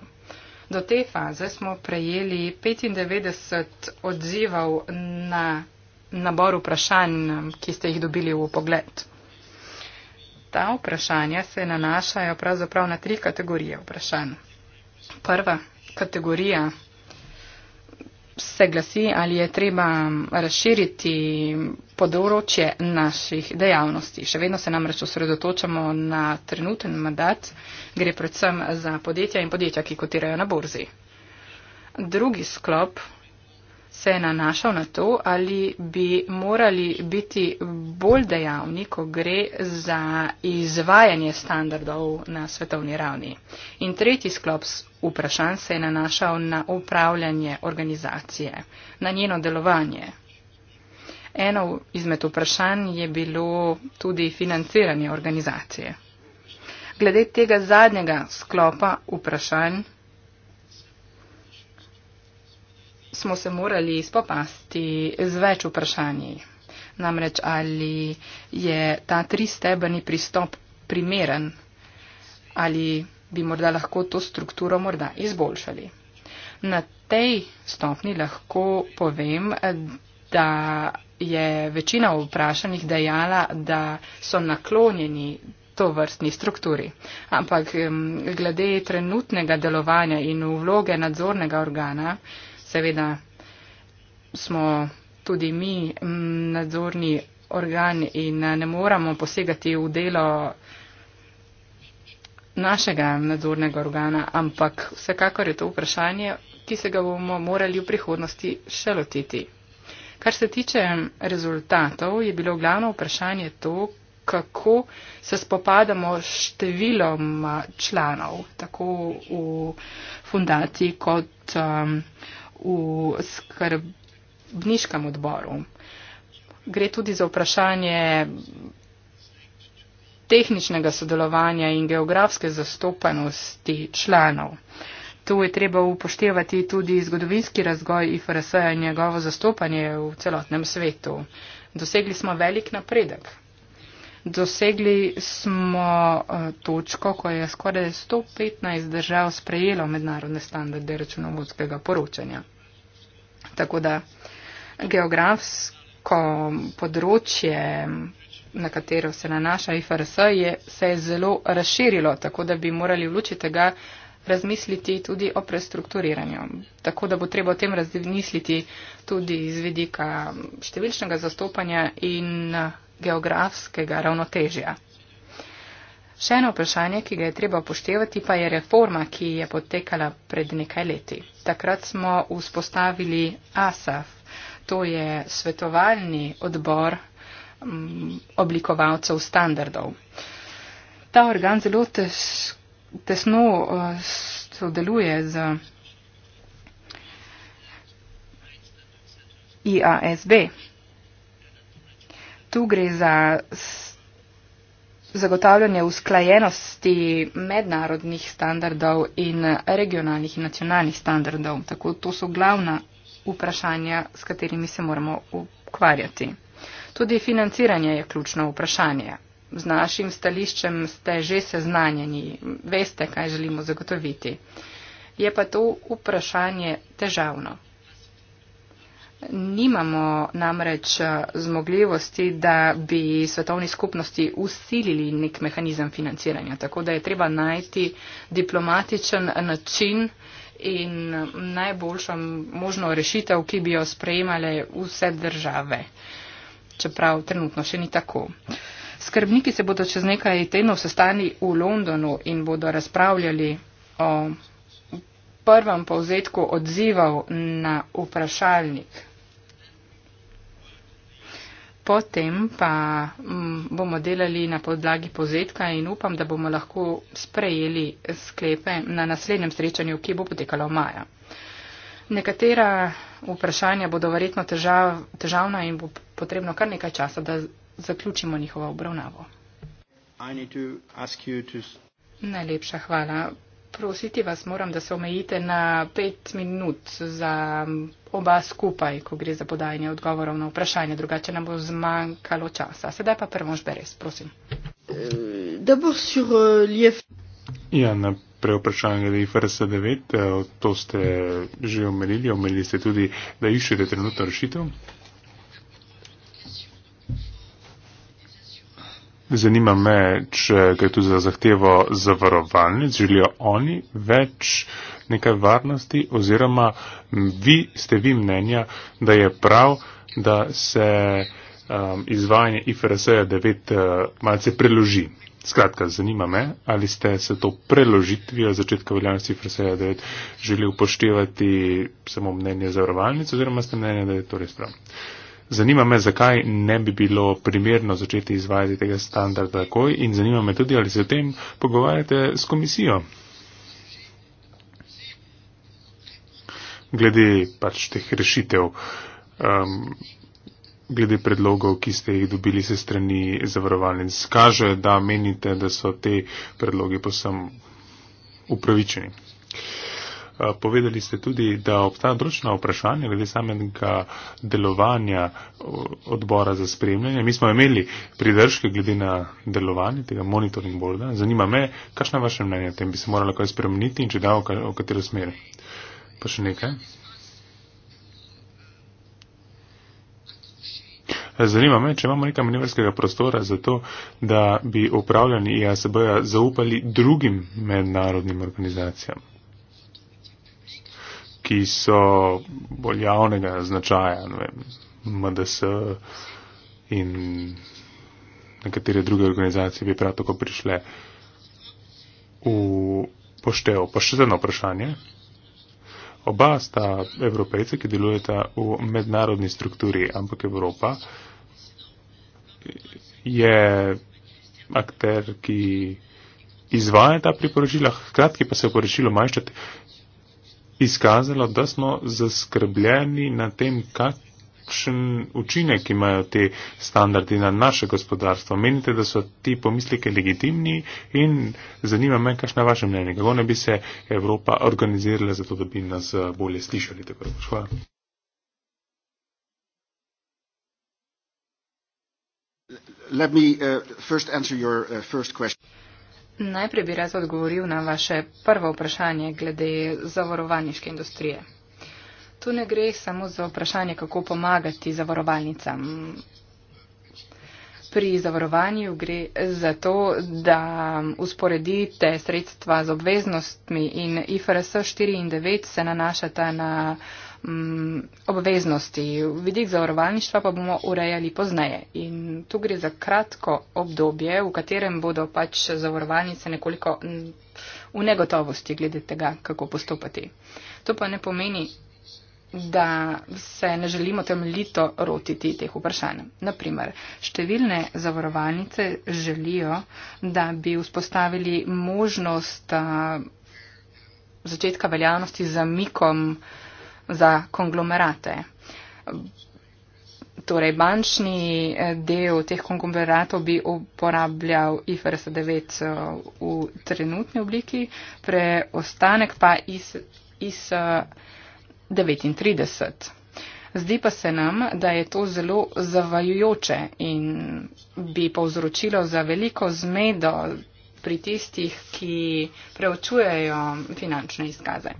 Do te faze smo prejeli 95 odzivov na nabor vprašanj, ki ste jih dobili v pogled ta vprašanja se nanašajo pravzaprav na tri kategorije vprašanj. Prva kategorija se glasi, ali je treba razširiti področje naših dejavnosti. Še vedno se namreč osredotočamo na trenuten mandat, gre predvsem za podjetja in podjetja, ki kotirajo na borzi. Drugi sklop se je nanašal na to, ali bi morali biti bolj dejavni, ko gre za izvajanje standardov na svetovni ravni. In tretji sklop vprašanj se je nanašal na upravljanje organizacije, na njeno delovanje. Eno izmed vprašanj je bilo tudi financiranje organizacije. Glede tega zadnjega sklopa vprašanj smo se morali spopasti z več vprašanji. Namreč ali je ta tristebrni pristop primeren ali bi morda lahko to strukturo morda izboljšali. Na tej stopni lahko povem, da je večina vprašanih dejala, da so naklonjeni to vrstni strukturi. Ampak glede trenutnega delovanja in vloge nadzornega organa, seveda smo tudi mi nadzorni organ in eh, ne moramo posegati v delo našega nadzornega organa, ampak vsekakor je to vprašanje, ki se ga bomo morali v prihodnosti še lotiti. Kar se tiče rezultatov, je bilo glavno vprašanje to, kako se spopadamo s številom eh, članov, tako v fundaciji kot um, v skrbniškem odboru. Gre tudi za vprašanje tehničnega sodelovanja in geografske zastopanosti članov. Tu je treba upoštevati tudi zgodovinski razgoj IFRS-a in njegovo zastopanje v celotnem svetu. Dosegli smo velik napredek. Dosegli smo eh, točko, ko je skoraj 115 držav sprejelo mednarodne standarde računovodskega poročanja. Tako da geografsko področje, na katero se nanaša IFRS, je, se je zelo razširilo, tako da bi morali v luči tega razmisliti tudi o prestrukturiranju. Tako da bo treba o tem razmisliti tudi iz vedika številčnega zastopanja in geografskega ravnotežja. Še eno vprašanje, ki ga je treba upoštevati, pa je reforma, ki je potekala pred nekaj leti. Takrat smo vzpostavili ASAF, to je svetovalni odbor mm, oblikovalcev standardov. Ta organ zelo tesno eh, sodeluje z IASB tu gre za zagotavljanje usklajenosti mednarodnih standardov in regionalnih in nacionalnih standardov. Tako to so glavna vprašanja, s katerimi se moramo ukvarjati. Tudi financiranje je ključno vprašanje. Z našim stališčem ste že seznanjeni, veste, kaj želimo zagotoviti. Je pa to vprašanje težavno. Nimamo namreč eh, zmogljivosti, da bi svetovni skupnosti usilili nek mehanizem financiranja. Tako da je treba najti diplomatičen način in najboljšo možno rešitev, ki bi jo sprejemale vse države. Čeprav trenutno še ni tako. Skrbniki se bodo čez nekaj tednov sestali v Londonu in bodo razpravljali o prvem povzetku odzival na vprašalnik. Potem pa mm, bomo delali na podlagi povzetka in upam, da bomo lahko sprejeli sklepe na naslednjem srečanju, ki bo potekalo v maja. Nekatera vprašanja bodo verjetno težav, težavna in bo potrebno kar nekaj časa, da zaključimo njihovo obravnavo. Najlepša hvala prositi vas moram, da se omejite na pet minut za oba skupaj, ko gre za podajanje odgovorov na vprašanje, drugače nam bo zmanjkalo časa. Sedaj pa prvož beres, prosim. Euh, ja, na preoprašanje glede IFRS-9, eh, to ste že omenili, omenili ste tudi, da iščete trenutno rešitev. Zanima me, če gre tu za zahtevo zavarovalnic, želijo oni več nekaj varnosti oziroma vi ste vi mnenja, da je prav, da se um, izvajanje IFRS-ja 9 uh, malce preloži. Skratka, zanima me, ali ste se to preložitvijo začetka veljavnosti IFRS-ja 9 želi upoštevati samo mnenje zavarovalnic oziroma ste mnenja, da je to res prav. Zanima me, zakaj ne bi bilo primerno začeti izvajati tega standarda takoj in zanima me tudi, ali se o tem pogovarjate s komisijo. Glede pač teh rešitev, um, glede predlogov, ki ste jih dobili se strani zavarovalnic, kaže, da menite, da so te predloge posem upravičeni. Uh, Eh, povedali ste tudi, da obstajajo dročna vprašanja glede samega delovanja odbora za spremljanje. Mi smo imeli pridržke glede na delovanje tega monitoring boarda. Zanima me, kakšno je vaše mnenje o tem? Bi se moralo kaj spremeniti in če da, v katero smer? Pa še nekaj. Eh, zanima me, če imamo nekaj manevrskega prostora za to, da bi upravljani IASB-ja zaupali drugim mednarodnim organizacijam ki so bolj javnega značaja, vem, MDS in nekatere druge organizacije bi prav tako prišle v poštev. Pa še eno vprašanje. Oba sta evropejce, ki delujeta v mednarodni strukturi, ampak Evropa je akter, ki izvaja ta priporočila, hkrati pa se v poročilu manjšate izkazalo, da smo zaskrbljeni na tem, kakšen učinek imajo te standardi na naše gospodarstvo. Menite, da so ti pomisleke legitimni in zanima me, kakšno je vaše mnenje, kako ne bi se Evropa organizirala, zato da bi nas eh, bolje slišali. Hvala. Let me uh, first answer your uh, first question. Najprej bi rad odgovoril na vaše prvo vprašanje glede zavarovalniške industrije. Tu ne gre samo za vprašanje, kako pomagati zavarovalnicam. Pri zavarovanju gre za to, da usporedite sredstva z obveznostmi in IFRS 4 in 9 se nanašata na m, mm, obveznosti. Vidik zavarovalništva pa bomo urejali pozneje. In tu gre za kratko obdobje, v katerem bodo pač zavarovalnice nekoliko mm, v negotovosti glede tega, kako postopati. To pa ne pomeni, da se ne želimo temeljito rotiti teh vprašanj. Naprimer, številne zavarovalnice želijo, da bi vzpostavili možnost začetka veljavnosti z zamikom uh, za konglomerate. Torej, bančni eh, del teh konglomeratov bi uporabljal IFRS 9 eh, v trenutni obliki, preostanek pa IS, IS 39. Zdi pa se nam, da je to zelo zavajujoče in bi povzročilo za veliko zmedo pri tistih, ki preučujejo finančne izkaze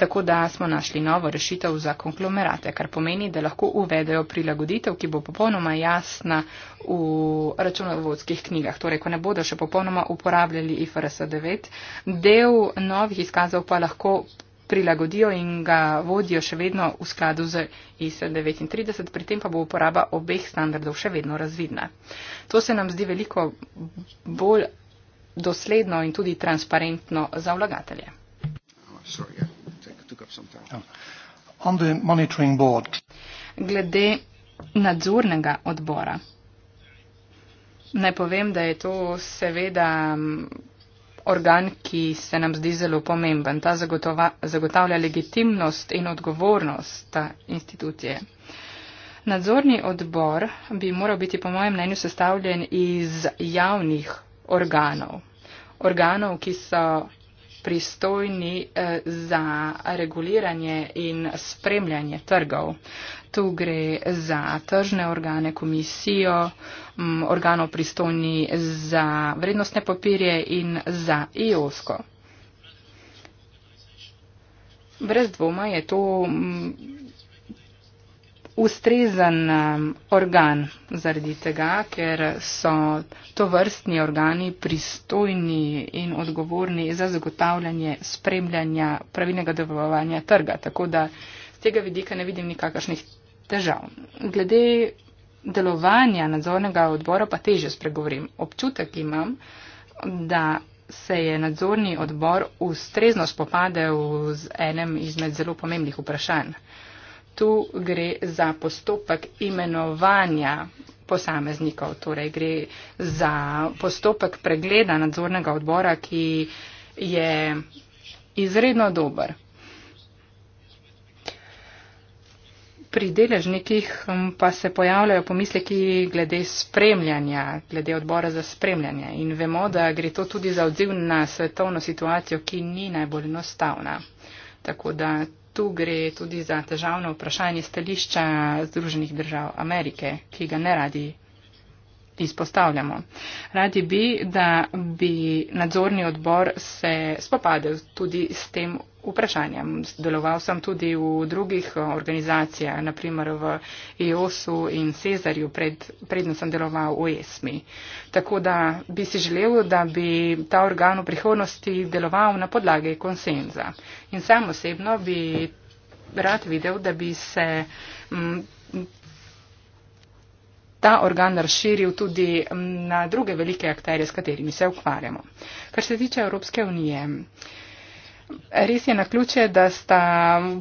tako da smo našli novo rešitev za konglomerate, kar pomeni, da lahko uvedejo prilagoditev, ki bo popolnoma jasna v računovodskih knjigah. Torej, ko ne bodo še popolnoma uporabljali IFRS 9, del novih izkazov pa lahko prilagodijo in ga vodijo še vedno v skladu z IS 39, pri tem pa bo uporaba obeh standardov še vedno razvidna. To se nam zdi veliko bolj dosledno in tudi transparentno za vlagatelje. Oh, sorry, yeah. Oh. Glede nadzornega odbora. Ne povem, da je to seveda mm, organ, ki se nam zdi zelo pomemben. Ta zagotova, zagotavlja legitimnost in odgovornost ta institucije. Nadzorni odbor bi moral biti, po mojem mnenju, sestavljen iz javnih organov. Organov, ki so pristojni eh, za reguliranje in spremljanje trgov. Tu gre za tržne organe, komisijo, organov pristojni za vrednostne papirje in za IOSKO. Brez dvoma je to ustrezen um, organ zaradi tega, ker so to vrstni organi pristojni in odgovorni za zagotavljanje spremljanja pravilnega delovanja trga. Tako da z tega vidika ne vidim nikakršnih težav. Glede delovanja nadzornega odbora pa teže spregovorim. Občutek imam, da se je nadzorni odbor ustrezno spopadel z enem izmed zelo pomembnih vprašanj tu gre za postopek imenovanja posameznikov, torej gre za postopek pregleda nadzornega odbora, ki je izredno dober. Pri deležnikih hm, pa se pojavljajo pomisleki glede spremljanja, glede odbora za spremljanje in vemo, da gre to tudi za odziv na svetovno situacijo, ki ni najbolj enostavna. Tako da tu gre tudi za težavno vprašanje stališča Združenih držav Amerike, ki ga ne radi izpostavljamo. Radi bi, da bi nadzorni odbor se spopadel tudi s tem vprašanjem. Deloval sem tudi v drugih organizacijah, naprimer v EOS-u in Cezarju, pred, predno sem deloval v ESMI. Tako da bi si želel, da bi ta organ v prihodnosti deloval na podlage konsenza. In sam osebno bi rad videl, da bi se. M, mm, ta organ razširil tudi na druge velike akterje, s katerimi se ukvarjamo. Kar se tiče Evropske unije. Res je na ključe, da sta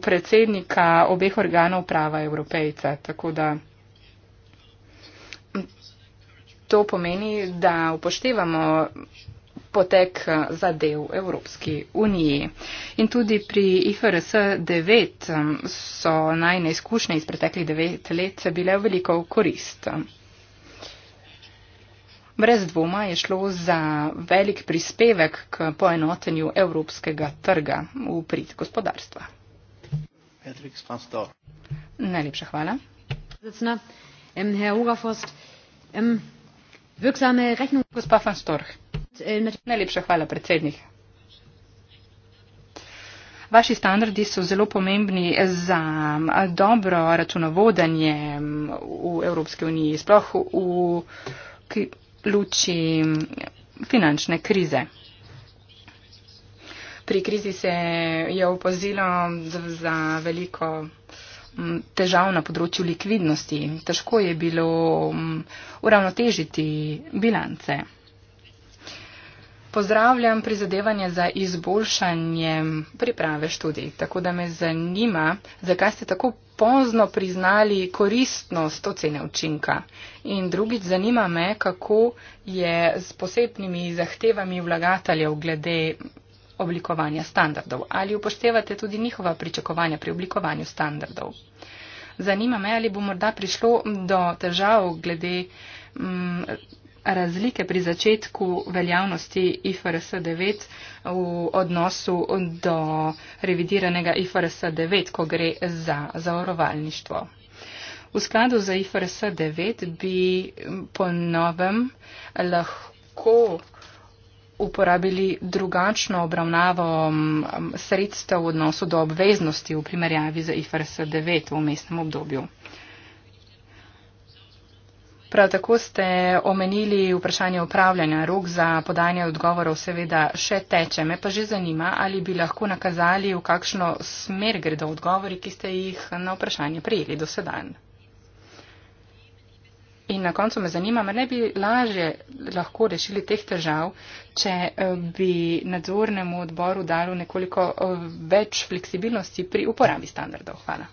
predsednika obeh organov prava evropejca, tako da to pomeni, da upoštevamo potek eh, zadev Evropski uniji. In tudi pri IFRS 9 eh, so najne izkušnje iz preteklih 9 let bile v veliko korist. Brez dvoma je šlo za velik prispevek k poenotenju evropskega trga v prid gospodarstva. Najlepša hvala. Ähm, ähm, Gospa van Storch. Najlepša hvala, predsednik. Vaši standardi so zelo pomembni za um, dobro računovodanje um, v Evropske unije, sploh v luči um, finančne krize. Pri krizi se je opozilo za veliko težav na področju likvidnosti. Težko je bilo uravnotežiti bilance. Pozdravljam prizadevanje za izboljšanje priprave študij, tako da me zanima, zakaj ste tako pozno priznali koristnost ocene učinka. In drugič zanima me, kako je s posebnimi zahtevami vlagateljev glede oblikovanja standardov. Ali upoštevate tudi njihova pričakovanja pri oblikovanju standardov? Zanima me, ali bo morda prišlo do težav glede. Mm, razlike pri začetku veljavnosti IFRS 9 v odnosu do revidiranega IFRS 9, ko gre za zavarovalništvo. V skladu za IFRS 9 bi po novem lahko uporabili drugačno obravnavo mm, sredstev v odnosu do obveznosti v primerjavi za IFRS 9 v mestnem obdobju. Prav tako ste omenili vprašanje upravljanja. Rok za podanje odgovorov seveda še teče. Me pa že zanima, ali bi lahko nakazali, v kakšno smer gredo odgovori, ki ste jih na vprašanje prijeli do sedaj. In na koncu me zanima, me ne bi lažje lahko rešili teh težav, če eh, bi nadzornemu odboru dalo nekoliko eh, več fleksibilnosti pri uporabi standardov. Hvala.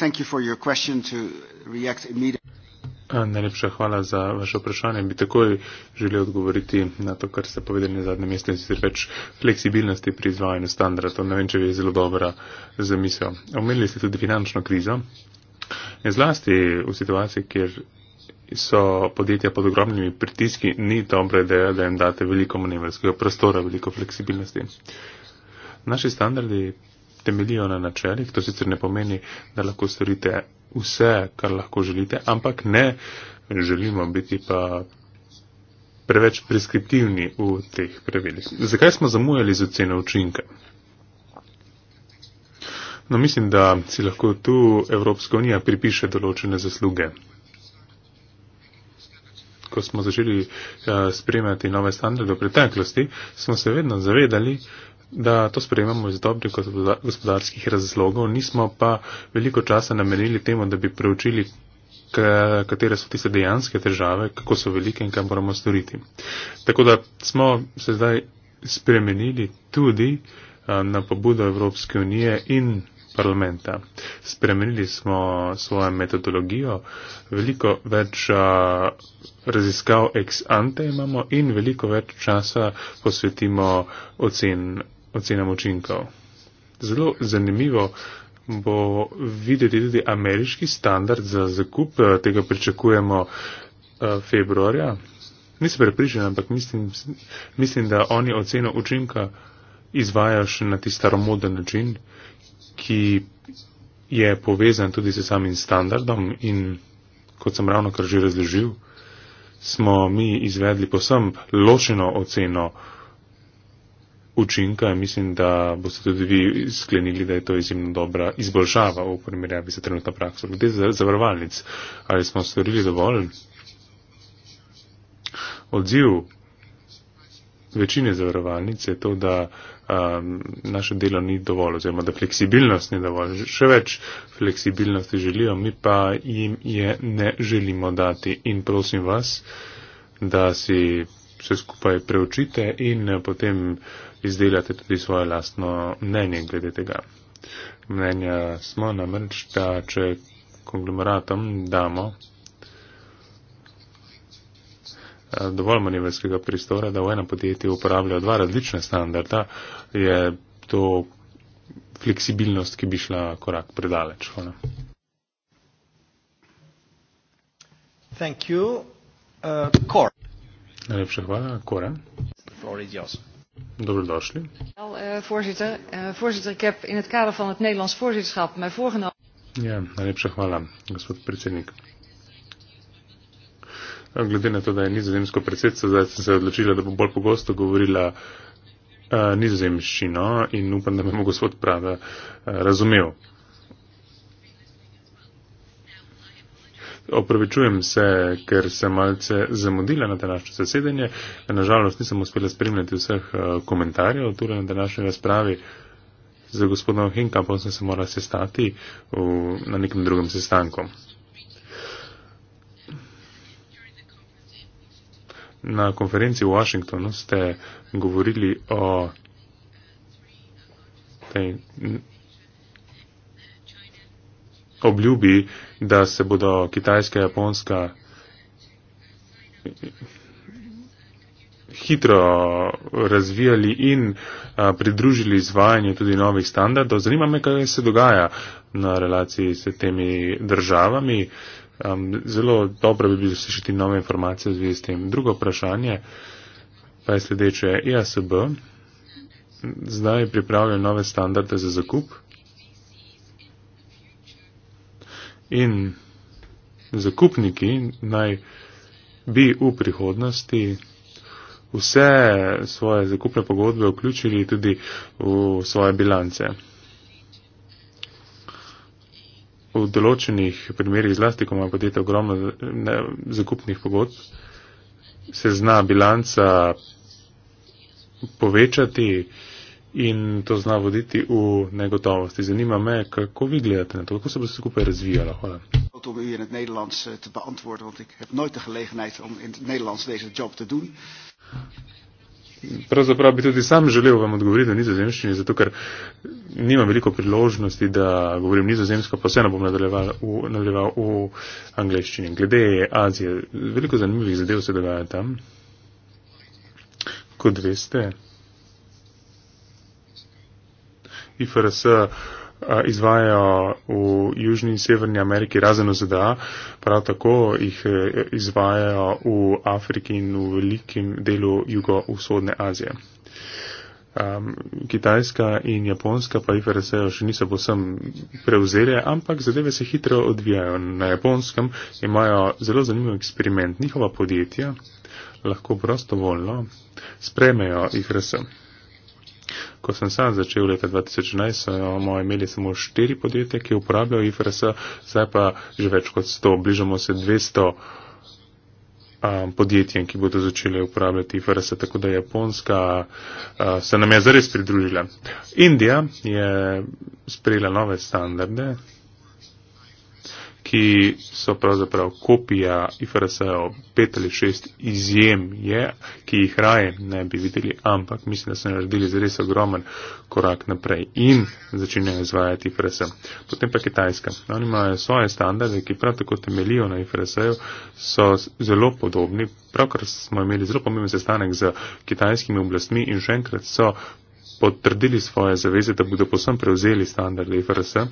thank you for your question to react immediately. Najlepša hvala za vaše vprašanje. Bi takoj želel odgovoriti na to, kar ste povedali na zadnjem mestu, in sicer več fleksibilnosti pri izvajanju standardov. Ne vem, če je zelo dobra zamisel. Omenili ste tudi finančno krizo. In ja, zlasti v situaciji, kjer so podjetja pod ogromnimi pritiski, ni dobra ideja, da jim date veliko manevrskega prostora, veliko fleksibilnosti. Naši standardi temeljijo na načelih. To sicer ne pomeni, da lahko storite vse, kar lahko želite, ampak ne želimo biti pa preveč preskriptivni v teh pravilih. Zakaj smo zamujali z oceno učinka? No, mislim, da si lahko tu Evropska unija pripiše določene zasluge. Ko smo začeli uh, spremljati nove standarde v preteklosti, smo se vedno zavedali, uh, da to sprejemamo iz dobrih gospodarskih razlogov, nismo pa veliko časa namenili temu, da bi preučili, katere so tiste dejanske težave, kako so velike in kaj moramo storiti. Tako da smo se zdaj spremenili tudi na pobudo Evropske unije in parlamenta. Spremenili smo svojo metodologijo, veliko več a, raziskav ex ante imamo in veliko več časa posvetimo ocen ocenam učinkov. Zelo zanimivo bo videti tudi ameriški standard za zakup, eh, tega pričakujemo eh, februarja. Nisem prepričan, ampak mislim, mislim, da oni oceno učinka izvajajo še na ti staromoden način, ki je povezan tudi s samim standardom in kot sem ravno kar že razložil, smo mi izvedli posem ločeno oceno učinka učinka in mislim, da boste tudi vi sklenili, da je to izjemno dobra izboljšava v primerjavi z trenutno prakso. Glede zavarovalnic, ali smo storili dovolj? Odziv večine zavarovalnic je to, da um, naše delo ni dovolj, oziroma da fleksibilnost ni dovolj. Še več fleksibilnosti želijo, mi pa jim je ne želimo dati. In prosim vas, da si vse skupaj preučite in eh, potem uh, izdelate tudi svoje lastno mnenje glede tega. Mnenja smo namreč, da če konglomeratom damo eh, dovolj manjverskega pristora, da v enem podjetju uporabljajo dva različna standarda, je to fleksibilnost, ki bi šla korak predaleč. Hvala. Uh, Najlepša hvala, Koren. The floor is yours. Dobrodošli. Ja, voorzitter. Eh, voorzitter, ik heb in het kader van het Nederlands voorzitterschap mij voorgenomen. Ja, najlepša hvala, gospod predsednik. Eh, glede na to, da je nizozemsko predsedstvo, zdaj sem se odločila, da bom bolj pogosto govorila uh, nizozemščino in upam, da me bo gospod Prada uh, razumel. opravičujem se, ker sem malce zamudila na današnje zasedanje. Nažalost nisem uspela spremljati vseh eh, komentarjev tudi torej na današnje razpravi. Z gospodom Hinkapom sem se morala sestati v, na nekem drugem sestanku. Na konferenci v Washingtonu ste govorili o tej obljubi, da se bodo Kitajska, Japonska hitro razvijali in a, pridružili izvajanje tudi novih standardov. Zanima me, kaj se dogaja na relaciji s temi državami. A, zelo dobro bi bilo slišati nove informacije v zvezi s tem. Drugo vprašanje pa je sledeče. ISB e zdaj pripravlja nove standarde za zakup. in zakupniki naj bi v prihodnosti vse svoje zakupne pogodbe vključili tudi v svoje bilance. V določenih primerjih zlasti, ko ima podjetje ogromno ne, zakupnih pogodb, se zna bilanca povečati, in to zna voditi v negotovosti. Zanima me, kako vi gledate na to, kako se bo vse skupaj razvijalo. Hvala. Om u in het Nederlands eh, te beantwoorden, want ik heb nooit de gelegenheid om in het Nederlands deze job te doen. Pravzaprav bi tudi sam želel vam odgovoriti na nizozemščini, zato ker nimam veliko priložnosti, da govorim nizozemsko, pa vseeno bom nadaljeval v, v angleščini. Glede Azije, veliko zanimivih zadev se dogaja tam. Kot veste, IFRS eh, izvajajo v Južni in Severni Ameriki, razen v ZDA, prav tako jih eh, izvajajo v Afriki in v velikem delu jugovzhodne Azije. Um, Kitajska in Japonska pa IFRS-jo še niso posem prevzeli, ampak zadeve se hitro odvijajo. Na Japonskem imajo zelo zanimiv eksperiment. Njihova podjetja lahko prostovoljno spremejo IFRS-jo ko sem sam začel leta 2011, smo imeli samo štiri podjetja, ki uporabljajo IFRS, zdaj pa že več kot sto, bližamo se 200 um, podjetjem, ki bodo začeli uporabljati IFRS, tako da Japonska uh, se nam je zares pridružila. Indija je sprejela nove standarde, ki so pravzaprav kopija IFRS-a, pet ali šest izjem je, ki jih raje ne bi videli, ampak mislim, da so naredili zares ogromen korak naprej in začenjajo izvajati IFRS-a. Potem pa Kitajska. Oni imajo svoje standarde, ki prav tako temelijo na IFRS-u, so zelo podobni. Pravkar smo imeli zelo pomemben sestanek z kitajskimi oblastmi in še enkrat so potrdili svoje zaveze, da bodo posem prevzeli standarde IFRS-a.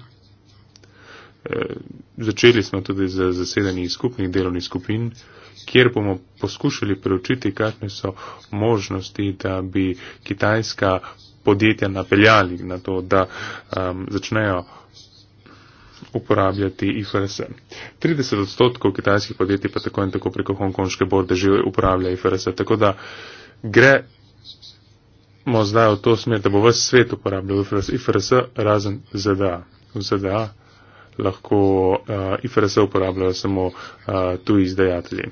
Eh, začeli smo tudi z zasedanji skupnih delovnih skupin, kjer bomo poskušali preučiti, kakšne so možnosti, da bi kitajska podjetja napeljali na to, da um, začnejo uporabljati IFRS. 30 odstotkov kitajskih podjetij pa tako in tako preko hongkonške borde že uporablja IFRS. Tako da gremo zdaj v to smer, da bo v svet uporabljal IFRS, IFRS razen ZDA. V ZDA lahko uh, eh, IFRS uporabljajo samo uh, tuji izdajatelji.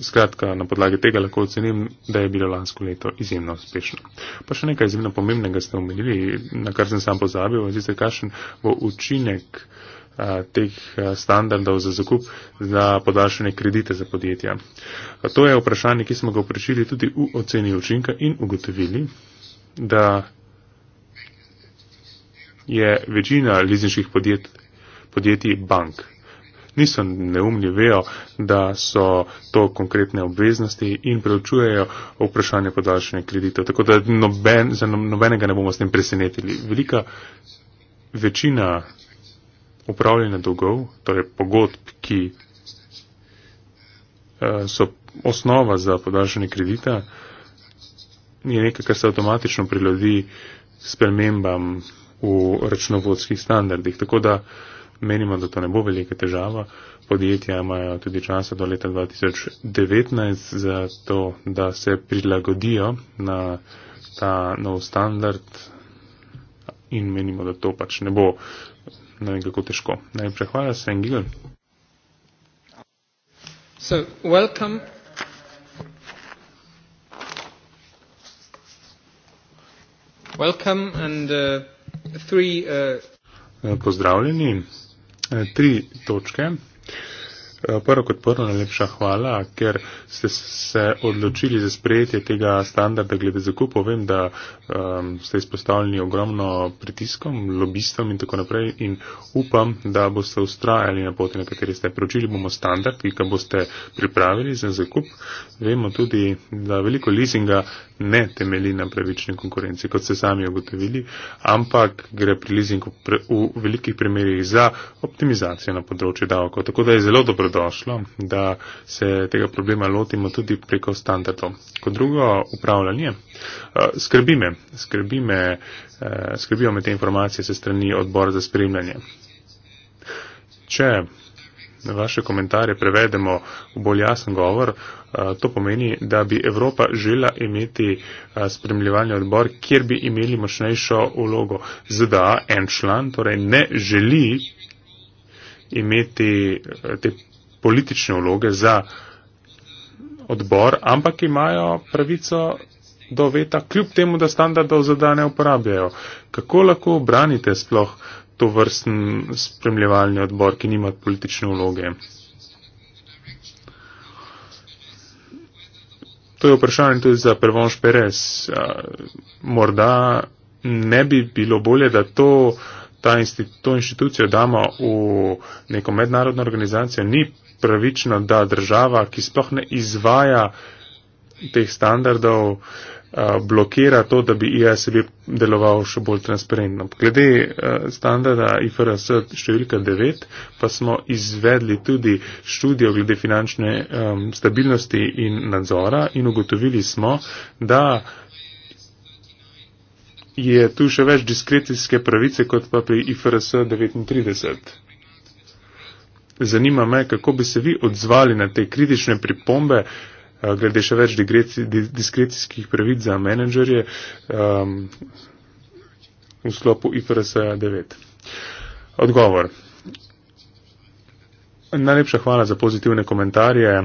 Skratka, na podlagi tega lahko ocenim, da je bilo lansko leto izjemno uspešno. Pa še nekaj izjemno pomembnega ste omenili, na kar sem sam pozabil, in sicer kakšen bo učinek eh, teh standardov za zakup za podaljšanje kredite za podjetja. To je vprašanje, ki smo ga vprašili tudi v oceni učinka in ugotovili, da je večina lizniških podjet, podjetij bank. Niso neumni, vejo, da so to konkretne obveznosti in preučujejo vprašanje podaljšanja kreditov. Tako da noben, za no-, nobenega ne bomo s tem presenetili. Velika večina upravljanja dolgov, torej pogodb, ki eh, so osnova za podaljšanje kredita, je nekaj, kar se avtomatično prilodi spremembam v računovodskih standardih. Tako da menimo, da to ne bo velika težava. Podjetja imajo tudi časa do leta 2019 za to, da se prilagodijo na ta nov standard in menimo, da to pač ne bo ne vem kako težko. Najprej hvala, Sven Gil. So, welcome. Welcome and uh... Uh, Pozdravljeni. E, tri točke. Eh, prvo kot prvo najlepša hvala, ker ste se odločili za sprejetje tega standarda glede zakupov. Vem, da um, ste izpostavljeni ogromno pritiskom, lobistom in tako naprej in upam, da boste ustrajali na poti, na kateri ste. Preučili bomo standard, ki ga boste pripravili za zakup. Vemo tudi, da veliko leasinga ne temeli na pravični konkurenci, kot ste sami ugotovili, ampak gre pri leasingu pre, v velikih primerjih za optimizacijo na področju davkov. Tako da je zelo dobro dobrodošlo, da se tega problema lotimo tudi preko standardov. Kot drugo, upravljanje. Eh, skrbi me, skrbi me, eh, skrbijo me te informacije se strani odbora za spremljanje. Če vaše komentarje prevedemo v bolj jasen govor, eh, to pomeni, da bi Evropa žela imeti spremljevalni odbor, kjer bi imeli močnejšo ulogo. ZDA, en član, torej ne želi imeti te politične vloge za odbor, ampak imajo pravico do veta, kljub temu, da standardov zada ne uporabljajo. Kako lahko obranite sploh to vrsten spremljevalni odbor, ki nima politične vloge? To je vprašanje tudi za Pervon Šperes. Morda ne bi bilo bolje, da to, inštit, to inštitucijo damo v neko mednarodno organizacijo, ni pravično, da država, ki sploh ne izvaja teh standardov, eh, blokira to, da bi IASB deloval še bolj transparentno. Glede eh, standarda IFRS številka 9 pa smo izvedli tudi študijo glede finančne stabilnosti in nadzora in ugotovili smo, da je tu še več diskrecijske pravice kot pa pri IFRS 39 zanima me, kako bi se vi odzvali na te kritične pripombe eh, glede še več diskrecijskih pravic za menedžerje um, v sklopu IFRS 9. Odgovor. Najlepša hvala za pozitivne komentarje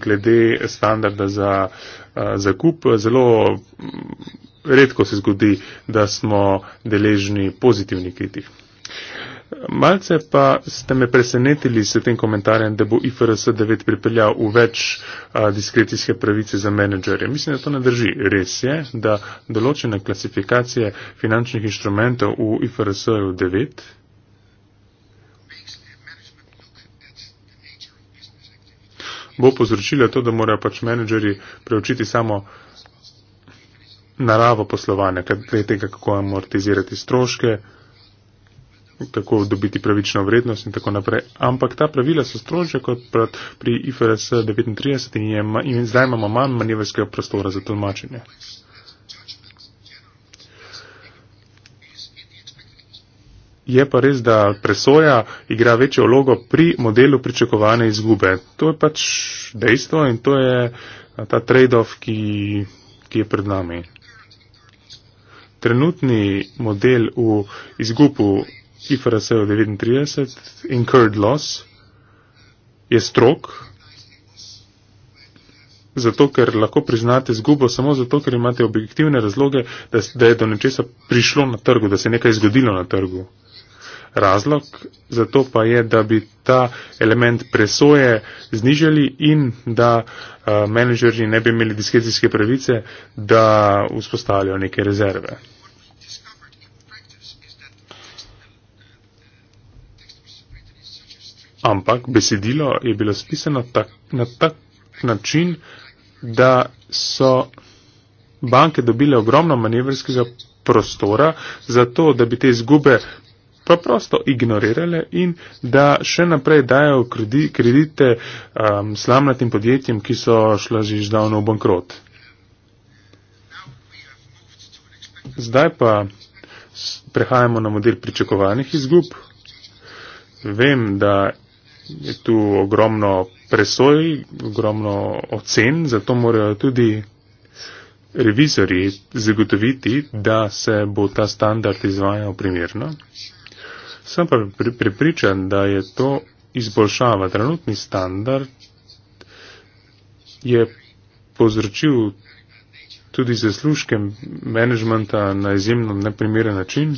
glede standarda za eh, zakup. Zelo mm, redko se zgodi, da smo deležni pozitivnih kritik. Malce pa ste me presenetili s tem komentarjem, da bo IFRS 9 pripeljal v več a, diskrecijske pravice za menedžerje. Mislim, da to ne drži. Res je, da določene klasifikacije finančnih inštrumentov v IFRS 9. bo povzročila to, da morajo pač menedžeri preučiti samo naravo poslovanja, kaj tega, kako amortizirati stroške, kako dobiti pravično vrednost in tako naprej. Ampak ta pravila so strožja kot pri IFRS 39 in, je, in zdaj imamo manj manjevskega prostora za tolmačenje. Je pa res, da presoja igra večjo vlogo pri modelu pričakovane izgube. To je pač dejstvo in to je eh, ta trade-off, ki, ki je pred nami. Trenutni model v izgubu cifra se je 39, incurred loss, je strok, zato ker lahko priznate zgubo samo zato, ker imate objektivne razloge, da, da je do nečesa prišlo na trgu, da se je nekaj zgodilo na trgu. Razlog za to pa je, da bi ta element presoje znižali in da eh, menedžerji ne bi imeli diskrecijske pravice, da vzpostavljajo neke rezerve. ampak besedilo je bilo spisano tak, na tak način, da so banke dobile ogromno manevrskega prostora za to, da bi te izgube preprosto ignorirale in da še naprej dajo kredite um, slamnatim podjetjem, ki so šla že zdavno v bankrot. Zdaj pa prehajamo na model pričakovanih izgub. Vem, da je tu ogromno presoj, ogromno ocen, zato morajo tudi revizori zagotoviti, da se bo ta standard izvajal primerno. Sem pa prepričan, da je to izboljšava. Trenutni standard je povzročil tudi zaslužke menedžmenta na izjemno neprimeren način.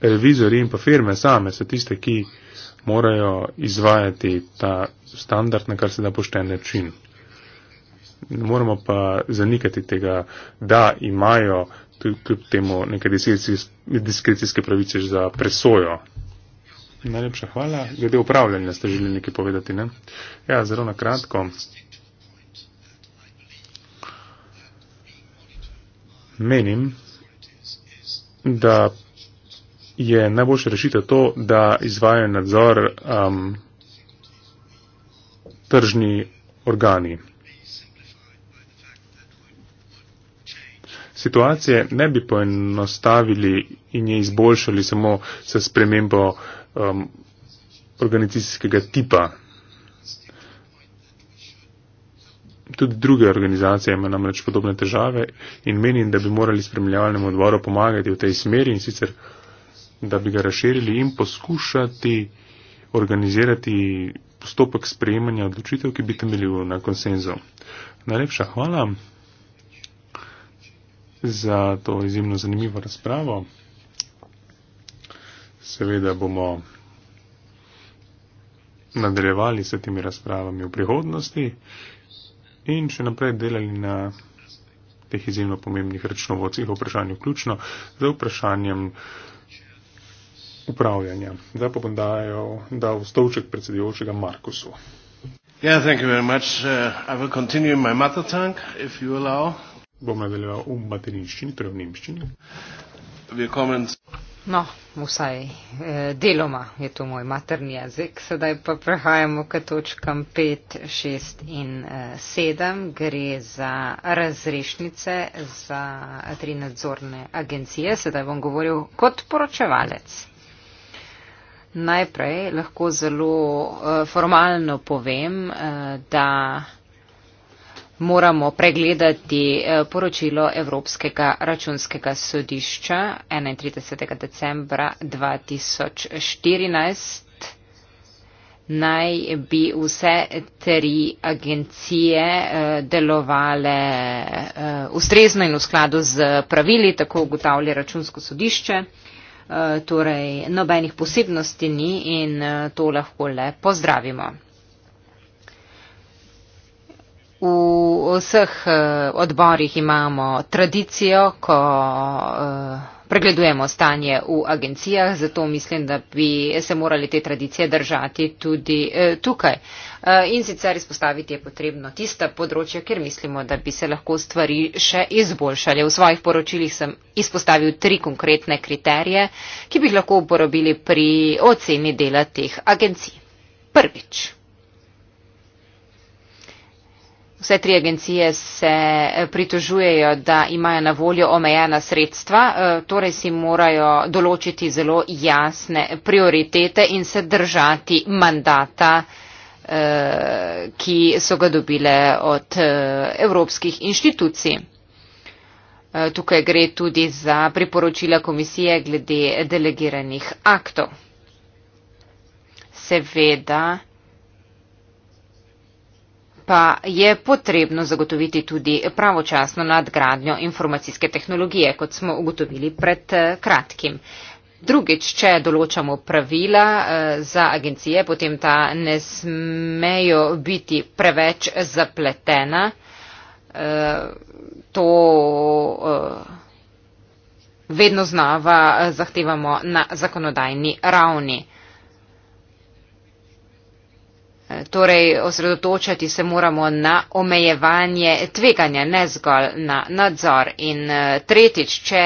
Revizori in pa firme same so tiste, ki morajo izvajati ta standard na kar se da pošten način. Ne moramo pa zanikati tega, da imajo kljub temu neke diskrecijske pravice za presojo. Najlepša hvala. Glede upravljanja ste želeli nekaj povedati, ne? Ja, zelo na kratko. Menim, da je najboljša rešitev to, da izvajajo nadzor um, tržni organi. Situacije ne bi poenostavili in je izboljšali samo s spremembo um, organizacijskega tipa. Tudi druge organizacije imajo namreč podobne težave in menim, da bi morali spremljavalnemu odboru pomagati v tej smeri in sicer da bi ga razširili in poskušati organizirati postopek sprejemanja odločitev, ki bi temeljil na konsenzu. Najlepša hvala za to izjemno zanimivo razpravo. Seveda bomo nadaljevali s temi razpravami v prihodnosti in še naprej delali na teh izjemno pomembnih računovodskih vprašanjih, vključno z vprašanjem, uh, upravljanja. Zdaj pa bom dajal, dal stovček predsedujočega Markusu. Ja, yeah, uh, bom nadaljeval v materinščini, torej v nemščini. No, vsaj eh, deloma je to moj materni jezik. Sedaj pa prehajamo k točkam 5, 6 in eh, 7. Gre za razrešnice za tri nadzorne agencije. Sedaj bom govoril kot poročevalec. Najprej lahko zelo eh, formalno povem, eh, da moramo pregledati eh, poročilo Evropskega računskega sodišča 31. decembra 2014. Naj bi vse tri agencije delovale ustrezno in v skladu z pravili, tako ugotavlja računsko sodišče. Eh, torej nobenih posebnosti ni in eh, to lahko le pozdravimo. V vseh eh, odborih imamo tradicijo, ko uh, pregledujemo stanje v agencijah, zato mislim, da bi se morali te tradicije držati tudi eh, tukaj. Eh, in sicer izpostaviti je potrebno tista področja, kjer mislimo, da bi se lahko stvari še izboljšali. V svojih poročilih sem izpostavil tri konkretne kriterije, ki bi jih lahko uporabili pri oceni dela teh agencij. Prvič. Vse tri agencije se eh, pritožujejo, da imajo na voljo omejena sredstva, eh, torej si morajo določiti zelo jasne prioritete in se držati mandata, eh, ki so ga dobile od evropskih inštitucij. Tukaj gre tudi za priporočila komisije glede delegiranih aktov. Seveda, pa je potrebno zagotoviti tudi pravočasno nadgradnjo informacijske tehnologije, kot smo ugotovili pred eh, kratkim. Drugič, če določamo pravila eh, za agencije, potem ta ne smejo biti preveč zapletena. Eh, to vedno znova zahtevamo na zakonodajni ravni. Torej, osredotočati se moramo na omejevanje tveganja, ne zgolj na nadzor. In eh, tretjič, če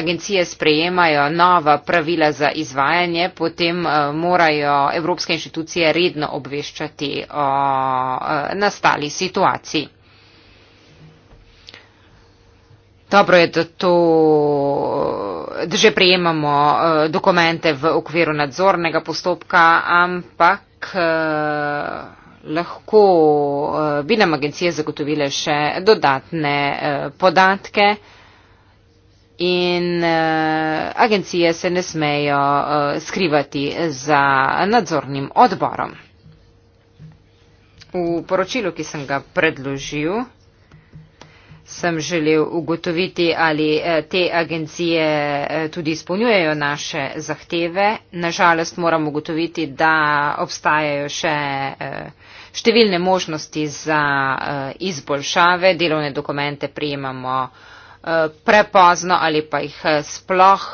agencije sprejemajo nova pravila za izvajanje, potem eh, morajo evropske inštitucije redno obveščati o eh, nastali situaciji. Dobro je, da, to, da že prejemamo eh, dokumente v okviru nadzornega postopka, ampak eh, lahko eh, bi nam agencije zagotovile še dodatne podatke in agencije se ne smejo skrivati za nadzornim odborom. V poročilu, ki sem ga predložil, sem želel ugotoviti, ali eh, te agencije eh, tudi izpolnjujejo naše zahteve. Nažalost moram ugotoviti, da obstajajo še eh, številne možnosti za izboljšave. Delovne dokumente prijemamo prepozno ali pa jih sploh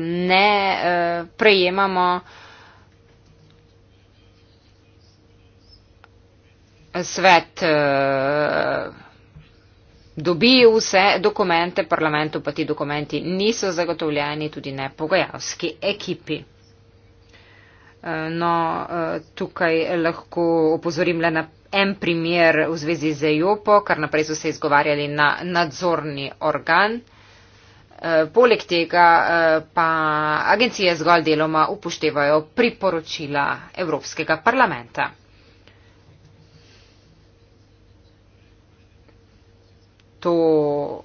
ne prejemamo. Svet dobi vse dokumente parlamentu, pa ti dokumenti niso zagotovljeni tudi ne pogajalski ekipi. Eh, no, eh, tukaj lahko opozorim le na en primer v zvezi z e Jopo, kar naprej so se izgovarjali na nadzorni organ. Eh, poleg tega pa agencije zgolj deloma upoštevajo priporočila Evropskega parlamenta. to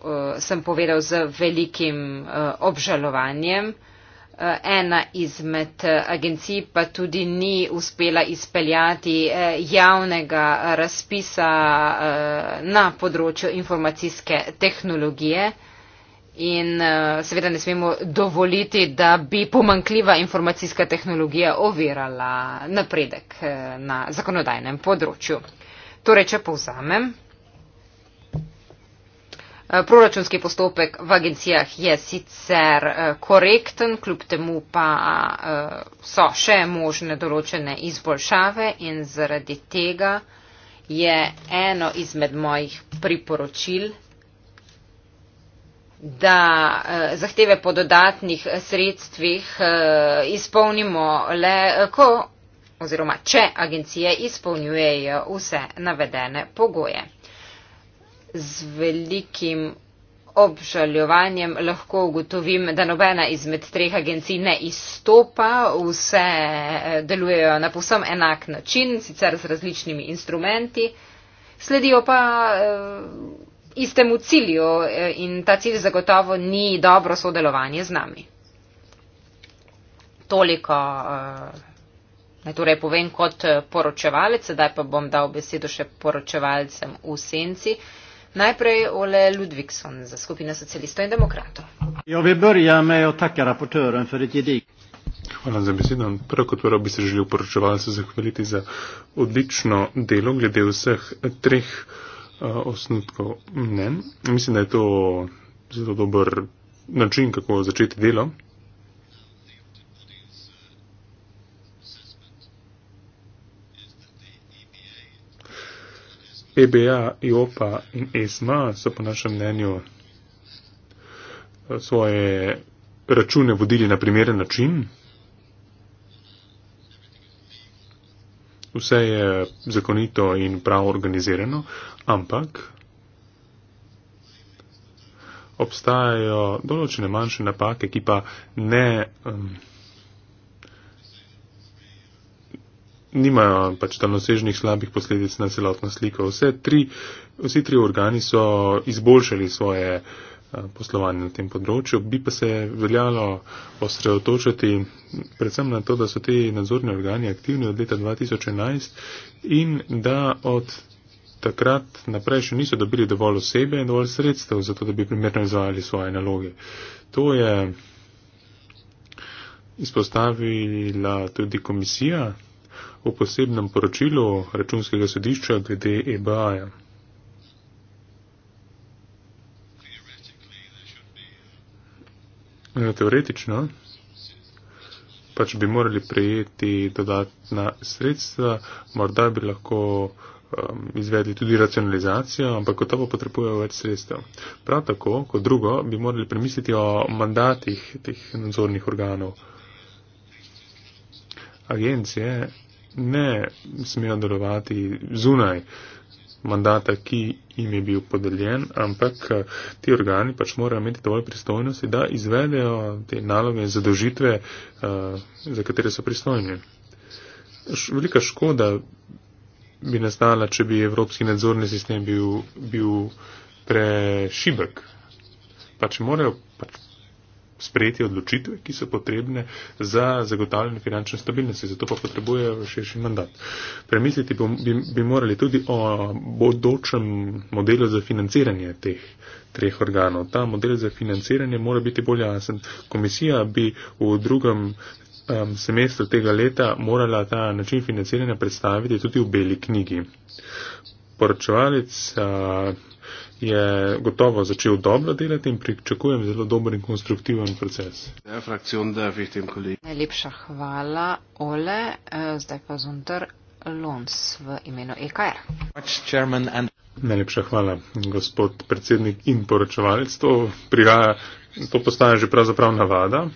uh, sem povedal z velikim uh, obžalovanjem. Eh, ena izmed agencij pa tudi ni uspela izpeljati javnega razpisa na področju informacijske tehnologije in seveda ne smemo dovoliti, da bi pomankljiva informacijska tehnologija ovirala napredek na zakonodajnem področju. Torej, če povzamem. Eh, proračunski postopek v agencijah je sicer eh, korekten, kljub temu pa eh, so še možne določene izboljšave in zaradi tega je eno izmed mojih priporočil, da zahteve po dodatnih sredstvih izpolnimo le, ko oziroma če agencije izpolnjujejo vse navedene pogoje z velikim obžaljovanjem lahko ugotovim, da nobena izmed treh agencij ne izstopa, vse eh, delujejo na povsem enak način, sicer z različnimi instrumenti, sledijo pa eh, istemu cilju eh, in ta cilj zagotovo ni dobro sodelovanje z nami. Toliko naj torej povem kot poročevalec, sedaj pa bom dal besedo še poročevalcem v senci. Najprej Ole Ludvigsson za skupino socialistov in demokratov. Ja, Hvala za besedo. Prvo kot prvo bi se želel poročevalcu zahvaliti za odlično delo glede vseh treh uh, osnutkov mnen. Mislim, da je to zelo dober način, kako začeti delo. EBA, IOPA in ESMA so po našem mnenju eh, svoje račune vodili na primeren način. Vse je zakonito in prav organizirano, ampak obstajajo določene manjše napake, ki pa ne. Um, nimajo pač daljnosežnih slabih posledic na celotno sliko. Tri, vsi tri organi so izboljšali svoje eh, poslovanje na tem področju, bi pa se veljalo osredotočiti predvsem na to, da so te nadzorni organi aktivni od leta 2011 in da od takrat naprej še niso dobili dovolj osebe in dovolj sredstev za to, da bi primerno izvajali svoje naloge. To je izpostavila tudi komisija v posebnem poročilu računskega sodišča glede EBA-ja. Ja, teoretično pač bi morali prejeti dodatna sredstva, morda bi lahko um, izvedli tudi racionalizacijo, ampak kot to bo potrebujejo več sredstev. Prav tako, kot drugo, bi morali premisliti o mandatih teh nadzornih organov. Agencije ne smejo delovati zunaj mandata, ki jim je bil podeljen, ampak eh, ti organi pač morajo imeti dovolj pristojnosti, da izvedejo te naloge in zadožitve, eh, za katere so pristojni. Velika škoda bi nastala, če bi evropski nadzorni sistem bil, bil prešibek. Pač morajo pač sprejeti odločitve, ki so potrebne za zagotavljanje finančne stabilnosti. Zato pa potrebujejo širši mandat. Premisliti bi, bi, bi morali tudi o bodočem modelu za financiranje teh treh organov. Ta model za financiranje mora biti bolj jasen. Komisija bi v drugem um, semestru tega leta morala ta način financiranja predstaviti tudi v beli knjigi. Poročevalec. Uh, je gotovo začel dobro delati in pričakujem zelo dober in konstruktiven proces. Ja, Najlepša hvala, Ole, eh, zdaj pa Zunter Lons v imenu EKR. Najlepša hvala, gospod predsednik in poročevalstvo. Prihaja, to postane že pravzaprav navada,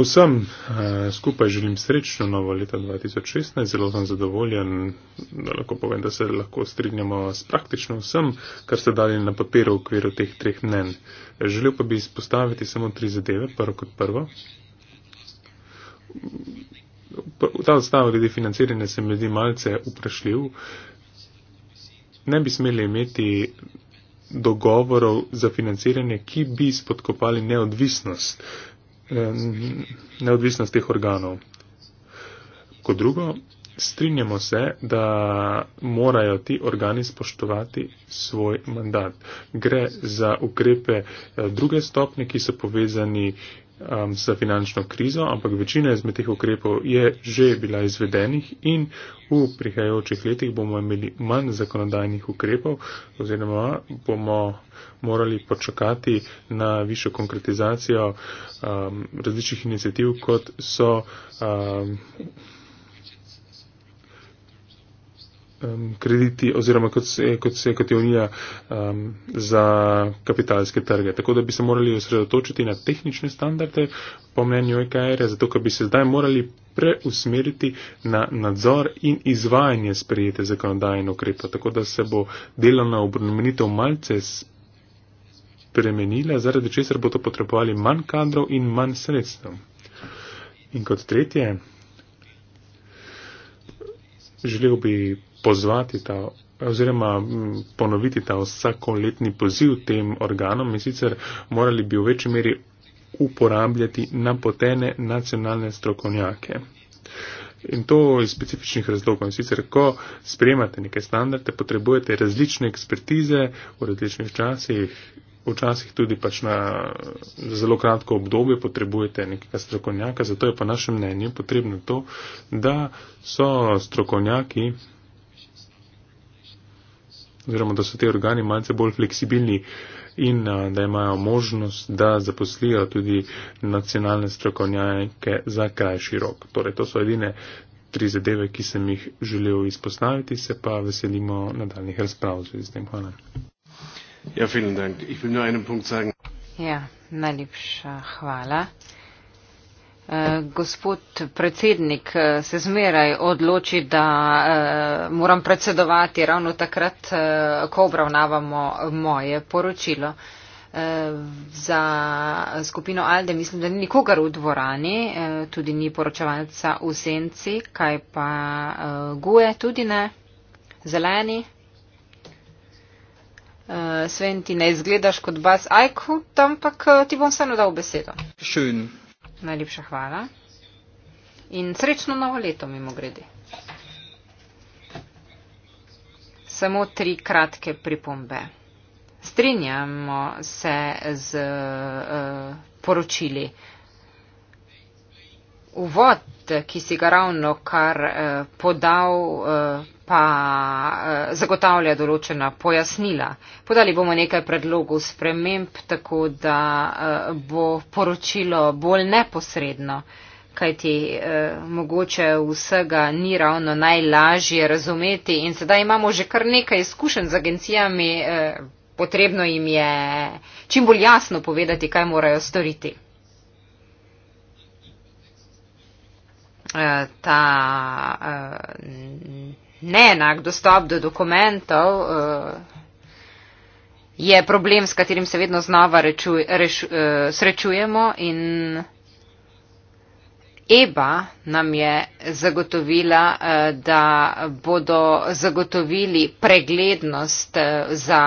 Vsem eh, skupaj želim srečno novo leto 2016, zelo sem zadovoljen, da lahko povem, da se lahko strinjamo s praktično vsem, kar ste dali na papiru v okviru teh treh mnen. Želel pa bi izpostaviti samo tri zadeve, prvo kot prvo. V ta odstavek glede financiranja se mi zdi malce vprašljiv. Ne bi smeli imeti dogovorov za financiranje, ki bi spodkopali neodvisnost Eh, neodvisnost teh organov. Kot drugo, strinjamo se, da morajo ti organi spoštovati svoj mandat. Gre za ukrepe eh, druge stopne, ki so povezani um, za finančno krizo, ampak večina izmed teh ukrepov je že bila izvedenih in v prihajajočih letih bomo imeli manj zakonodajnih ukrepov oziroma bomo morali počakati na višjo konkretizacijo um, različnih inicijativ, kot so. Um, um, krediti oziroma kot se, kot se kot je unija um, za kapitalske trge. Tako da bi se morali osredotočiti na tehnične standarde po mnenju EKR-a, zato ker bi se zdaj morali preusmeriti na nadzor in izvajanje sprejete zakonodaje in ukrepa. Tako da se bo delovna obrnomenitev malce spremenila, zaradi česar bodo potrebovali manj kadrov in manj sredstev. In kot tretje, želel bi pozvati ta, oziroma mm, ponoviti ta vsakoletni poziv tem organom in sicer morali bi v večji meri uporabljati napotene nacionalne strokovnjake. In to iz specifičnih razlogov. In sicer, ko sprejemate neke standarde, potrebujete različne ekspertize v različnih časih, včasih tudi pač na zelo kratko obdobje potrebujete nekega strokovnjaka, zato je po našem mnenju potrebno to, da so strokovnjaki oziroma da so te organi malce bolj fleksibilni in a, da imajo možnost, da zaposlijo tudi nacionalne strokovnjake za krajši rok. Torej, to so edine tri zadeve, ki sem jih želel izpostaviti, se pa veselimo nadaljnih razprav z tem. Hvala. Ja, vielen Dank. Ich will nur einen Punkt sagen. Ja, najlepša hvala. Eh, gospod predsednik eh, se zmeraj odloči, da eh, moram predsedovati ravno takrat, ko obravnavamo moje poročilo. Za skupino Alde mislim, da ni nikogar v dvorani, tudi ni poročevalca v senci, kaj pa guje tudi ne, zeleni. Sven, ti ne izgledaš kot bas ajku, ampak ti bom vseeno dal besedo. Šun. Najlepša hvala. In srečno novo leto, mimo grede. Samo tri kratke pripombe. Strinjamo se z uh, poročili uvod, ki si ga ravno kar eh, podal, eh, pa eh, zagotavlja določena pojasnila. Podali bomo nekaj predlogov sprememb, tako da bo poročilo bolj neposredno, kajti mogoče vsega ni ravno najlažje razumeti in sedaj imamo že kar nekaj izkušenj z agencijami, potrebno jim je čim bolj jasno povedati, kaj morajo storiti. Eh, ta eh, neenak dostop do dokumentov eh, je problem, s katerim se vedno znova reču, reš, srečujemo in EBA nam je zagotovila, da bodo zagotovili preglednost za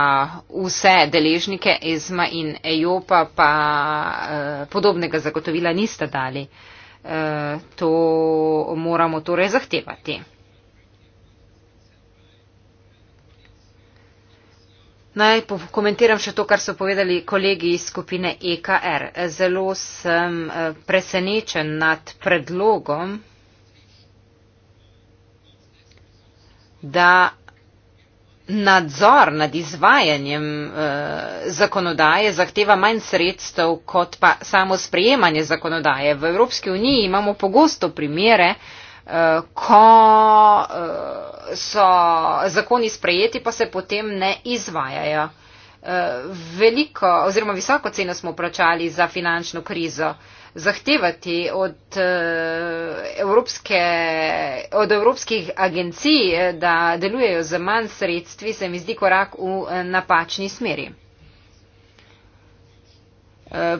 vse deležnike ESMA in EJOPA, pa podobnega zagotovila niste dali. Eh, to moramo torej zahtevati. Naj komentiram še to, kar so povedali kolegi iz skupine EKR. Zelo sem eh, presenečen nad predlogom, da nadzor nad izvajanjem eh, zakonodaje zahteva manj sredstev kot pa samo sprejemanje zakonodaje. V Evropski uniji imamo pogosto primere, eh, ko eh, so zakoni sprejeti, pa se potem ne izvajajo. Eh, veliko oziroma visoko ceno smo vprašali za finančno krizo. Eh, zahtevati od, eh, evropske, od evropskih agencij, eh, da delujejo za manj sredstvi, se mi zdi korak v eh, napačni smeri.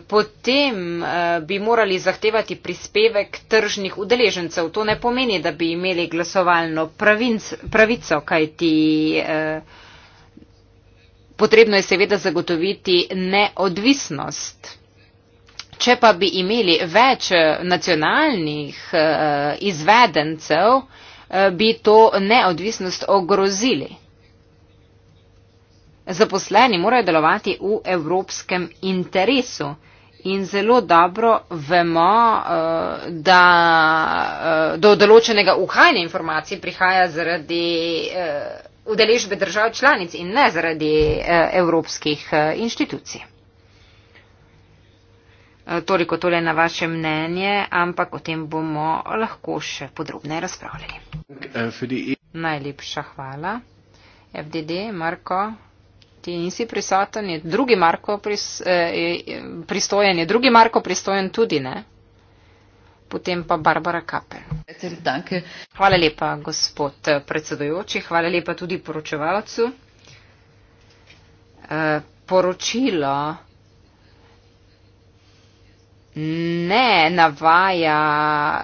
Potem bi morali zahtevati prispevek tržnih udeležencev. To ne pomeni, da bi imeli glasovalno pravinc, pravico, kajti eh, potrebno je seveda zagotoviti neodvisnost če pa bi imeli več eh, nacionalnih eh, izvedencev, eh, bi to neodvisnost ogrozili. Zaposleni morajo delovati v evropskem interesu in zelo dobro vemo, da do določenega uhajanja informacij prihaja zaradi udeležbe držav članic in ne zaradi evropskih inštitucij. Eh, toliko tole na vaše mnenje, ampak o tem bomo lahko še podrobneje razpravljali. Eh, e- Najlepša hvala. FDD, Marko, ti nisi prisoten, je drugi Marko pris, eh, pristojen, je drugi Marko pristojen tudi, ne? Potem pa Barbara Kapel. Hvala lepa, gospod eh, predsedojoči, hvala lepa tudi poročevalcu. Eh, poročilo ne navaja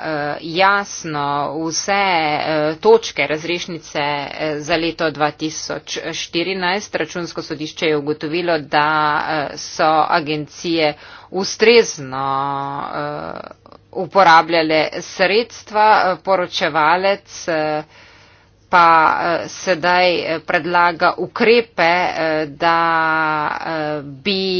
eh, jasno vse eh, točke razrešnice eh, za leto 2014. Računsko sodišče je ugotovilo, da so agencije ustrezno uporabljale sredstva poročevalec pa eh, sedaj eh, predlaga ukrepe, eh, da bi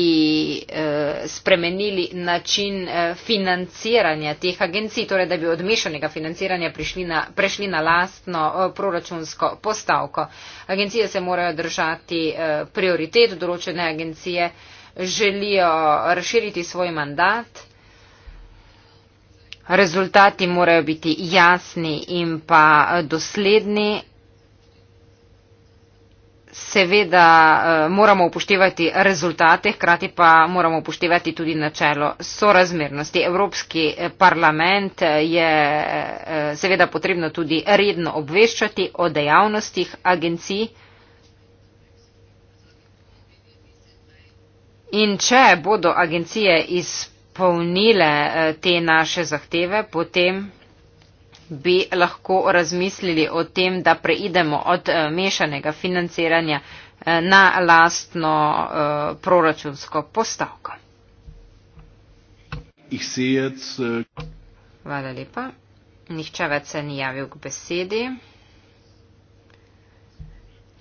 spremenili način financiranja teh agencij, torej da bi od mešanega financiranja na, prešli na lastno proračunsko postavko. Agencije se morajo držati prioritet, določene agencije želijo razširiti svoj mandat rezultati morajo biti jasni in pa dosledni. Seveda eh, moramo upoštevati rezultate, hkrati pa moramo upoštevati tudi načelo sorazmernosti. Evropski eh, parlament eh, je seveda potrebno tudi redno obveščati o dejavnostih agencij. In če bodo agencije izpolnjene, izpolnile eh, te naše zahteve, potem bi lahko razmislili o tem, da preidemo od eh, mešanega financiranja eh, na lastno proračunsko postavko. Äh, Hvala lepa. Nihče več se ni javil k besedi.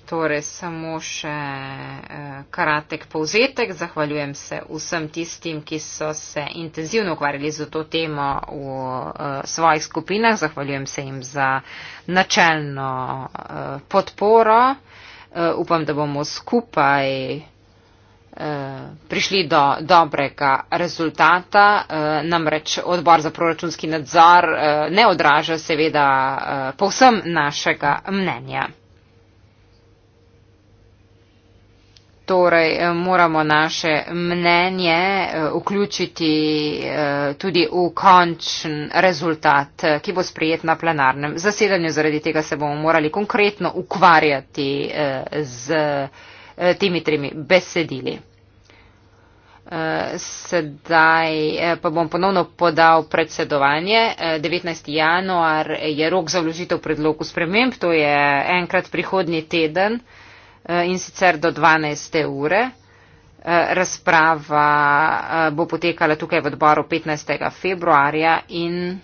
Torej, samo še eh, kratek povzetek. Zahvaljujem se vsem tistim, ki so se intenzivno ukvarjali z to temo v eh, svojih skupinah. Zahvaljujem se jim za načelno eh, podporo. Eh, upam, da bomo skupaj eh, prišli do dobrega rezultata. Eh, namreč odbor za proračunski nadzor eh, ne odraža seveda povsem našega mnenja. torej eh, moramo naše mnenje eh, vključiti eh, tudi v končen rezultat, ki bo sprejet na plenarnem zasedanju. Zaradi tega se bomo morali konkretno ukvarjati z temi tremi besedili. Sedaj pa bom ponovno podal predsedovanje. 19. januar je rok za vložitev predlogu sprememb, to je enkrat prihodni teden. Eh, in sicer do 12. ure. Eh, razprava eh, bo potekala tukaj v odboru 15. februarja in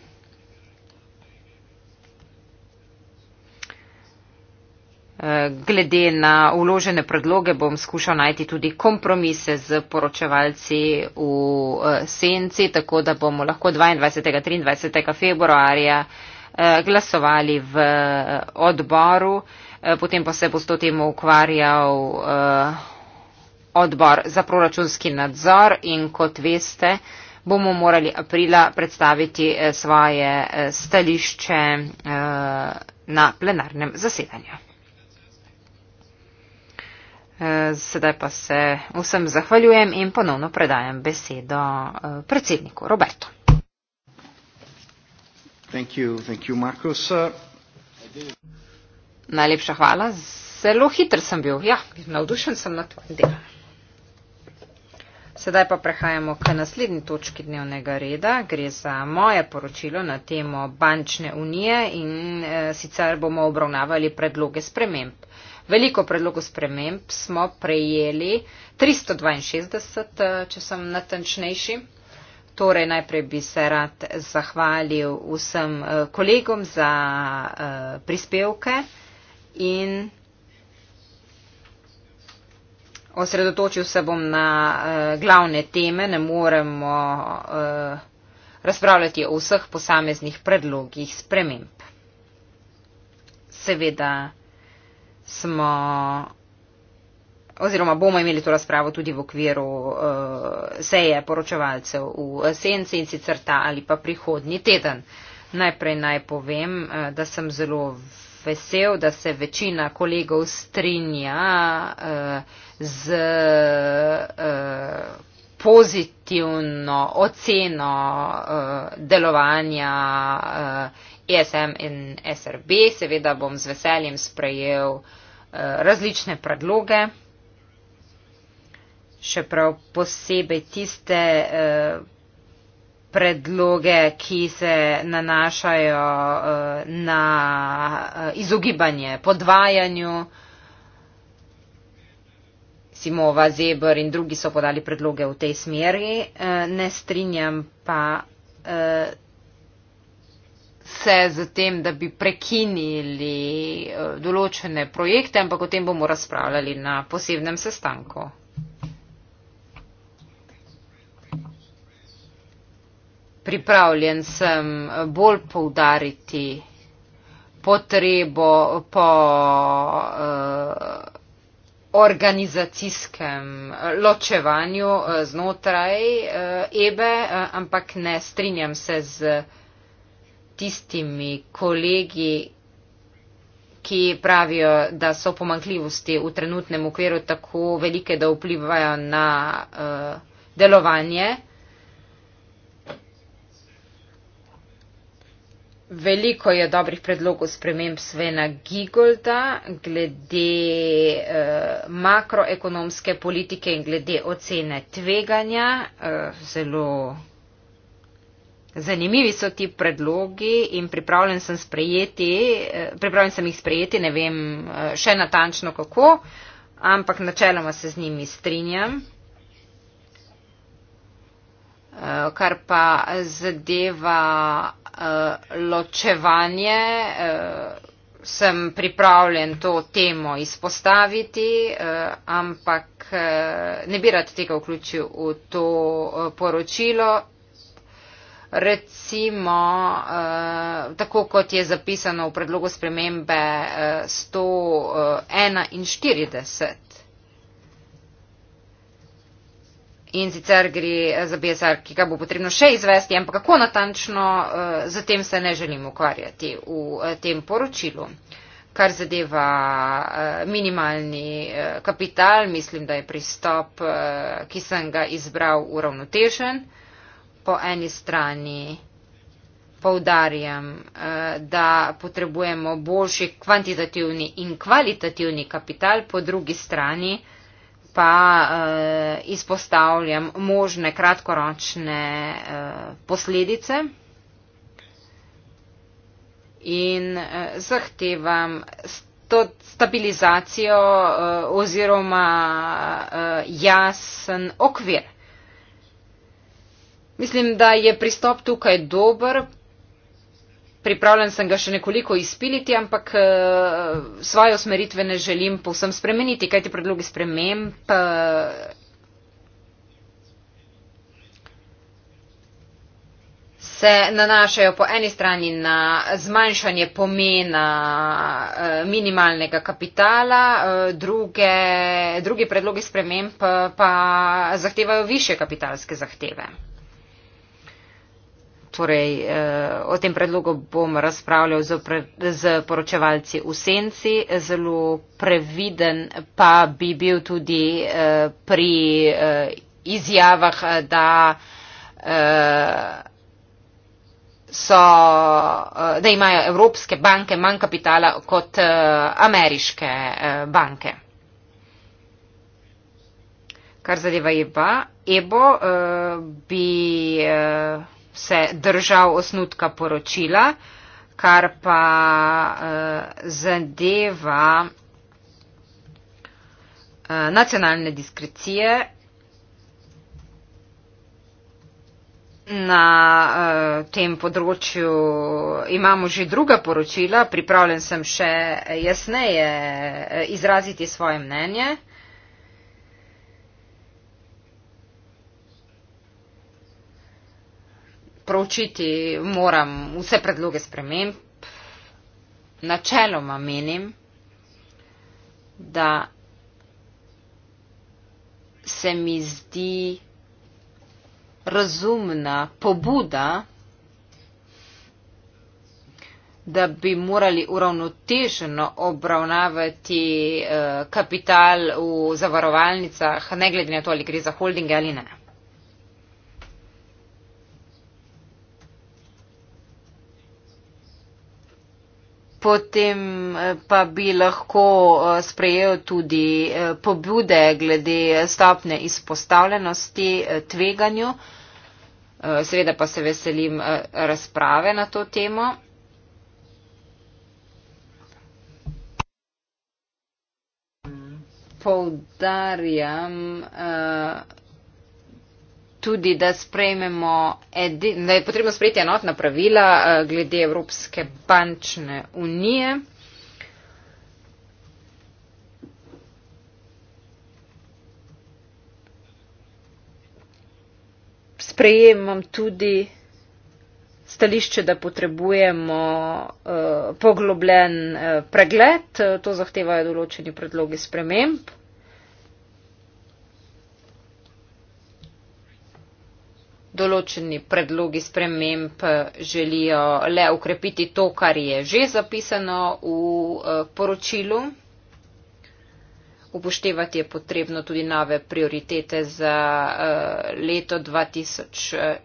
glede na uložene predloge bom skušal najti tudi kompromise z poročevalci v senci, tako da bomo lahko 22. in 23. februarja glasovali v odboru. Eh, potem pa se bo s to temo ukvarjal eh, odbor za proračunski nadzor in kot veste, bomo morali aprila predstaviti eh, svoje stališče na plenarnem zasedanju. Sedaj pa se vsem zahvaljujem in ponovno predajam besedo predsedniku Robertu. Thank you, thank you, Najlepša hvala. Zelo hiter sem bil. Ja, navdušen sem na to delo. Sedaj pa prehajamo k naslednji točki dnevnega reda. Gre za moje poročilo na temo bančne unije in e, sicer bomo obravnavali predloge sprememb. Veliko predlogov sprememb smo prejeli 362, eh, če sem natančnejši. Torej najprej bi se rad zahvalil vsem eh, kolegom za e, prispevke in osredotočil se bom na uh, glavne teme, ne moremo uh, razpravljati o vseh posameznih predlogih sprememb. Seveda smo oziroma bomo imeli to razpravo tudi v okviru uh, seje poročevalcev v senci in sicer ta ali pa prihodni teden. Najprej naj povem, uh, da sem zelo vesel, da se večina kolegov strinja uh, z uh, pozitivno oceno uh, delovanja uh, ESM in SRB. Seveda bom z veseljem sprejel uh, različne predloge, še prav posebej tiste. Uh, predloge, ki se nanašajo uh, na uh, izogibanje podvajanju. Simova, Zebr in drugi so podali predloge v tej smeri. Uh, ne strinjam pa uh, se z tem, da bi prekinili uh, določene projekte, ampak o tem bomo razpravljali na posebnem sestanku. pripravljen sem bolj poudariti potrebo po eh, organizacijskem eh, ločevanju eh, znotraj eh, Ebe, eh, ampak ne strinjam se z tistimi kolegi, ki pravijo, da so pomankljivosti v trenutnem okviru tako velike, da vplivajo na eh, delovanje. Eh, Veliko je dobrih predlogov sprememb Svena Gigolda glede e, makroekonomske politike in glede ocene tveganja. E, zelo zanimivi so ti predlogi in pripravljen sem, sprejeti, e, pripravljen sem jih sprejeti, ne vem še natančno kako, ampak načeloma se z njimi strinjam. Eh, kar pa zadeva eh, ločevanje, eh, sem pripravljen to temo izpostaviti, ampak ne bi rad tega vključil v to poročilo. Recimo, tako kot je zapisano v predlogu spremembe 141, in sicer gre za BSR, ki ga bo potrebno še izvesti, ampak kako natančno, eh, za tem se ne želim ukvarjati v eh, tem poročilu. Kar zadeva eh, minimalni kapital, mislim, da je pristop, ki sem ga izbral, uravnotežen. Po eni strani poudarjam, da potrebujemo boljši kvantitativni in kvalitativni kapital, po drugi strani pa uh, izpostavljam možne kratkoročne uh, posledice in uh, zahtevam sto stabilizacijo uh, oziroma uh, jasen okvir. Mislim, da je pristop tukaj dober, pripravljen sem ga še nekoliko izpiliti, ampak eh, svoje usmeritve ne želim povsem spremeniti, kaj ti predlogi sprememb. Eh, se nanašajo po eni strani na zmanjšanje pomena eh, minimalnega kapitala, druge, drugi predlogi sprememb pa zahtevajo više kapitalske zahteve torej, eh, o tem predlogu bom razpravljal z, pre, z poročevalci v senci. Zelo previden pa bi bil tudi eh, pri eh, izjavah, da eh, so, eh, da imajo evropske banke manj kapitala kot eh, ameriške eh, banke. Kar zadeva EBA, EBO eh, bi. Eh, se držal osnutka poročila, kar pa uh, zadeva uh, nacionalne diskrecije na uh, tem področju. Imamo že druga poročila, pripravljen sem še jasneje izraziti svoje mnenje. proučiti moram vse predloge sprememb. Načeloma menim, da se mi zdi razumna pobuda, da bi morali uravnoteženo obravnavati eh, kapital v zavarovalnicah, ne glede na to, ali gre za holdinge ali ne. potem eh, pa bi lahko eh, sprejel tudi eh, pobude glede stopne izpostavljenosti tveganju. Seveda pa se veselim razprave na to temo. Poudarjam. Uh, tudi, da, edi, da je potrebno sprejeti enotna pravila eh, glede Evropske bančne unije. Sprejemam tudi stališče, da potrebujemo uh, poglobljen uh, pregled, to zahtevajo določeni predlogi sprememb. določeni predlogi sprememb eh, želijo le ukrepiti to, kar je že zapisano v eh, poročilu. Upoštevati je potrebno tudi nove prioritete za eh, leto 2016,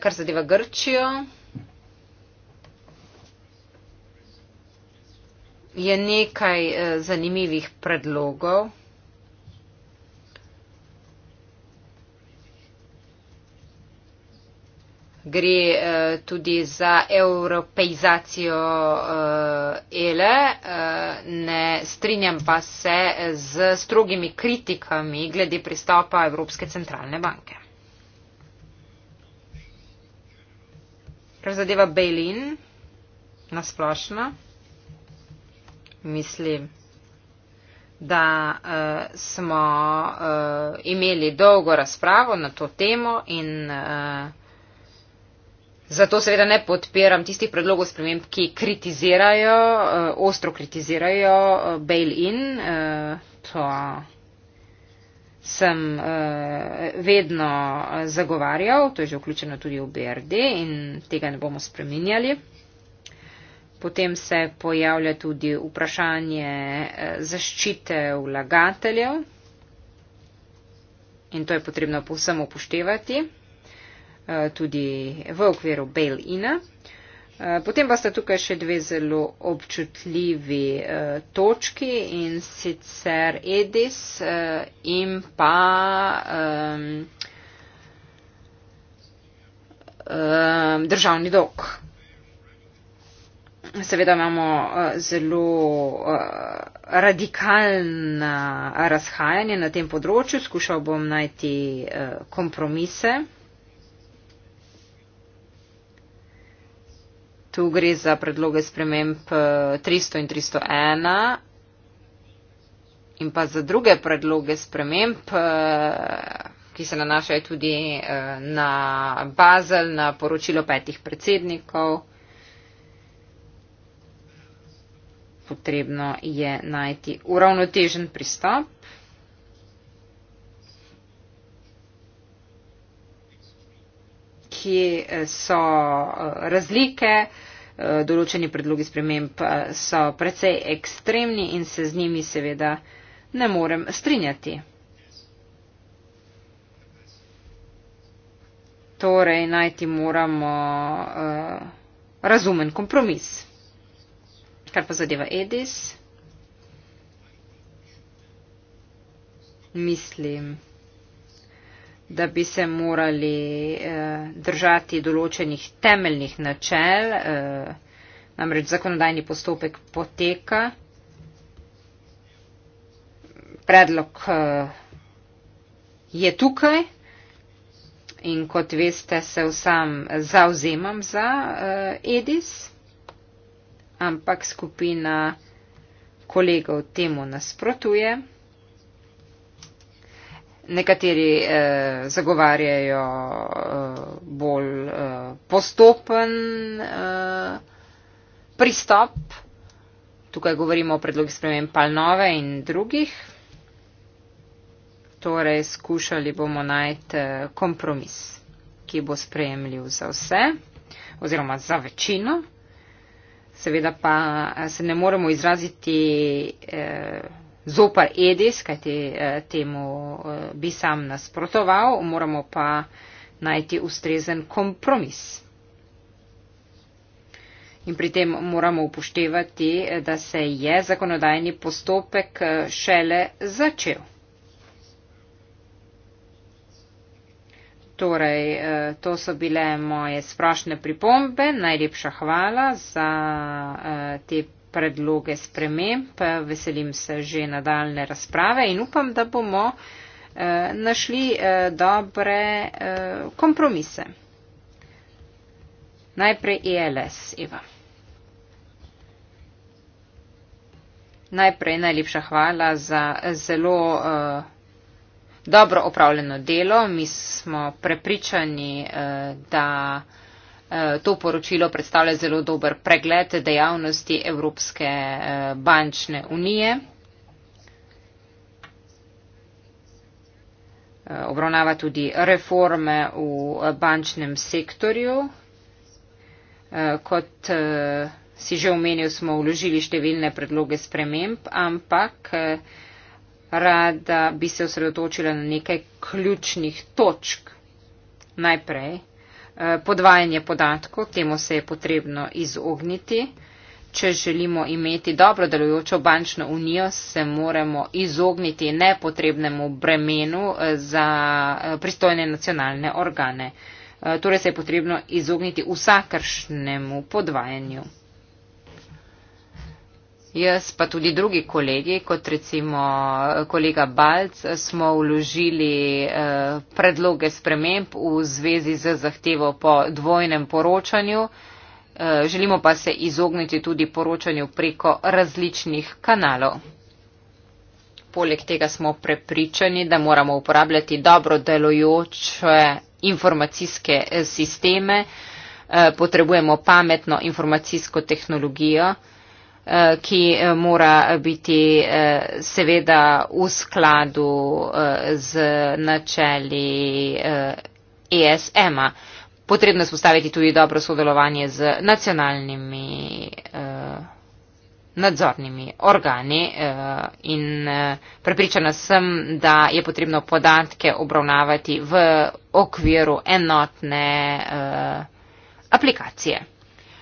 kar zadeva Grčijo. Je nekaj zanimivih predlogov. gre uh, tudi za europeizacijo uh, eh, ele, uh, ne strinjam pa se z strogimi kritikami glede pristopa Evropske centralne banke. Kar zadeva Bejlin, nasplošno, mislim, da uh, smo uh, imeli dolgo razpravo na to temo in uh, Zato seveda ne podpiram tistih predlogov sprememb, ki kritizirajo, uh, ostro kritizirajo uh, bail-in. Uh, to sem uh, vedno zagovarjal, to je že vključeno tudi v BRD in tega ne bomo spreminjali. Potem se pojavlja tudi vprašanje zaščite vlagateljev in to je potrebno povsem upoštevati. Eh, tudi v okviru bail-ina. Eh, potem pa sta tukaj še dve zelo občutljivi eh, točki in sicer Edis in pa um, državni dolg. Seveda imamo zelo radikalna razhajanja na tem področju, skušal bom najti kompromise. Tu gre za predloge sprememb 300 eh, in 301 in pa za druge predloge sprememb, eh, ki se nanašajo tudi eh, na Bazel, na poročilo petih predsednikov. Potrebno je najti uravnotežen pristop. kje eh, so eh, razlike. Eh, določeni predlogi sprememb so precej ekstremni in se z njimi seveda ne morem strinjati. Torej, najti moramo uh, razumen kompromis. Kar pa zadeva Edis, mislim, da bi se morali eh, držati določenih temeljnih načel, eh, namreč zakonodajni postopek poteka, predlog eh, je tukaj in kot veste, se vsem zauzemam za eh, EDIS, ampak skupina kolegov temu nasprotuje. Nekateri eh, zagovarjajo eh, bolj eh, postopen eh, pristop. Tukaj govorimo o predlogih spremem Palnove in drugih. Torej, skušali bomo najti eh, kompromis, ki bo sprejemljiv za vse oziroma za večino. Seveda pa eh, se ne moremo izraziti. Eh, zopar Edis, kajti eh, temu eh, bi sam nasprotoval, moramo pa najti ustrezen kompromis. In pri tem moramo upoštevati, eh, da se je zakonodajni postopek šele začel. Torej, to so bile moje sprašne pripombe. Najlepša hvala za te predloge sprememb, veselim se že nadaljne razprave in upam, da bomo eh, našli eh, dobre eh, kompromise. Najprej ILS, e Eva. Najprej najlepša hvala za eh, zelo eh, dobro opravljeno delo. Mi smo prepričani, eh, da. Eh, to poročilo predstavlja zelo dober pregled dejavnosti Evropske eh, bančne unije. Eh, obravnava tudi reforme v bančnem sektorju. Kot si že omenil, smo vložili številne predloge sprememb, ampak rada bi se osredotočila na nekaj ključnih točk. Najprej Eh, podvajanje podatkov, temu se je potrebno izogniti. Če želimo imeti dobro delujočo bančno unijo, se moramo izogniti nepotrebnemu bremenu eh, za eh, pristojne nacionalne organe. Torej se je potrebno izogniti vsakršnemu podvajanju. Jaz pa tudi drugi kolegi, kot recimo eh, kolega Balc, smo uložili eh, predloge sprememb v zvezi z zahtevo po dvojnem poročanju. Eh, želimo pa se izogniti tudi poročanju preko različnih kanalov. Poleg tega smo prepričani, da moramo uporabljati dobro delojoče informacijske sisteme, potrebujemo pametno informacijsko tehnologijo. Eh, ki eh, mora biti eh, seveda v skladu z načeli ESM-a. E potrebno je spostaviti tudi dobro sodelovanje z nacionalnimi nadzornimi organi in prepričana sem, da je potrebno podatke obravnavati v okviru enotne aplikacije.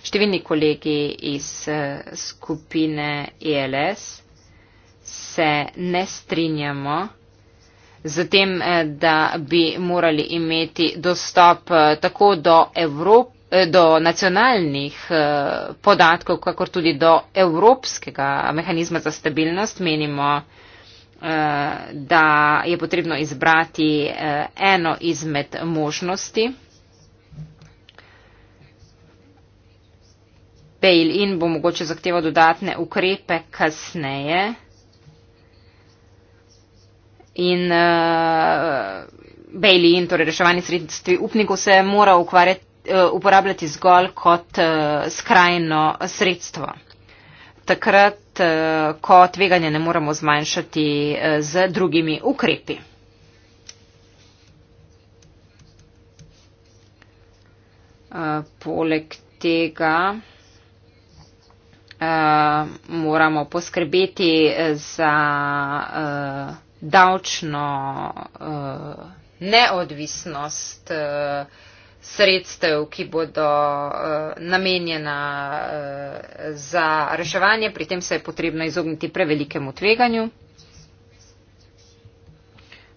Številni kolegi iz eh, skupine ELS se ne strinjamo z tem, eh, da bi morali imeti dostop eh, tako do, Evrop, do nacionalnih podatkov, kakor tudi do evropskega mehanizma za stabilnost. Menimo, da je potrebno izbrati eno izmed možnosti. bail-in bo mogoče zahteval dodatne ukrepe kasneje. In uh, bail-in, torej reševanje sredstvi upnikov, se mora ukvarjati uh, uporabljati zgolj kot uh, skrajno sredstvo. Takrat, uh, ko tveganje ne moremo zmanjšati z drugimi ukrepi. Poleg tega. Eh, moramo poskrbeti za uh, davčno uh, neodvisnost uh, sredstev, ki bodo uh, namenjena uh, za reševanje. Pri tem se je potrebno izogniti prevelikemu tveganju.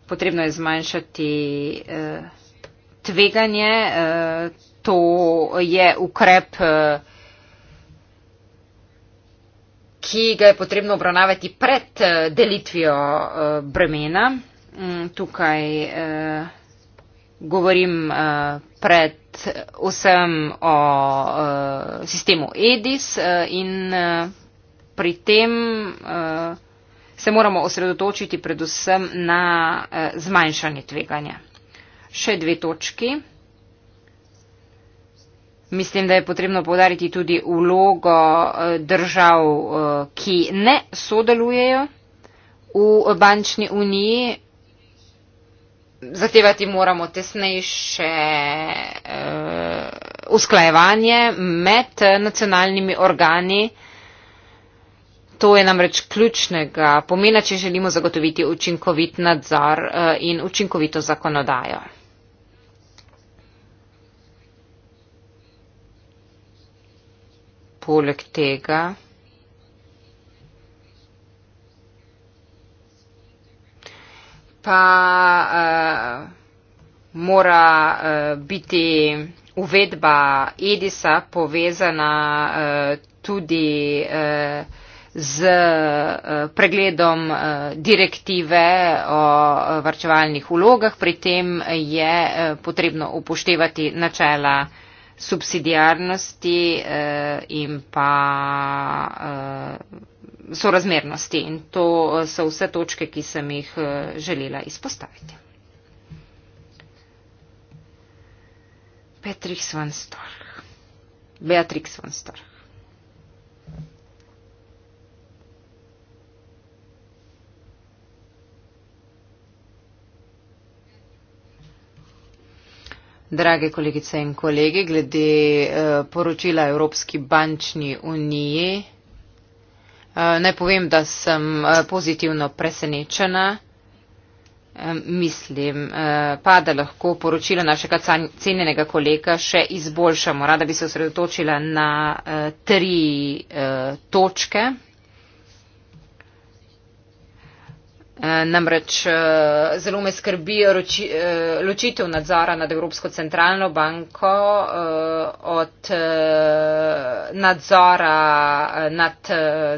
Potrebno je zmanjšati uh, tveganje. Uh, to je ukrep. Uh, ki ga je potrebno obravnavati pred eh, delitvijo eh, bremena. Mm, tukaj eh, govorim pred vsem o sistemu EDIS in pri tem se moramo osredotočiti predvsem na zmanjšanje tveganja. Še dve točki. Mislim, da je potrebno povdariti tudi vlogo eh, držav, eh, ki ne sodelujejo v bančni uniji. Zahtevati moramo tesnejše eh, usklajevanje med nacionalnimi organi. To je namreč ključnega pomena, če želimo zagotoviti učinkovit nadzor in učinkovito zakonodajo. poleg tega pa uh, mora uh, biti uvedba Edisa povezana uh, tudi uh, z pregledom direktive o varčevalnih vlogah, pri tem je potrebno upoštevati načela subsidijarnosti eh, in pa eh, sorazmernosti. In to eh, so vse točke, ki sem jih eh, želela izpostaviti. Petrich von Storch. Beatrix von Storch. Drage kolegice in kolege, glede eh, poročila Evropski bančni uniji, eh, naj povem, da sem eh, pozitivno presenečena. Mislim pa, da lahko poročilo našega cenjenega kolega še izboljšamo. Rada bi se osredotočila na tri točke. Eh, namreč eh, zelo me skrbi eh, ločitev nadzora nad Evropsko centralno banko od nadzora nad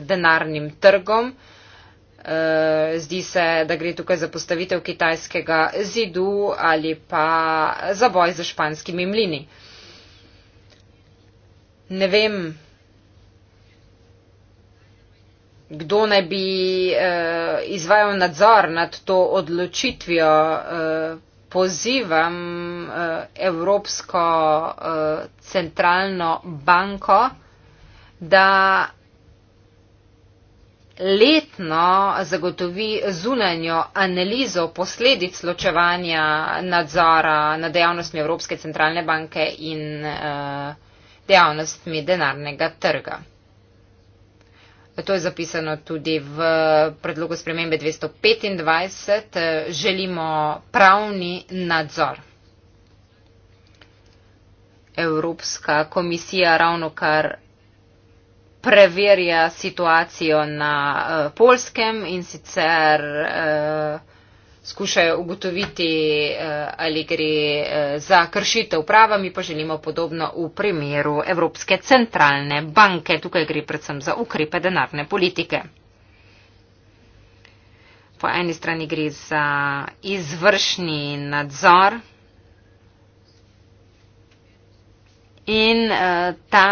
denarnim trgom. Zdi se, da gre tukaj za postavitev kitajskega zidu ali pa za boj za španskimi mlini. Ne vem, kdo naj bi eh, izvajal nadzor nad to odločitvijo, eh, pozivam eh, Evropsko eh, centralno banko, da letno zagotovi zunanjo analizo posledic ločevanja nadzora nad dejavnostmi Evropske centralne banke in eh, dejavnostmi denarnega trga. To je zapisano tudi v predlogu spremembe 225. Želimo pravni nadzor. Evropska komisija ravno kar preverja situacijo na uh, eh, polskem in sicer uh, skušajo ugotoviti, eh, ali gre eh, za kršitev prava, mi pa želimo podobno v primeru Evropske centralne banke. Tukaj gre predvsem za ukrepe denarne politike. Po eni strani gre za izvršni nadzor. In uh, ta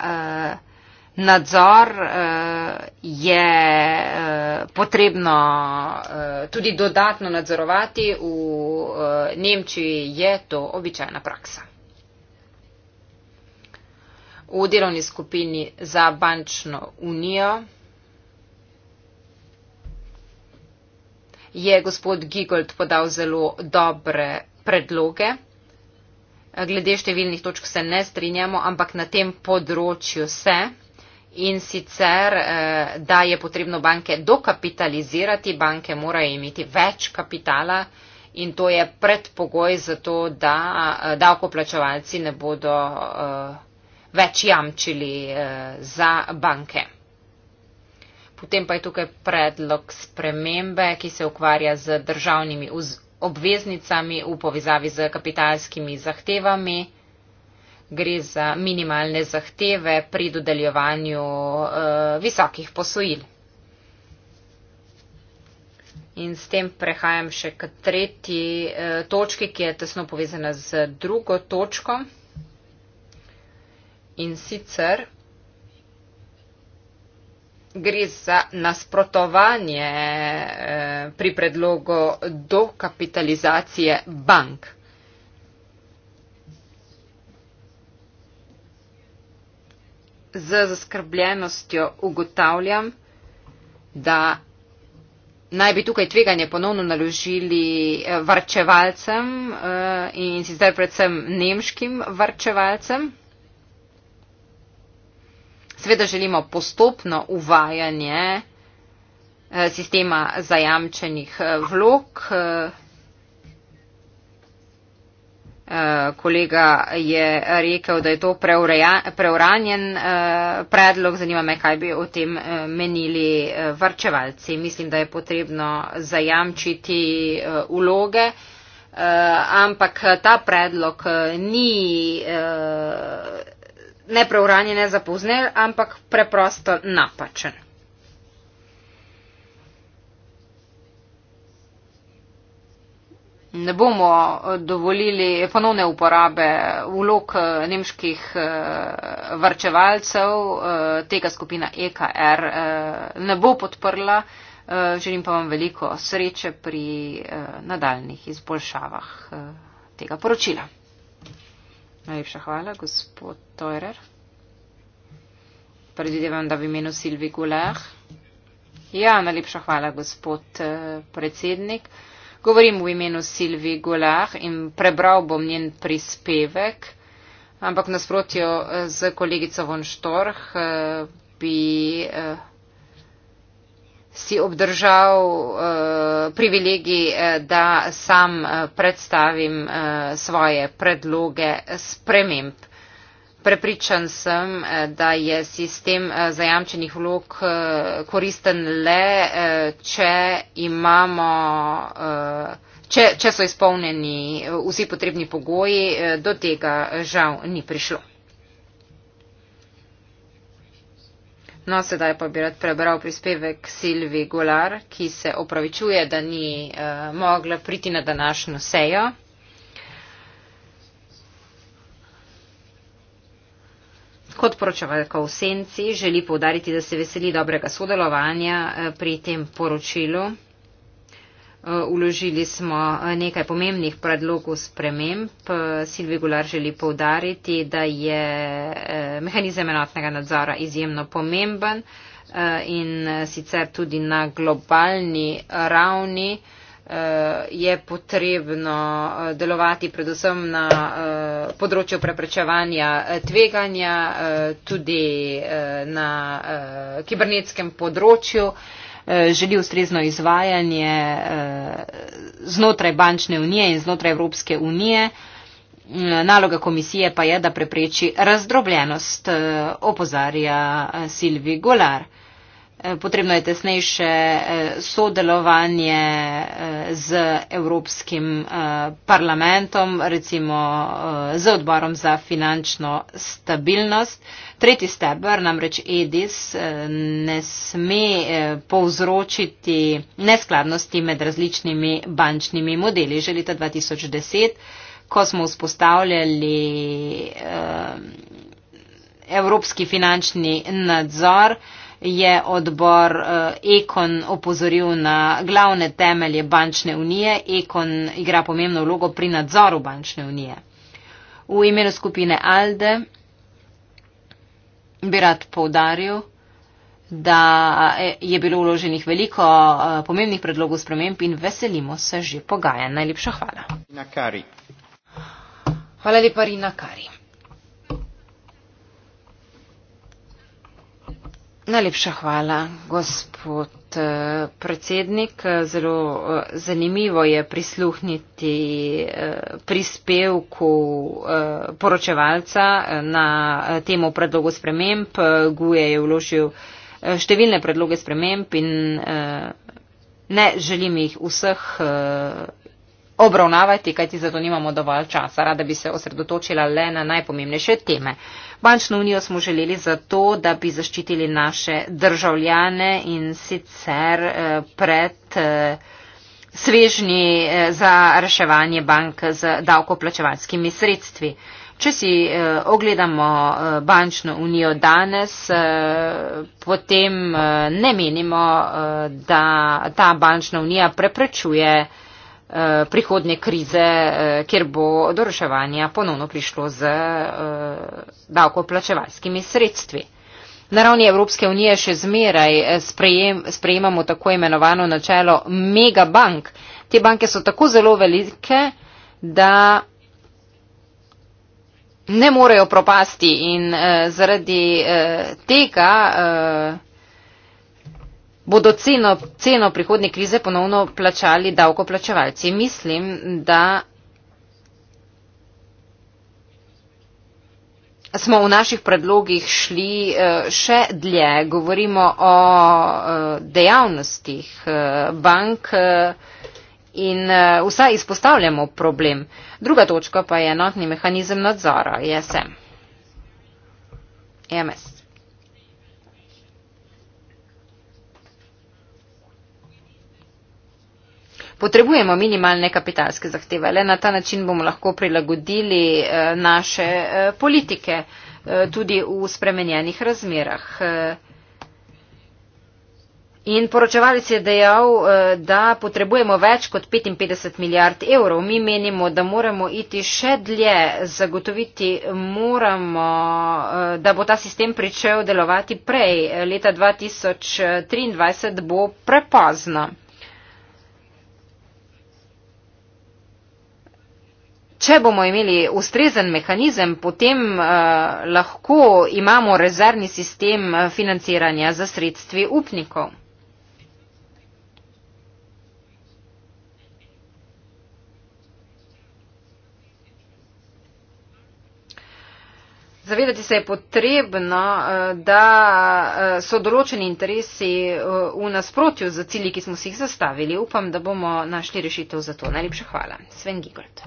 uh, nadzor uh, je uh, potrebno uh, tudi dodatno nadzorovati. V uh, Nemčiji je to običajna praksa. V delovni skupini za bančno unijo je gospod Gigold podal zelo dobre predloge. Glede številnih točk se ne strinjamo, ampak na tem področju se in sicer, eh, da je potrebno banke dokapitalizirati, banke morajo imeti več kapitala in to je predpogoj za to, da eh, davkoplačevalci ne bodo eh, več jamčili za banke. Potem pa je tukaj predlog spremembe, ki se ukvarja z državnimi obveznicami v povezavi z kapitalskimi zahtevami gre za minimalne zahteve pri dodeljevanju uh, visokih posojil. In s tem prehajam še k tretji uh, točki, ki je tesno povezana z drugo točko. In sicer gre za nasprotovanje eh, pri predlogu dokapitalizacije bank. z zaskrbljenostjo ugotavljam, da naj bi tukaj tveganje ponovno naložili eh, varčevalcem eh, in sicer predvsem nemškim varčevalcem. Sveda želimo postopno uvajanje eh, sistema zajamčenih vlog Eh, kolega je rekel, da je to preuranjen eh, predlog. Zanima me, kaj bi o tem eh, menili vrčevalci. Mislim, da je potrebno zajamčiti uloge, ampak ta predlog ni ne preuranjen, ne zapuzne, ampak preprosto napačen. ne bomo eh, dovolili ponovne uporabe vlog eh, nemških eh, varčevalcev, tega skupina EKR ne bo podprla. Želim pa vam veliko sreče pri nadaljnih izboljšavah tega poročila. Najlepša hvala, gospod Teurer. Predvidevam, da v imenu Silvi Guler. Ja, najlepša hvala, gospod predsednik. Govorim v imenu Silvi Golah in prebral bom njen prispevek, ampak nasprotjo eh, z kolegico von Štorh eh, bi eh, si obdržal privilegij, da sam predstavim svoje predloge sprememb. Prepričan sem, eh, da je sistem eh, zajamčenih vlog eh, koristen le, če, imamo, če, če so izpolnjeni vsi potrebni pogoji. Do tega žal ni prišlo. No, sedaj pa bi rad prebral prispevek Silvi Golar, ki se opravičuje, da ni uh, mogla priti na današnjo sejo. Kot poročevalka v senci želi povdariti, da se veseli dobrega sodelovanja eh, pri tem poročilu. Uložili eh, smo eh, nekaj pomembnih predlogov sprememb. Silvi Gular želi povdariti, da je mehanizem enotnega nadzora izjemno pomemben in sicer tudi na globalni ravni. Eh, je potrebno eh, delovati predvsem na eh, področju preprečevanja tveganja, tudi na kibernetskem področju. Želi ustrezno izvajanje znotraj bančne unije in znotraj Evropske unije. Mm, naloga komisije pa je, da prepreči razdrobljenost, opozarja Silvi Golar potrebno je tesnejše eh, sodelovanje eh, z Evropskim eh, parlamentom, recimo z odborom za finančno stabilnost. Tretji stebr, namreč EDIS, ne sme povzročiti neskladnosti med različnimi bančnimi modeli. Že leta 2010, ko smo vzpostavljali Evropski finančni nadzor, je odbor eh, Ekon opozoril na glavne temelje bančne unije. Ekon igra pomembno vlogo pri nadzoru bančne unije. V imenu skupine Alde bi rad povdaril, da eh, je bilo vloženih veliko eh, pomembnih predlogov sprememb in veselimo se že pogajanj. Najlepša hvala. Hvala lepa, Rina Kari. Najlepša hvala, gospod eh, predsednik. Zelo eh, zanimivo je prisluhniti eh, prispevku poročevalca na temo predlogu sprememb. Guje je vložil številne predloge sprememb in ne želim jih vseh obravnavati, kajti zato nimamo dovolj časa. Rada bi se osredotočila le na najpomembnejše teme. Bančno unijo smo želeli zato, da bi zaščitili naše državljane in sicer eh, pred eh, svežnji eh, za reševanje bank z davkoplačevanskimi sredstvi. Če si ogledamo bančno unijo danes, potem ne menimo, da ta bančna unija preprečuje Eh, prihodnje krize, eh, kjer bo do reševanja ponovno prišlo z eh, davkoplačevalskimi sredstvi. Na ravni Evropske unije še zmeraj sprejem, sprejemamo tako imenovano načelo megabank. Te banke so tako zelo velike, da ne morejo propasti in eh, zaradi eh, tega eh, bodo ceno, ceno prihodne krize ponovno plačali davkoplačevalci. Mislim, da smo v naših predlogih šli eh, še dlje. Govorimo o eh, dejavnostih eh, bank in vsaj izpostavljamo problem. Druga točka pa je enotni mehanizem nadzora, ESM. EMS. potrebujemo minimalne kapitalske zahteve. Le na ta način bomo lahko prilagodili eh, naše eh, politike eh, tudi v spremenjenih razmerah. In poročevalec je dejal, da potrebujemo več kot 55 milijard evrov. Mi menimo, da moramo iti še dlje, zagotoviti moramo, da bo ta sistem pričel delovati prej. Leta 2023 bo prepozno. Če bomo imeli ustrezen mehanizem, potem uh, lahko imamo rezervni sistem eh, financiranja za sredstvi upnikov. Zavedati se je potrebno, eh, da so določeni interesi v nasprotju z cilji, ki smo si jih zastavili. Upam, da bomo našli rešitev za to. Najlepša hvala. Sven Gigold.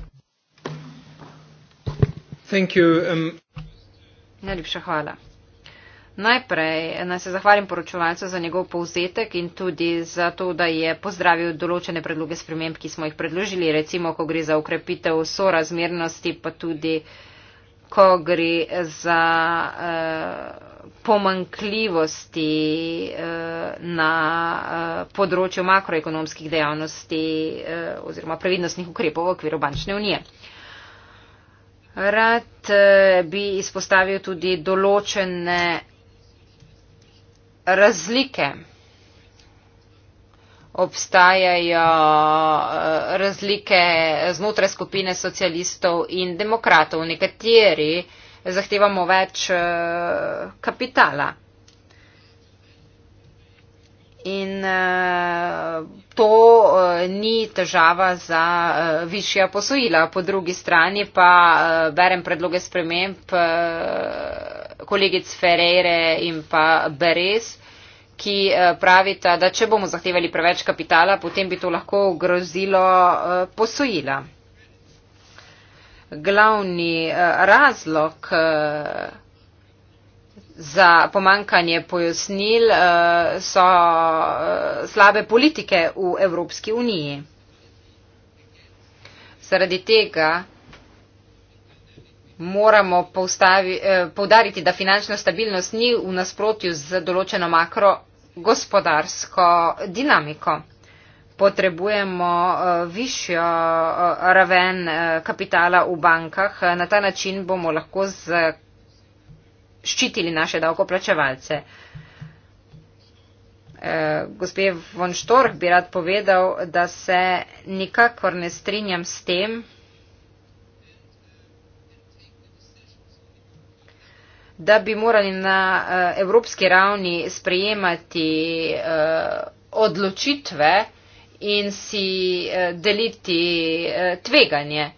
Thank you. Um... Najlepša hvala. Najprej naj se zahvalim poročevalcu za njegov povzetek in tudi za to, da je pozdravil določene predloge sprememb, ki smo jih predložili, recimo, ko gre za ukrepitev sorazmernosti, pa tudi, ko gre za eh, pomankljivosti eh, na eh, področju makroekonomskih dejavnosti eh, oziroma previdnostnih ukrepov v okviru bančne unije. Eh, Rad eh, bi izpostavil tudi določene razlike. Obstajajo eh, razlike znotraj skupine socialistov in demokratov. Nekateri zahtevamo več eh, kapitala in uh, to uh, ni težava za uh, višja posojila. Po drugi strani pa uh, berem predloge sprememb uh, kolegic Ferreire in pa Beres, ki uh, pravita, da če bomo zahtevali preveč kapitala, potem bi to lahko grozilo uh, posojila. Glavni uh, razlog. Uh, za pomankanje pojasnil eh, so eh, slabe politike v Evropski uniji. Zaradi tega moramo povdariti, eh, da finančna stabilnost ni v nasprotju z določeno makrogospodarsko dinamiko. Potrebujemo višjo raven kapitala v bankah. Na ta način bomo lahko z ščitili naše davkoplačevalce. Eh, gospe von Štork bi rad povedal, da se nikakor ne strinjam s tem, da bi morali na eh, evropski ravni sprejemati eh, odločitve in si deliti tveganje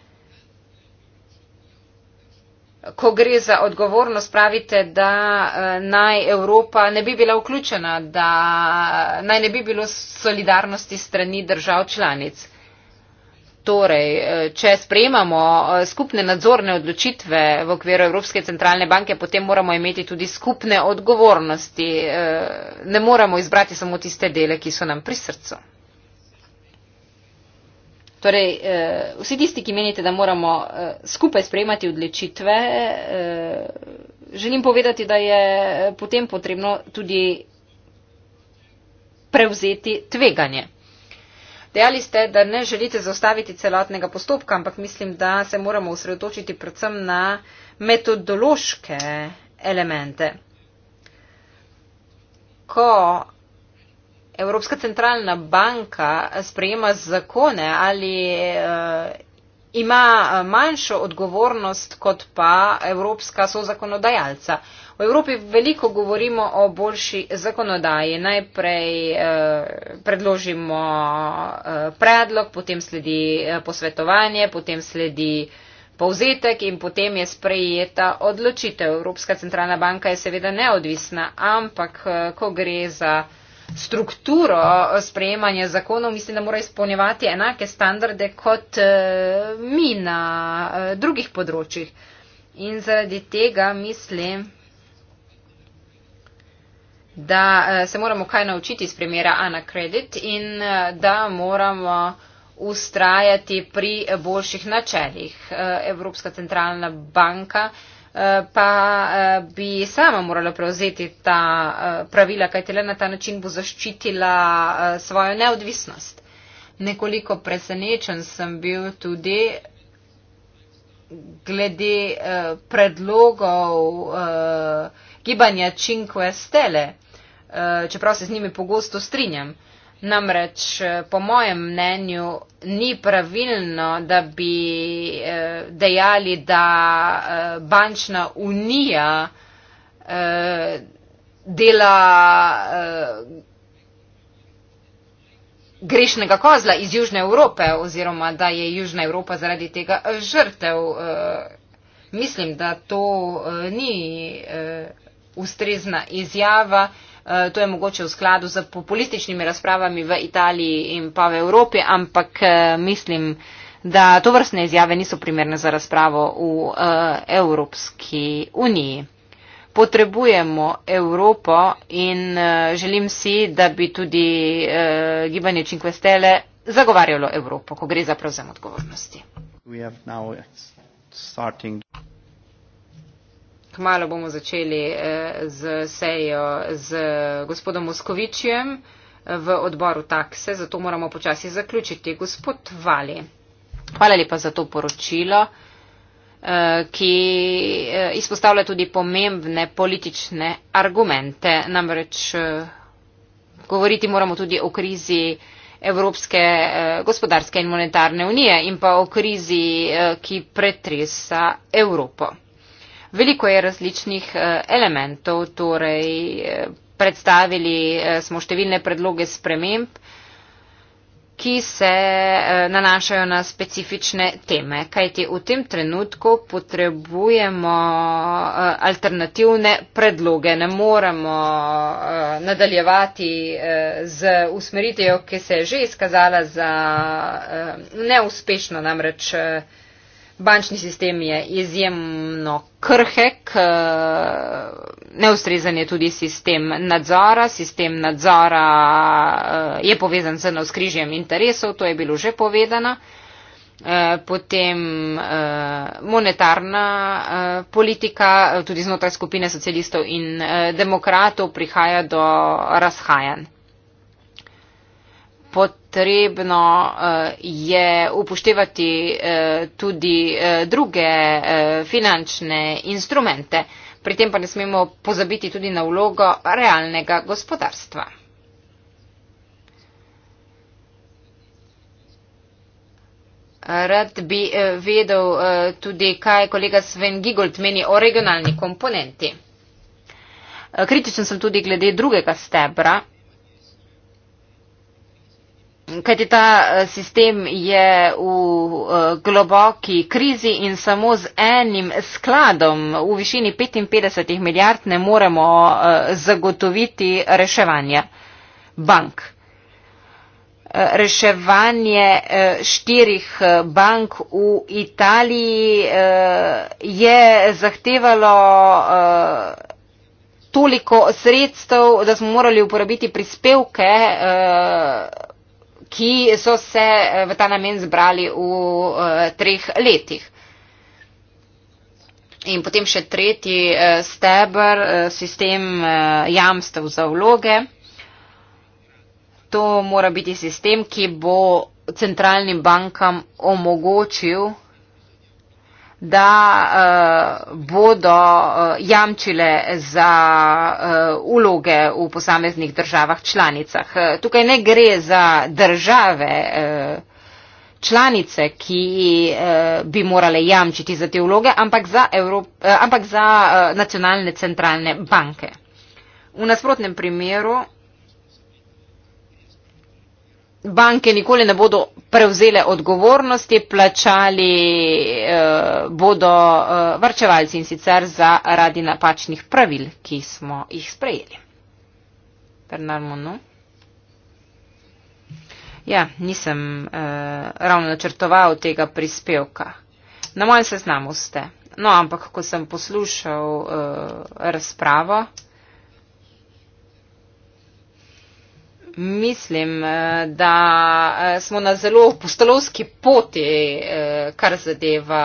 ko gre za odgovornost, pravite, da eh, naj Evropa ne bi bila vključena, da naj ne bi bilo solidarnosti strani držav članic. Torej, eh, če sprejemamo eh, skupne nadzorne odločitve v okviru Evropske centralne banke, potem moramo imeti tudi skupne odgovornosti. Ne moramo izbrati samo tiste dele, ki so nam pri srcu. Torej, eh, vsi tisti, ki menite, da moramo eh, skupaj sprejemati odločitve, eh, želim povedati, da je potem potrebno tudi prevzeti tveganje. Dejali ste, da ne želite zaustaviti celotnega postopka, ampak mislim, da se moramo usredotočiti predvsem na metodološke elemente. Ko Evropska centralna banka sprejema zakone ali uh, ima eh, manjšo odgovornost kot pa evropska sozakonodajalca. V Evropi veliko govorimo o boljši zakonodaji. Najprej eh, predložimo eh, predlog, potem sledi eh, posvetovanje, potem sledi povzetek in potem je sprejeta odločitev. Evropska centralna banka je seveda neodvisna, ampak eh, ko gre za eh, strukturo sprejemanja zakonov, mislim, da mora izpolnjevati enake standarde kot eh, mi na eh, drugih področjih. In zaradi tega mislim, da eh, se moramo kaj naučiti iz primera Ana Credit in da moramo ustrajati pri boljših načeljih. Evropska centralna banka pa eh, bi sama morala prevzeti ta eh, pravila, kaj tele na ta način bo zaščitila eh, svojo neodvisnost. Nekoliko presenečen sem bil tudi glede predlogov gibanja Cinque Stelle, čeprav se z njimi pogosto strinjam. Namreč, eh, po mojem mnenju, ni pravilno, da bi eh, dejali, da eh, bančna unija dela grešnega kozla iz Južne Evrope oziroma da je Južna Evropa zaradi tega žrtev. Mislim, da to ni ustrezna izjava. Eh, to je mogoče v skladu z populističnimi razpravami v Italiji in pa v Evropi, ampak eh, mislim, da to vrstne izjave niso primerne za razpravo v eh, Evropski uniji. Potrebujemo Evropo in želim si, da bi tudi gibanje Cinque Stelle zagovarjalo Evropo, ko gre za prevzem odgovornosti. Kmalo bomo začeli eh, z sejo z gospodom Moskovičjem eh, v odboru takse, zato moramo počasi zaključiti. Gospod Vali, hvala lepa za to poročilo, eh, ki izpostavlja tudi pomembne politične argumente. Namreč govoriti moramo tudi o krizi Evropske gospodarske in monetarne unije in pa o krizi, ki pretresa Evropo veliko je različnih eh, elementov, torej eh, predstavili eh, smo številne predloge sprememb, ki se nanašajo na specifične teme, kajti v tem trenutku potrebujemo alternativne predloge. Ne moramo nadaljevati z usmeritejo, ki se je že izkazala za neuspešno namreč. Bančni sistem je izjemno krhek, eh, neustrezen je tudi sistem nadzora. Sistem nadzora eh, je povezan z navskrižjem interesov, to je bilo že povedano. Eh, potem monetarna politika, tudi znotraj skupine socialistov in demokratov prihaja do razhajanj. Potem potrebno eh, je upoštevati eh, tudi eh, druge finančne instrumente. Pri tem pa ne smemo pozabiti tudi na vlogo realnega gospodarstva. Rad bi vedel tudi, kaj kolega Sven Gigold meni o regionalni komponenti. Kritičen sem tudi glede drugega stebra Kajti ta eh, sistem je v eh, globoki krizi in samo z enim skladom v višini 55 milijard ne moremo eh, zagotoviti reševanja bank. Reševanje štirih bank v Italiji je zahtevalo toliko sredstev, da smo morali uporabiti prispevke ki so se eh, v ta namen zbrali v eh, treh letih. In potem še tretji eh, stebr, sistem jamstev za vloge. To mora biti sistem, ki bo centralnim bankam omogočil da uh, bodo uh, jamčile za uh, uloge v posameznih državah članicah. Uh, tukaj ne gre za države uh, članice, ki uh, bi morale jamčiti za te uloge, ampak za, Evrop uh, ampak za uh, nacionalne centralne banke. V nasprotnem primeru banke nikoli ne bodo prevzele odgovornosti, plačali eh, bodo eh, varčevalci in sicer zaradi napačnih pravil, ki smo jih sprejeli. Ja, nisem eh, ravno načrtoval tega prispevka. Na mojem seznamu ste. No, ampak ko sem poslušal eh, razpravo, mislim, eh, da eh, smo na zelo postolovski poti, eh, kar zadeva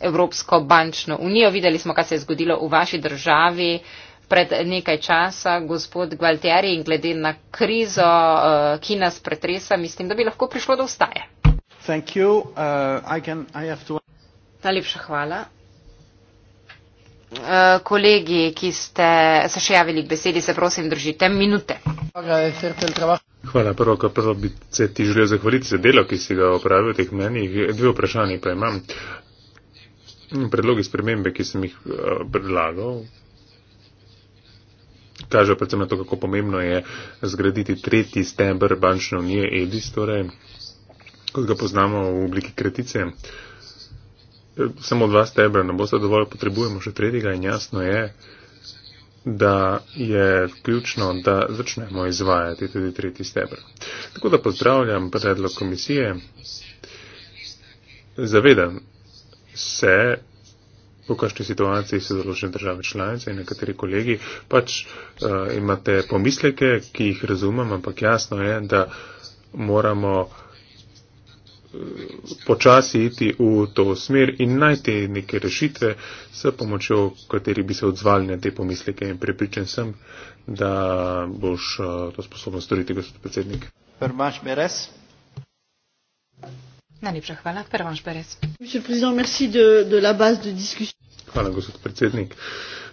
Evropsko bančno unijo. Videli smo, kaj se je zgodilo v vaši državi pred nekaj časa, gospod Gualtieri, in glede na krizo, ki nas pretresa, mislim, da bi lahko prišlo do vstaje. Uh, Najlepša uh, to... hvala. Eh, kolegi, ki ste se še javili k besedi, se prosim, držite minute. Hvala, prvo, kar prvo bi se ti želel zahvaliti za delo, ki si ga opravil v teh menih. Dve vprašanje pa imam. Predlogi spremembe, ki sem jih eh, predlagal, kažejo predvsem na to, kako pomembno je zgraditi tretji stebr bančne unije EDIS, torej, kot ga poznamo v obliki kratice. Uh, samo dva stebra, ne bo se dovolj, potrebujemo še tretjega in jasno je, da je ključno, da začnemo izvajati tudi tretji stebr. Tako da pozdravljam predlog komisije. Zavedam se, v kakšni situaciji so določene države članice in nekateri kolegi, pač uh, imate pomisleke, ki jih razumem, ampak jasno je, da moramo uh, počasi iti v to smer in najti neke rešitve, s pomočjo kateri bi se odzvali na te pomisleke in prepričan sem, da boš eh, to sposobno storiti, gospod predsednik. Prvaš Beres. Najlepša hvala, Prvaš Beres. Hvala, gospod predsednik.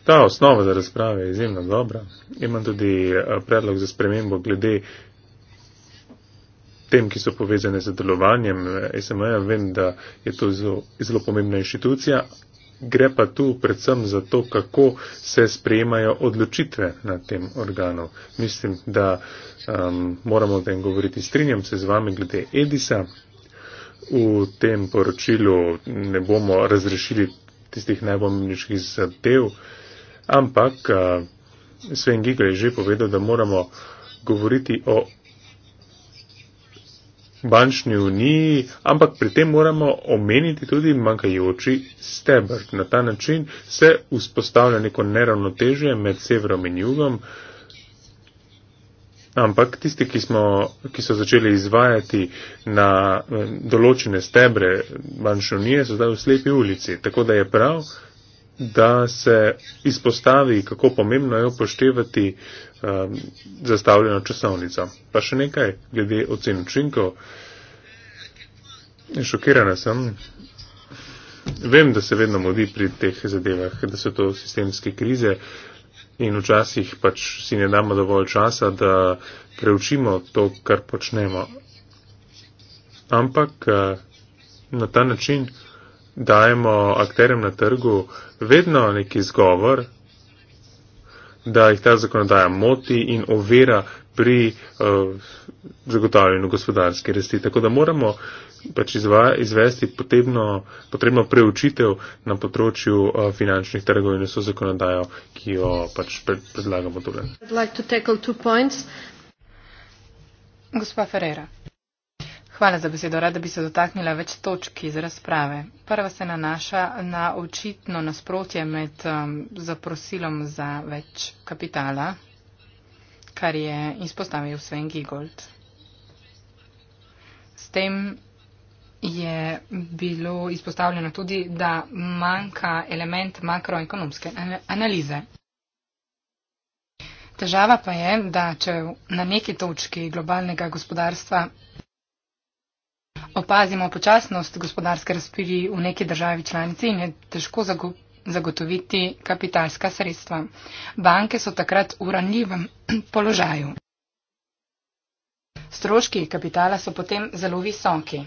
Ta osnova za razprave je izjemno dobra. Imam tudi eh, predlog za spremembo glede tem, ki so povezane z delovanjem eh, SMA, ja vem, da je to zelo, zelo pomembna inštitucija. Gre pa tu predvsem za to, kako se sprejemajo odločitve na tem organu. Mislim, da um, moramo o tem govoriti. Strinjam se z vami glede Edisa. V tem poročilu ne bomo razrešili tistih najpomembnejših zadev, ampak uh, Sven Giga je že povedal, da moramo govoriti o bančni uniji, ampak pri tem moramo omeniti tudi manjkajoči stebr. Na ta način se vzpostavlja neko neravnotežje med severom in jugom, ampak tisti, ki, smo, ki so začeli izvajati na eh, določene stebre bančne unije, so zdaj v slepi ulici. Tako da je prav, da se izpostavi, kako pomembno je upoštevati um, zastavljeno časovnico. Pa še nekaj glede ocen učinkov. Šokirana sem. Vem, da se vedno modi pri teh zadevah, da so to sistemske krize in včasih pač si ne damo dovolj časa, da preučimo to, kar počnemo. Ampak uh, na ta način dajemo akterjem na trgu vedno neki zgovor, da jih ta zakonodaja moti in ovira pri uh, zagotavljanju gospodarske resti. Tako da moramo pač izva, izvesti potrebno, potrebno preučitev na področju uh, finančnih trgov in vso zakonodajo, ki jo pač pred, predlagamo tukaj. Like Gospa Ferreira. Hvala za besedo. Rada bi se dotaknila več točk iz razprave. Prva se nanaša na očitno nasprotje med um, zaprosilom za več kapitala, kar je izpostavil Sven Gigold. S tem je bilo izpostavljeno tudi, da manjka element makroekonomske analize. Težava pa je, da če na neki točki globalnega gospodarstva opazimo počasnost gospodarske razpiri v neki državi članici in je težko zago zagotoviti kapitalska sredstva. Banke so takrat v ranljivem položaju. Stroški kapitala so potem zelo visoki.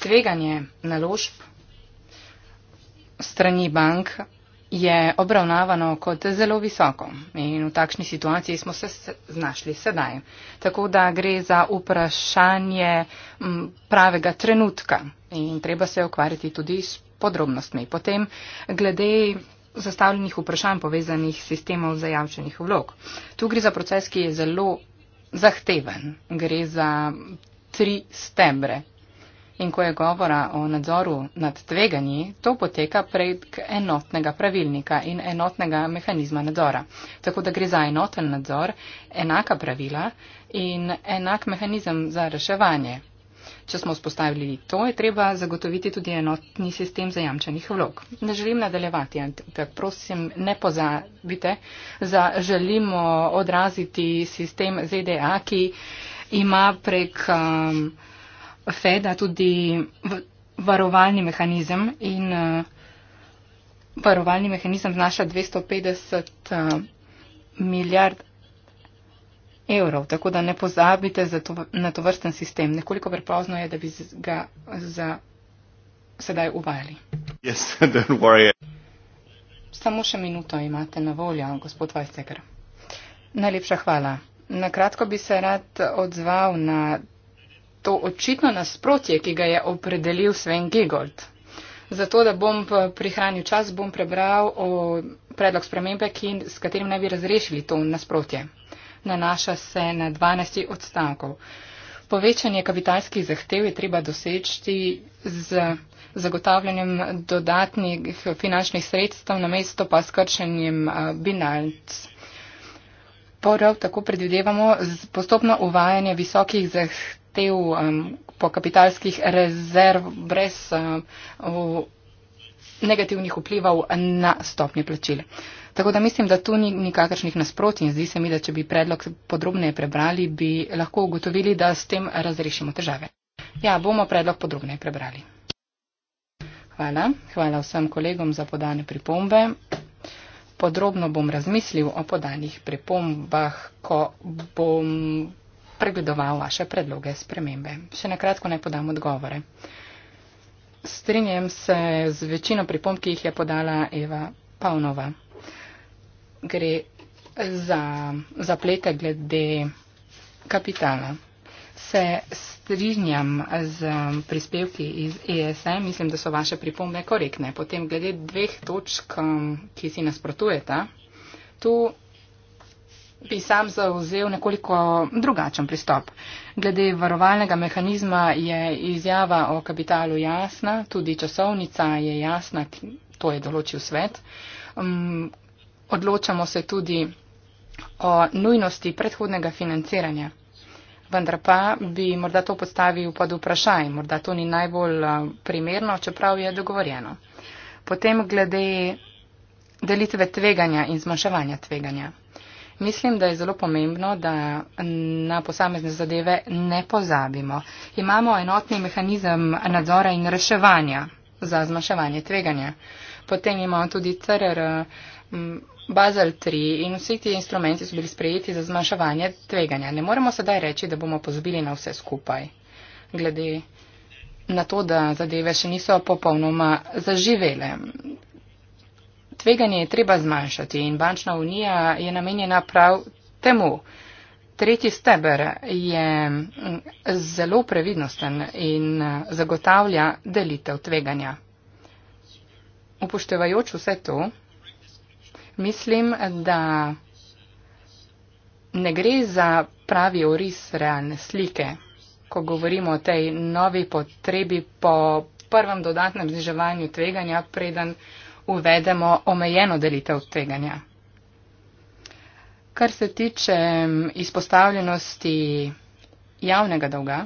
Tveganje naložb strani bank je obravnavano kot zelo visoko in v takšni situaciji smo se znašli sedaj. Tako da gre za vprašanje pravega trenutka in treba se ukvarjati tudi s podrobnostmi. Potem glede zastavljenih vprašanj povezanih s sistemom zajavčenih vlog. Tu gre za proces, ki je zelo zahteven. Gre za tri stebre In ko je govora o nadzoru nad tveganji, to poteka prek enotnega pravilnika in enotnega mehanizma nadzora. Tako da gre za enoten nadzor, enaka pravila in enak mehanizem za reševanje. Če smo spostavili to, je treba zagotoviti tudi enotni sistem zajamčenih vlog. Ne želim nadaljevati, ampak prosim, ne pozabite, da želimo odraziti sistem ZDA, ki ima prek. Um, feda tudi varovalni mehanizem in uh, varovalni mehanizem znaša 250 uh, eh, milijard evrov, tako da ne pozabite to, na to vrsten sistem. Nekoliko prepozno je, da bi ga za sedaj uvajali. Yes, Samo še minuto imate na voljo, gospod Vajceger. Najlepša hvala. Na kratko bi se rad odzval na to očitno nasprotje, ki ga je opredelil Sven Gigold. Zato, da bom prihranil čas, bom prebral o predlog spremembe, ki, s katerim naj bi razrešili to nasprotje. Nanaša se na 12 odstavkov. Povečanje kapitalskih zahtev je treba doseči z zagotavljanjem dodatnih finančnih sredstev, na mesto pa skrčenjem binarc. Porov tako predvidevamo postopno uvajanje visokih zahtev te v um, po kapitalskih rezerv brez um, negativnih vplivov na stopnje plačile. Tako da mislim, da tu ni nikakršnih nasprotij in zdi se mi, da če bi predlog podrobneje prebrali, bi lahko ugotovili, da s tem razrešimo težave. Ja, bomo predlog podrobneje prebrali. Hvala. Hvala vsem kolegom za podane pripombe. Podrobno bom razmislil o podanih pripombah, ko bom pregledoval vaše predloge spremembe. Še na kratko naj podam odgovore. Strinjam se z večino pripomb, ki jih je podala Eva Pavnova. Gre za zaplete glede kapitala. Se strinjam z prispevki iz ESE, mislim, da so vaše pripombe korektne. Potem glede dveh točk, ki si nasprotujeta, tu bi sam zauzel nekoliko drugačen pristop. Glede varovalnega mehanizma je izjava o kapitalu jasna, tudi časovnica je jasna, to je določil svet. Um, odločamo se tudi o nujnosti predhodnega financiranja. Vendar pa bi morda to postavil pod vprašaj, morda to ni najbolj uh, primerno, čeprav je dogovorjeno. Potem glede delitve tveganja in zmanjševanja tveganja. Mislim, da je zelo pomembno, da na posamezne zadeve ne pozabimo. Imamo enotni mehanizem nadzora in reševanja za zmaševanje tveganja. Potem imamo tudi TRR, Bazel 3 in vsi ti instrumenti so bili sprejeti za zmaševanje tveganja. Ne moremo sedaj reči, da bomo pozabili na vse skupaj, glede na to, da zadeve še niso popolnoma zaživele tveganje je treba zmanjšati in bančna unija je namenjena prav temu. Tretji steber je mm, zelo previdnosten in eh, zagotavlja delitev tveganja. Upoštevajoč vse to, mislim, da ne gre za pravi oris realne slike, ko govorimo o tej novi potrebi po prvem dodatnem zniževanju tveganja, preden uvedemo omejeno delitev tveganja. Kar se tiče izpostavljenosti javnega dolga,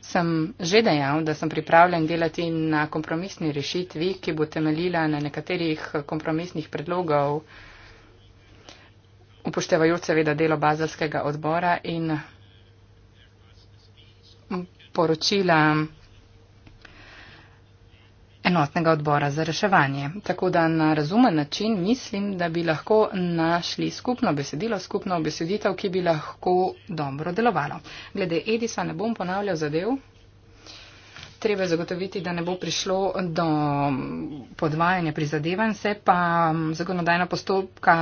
sem že dejal, da sem pripravljen delati na kompromisni rešitvi, ki bo temeljila na nekaterih kompromisnih predlogov, upoštevajoč seveda delo bazalskega odbora in poročila enotnega odbora za reševanje. Tako da na razumen način mislim, da bi lahko našli skupno besedilo, skupno beseditev, ki bi lahko dobro delovalo. Glede Edisa ne bom ponavljal zadev. Treba je zagotoviti, da ne bo prišlo do podvajanja prizadevanj, se pa mm, zakonodajna postopka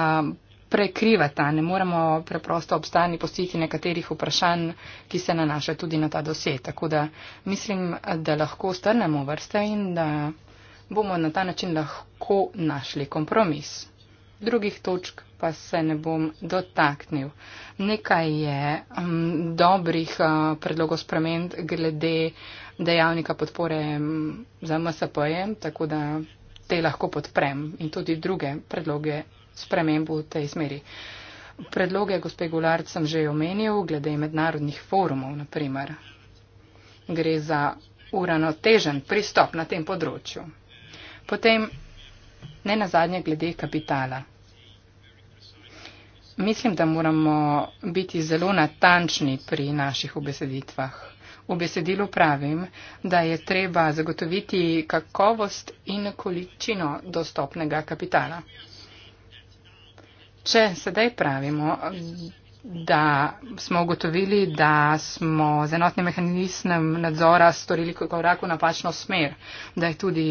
prekrivata, ne moremo preprosto obstani postiti nekaterih vprašanj, ki se nanaša tudi na ta dose. Tako da mislim, da lahko strnemo vrste in da bomo na ta način lahko našli kompromis. Drugih točk pa se ne bom dotaknil. Nekaj je um, dobrih uh, predlogov sprememb glede dejavnika podpore mm, za MSP-je, tako da te lahko podprem in tudi druge predloge spremembo v tej smeri. Predloge gospe Gulard sem že omenil, glede mednarodnih forumov, naprimer. Gre za uranotežen pristop na tem področju. Potem, ne nazadnje, glede kapitala. Mislim, da moramo biti zelo natančni pri naših obeseditvah. V besedilu pravim, da je treba zagotoviti kakovost in količino dostopnega kapitala. Če sedaj pravimo, da smo ugotovili, da smo z enotnim mehanizmom nadzora storili korak v napačno smer, da je tudi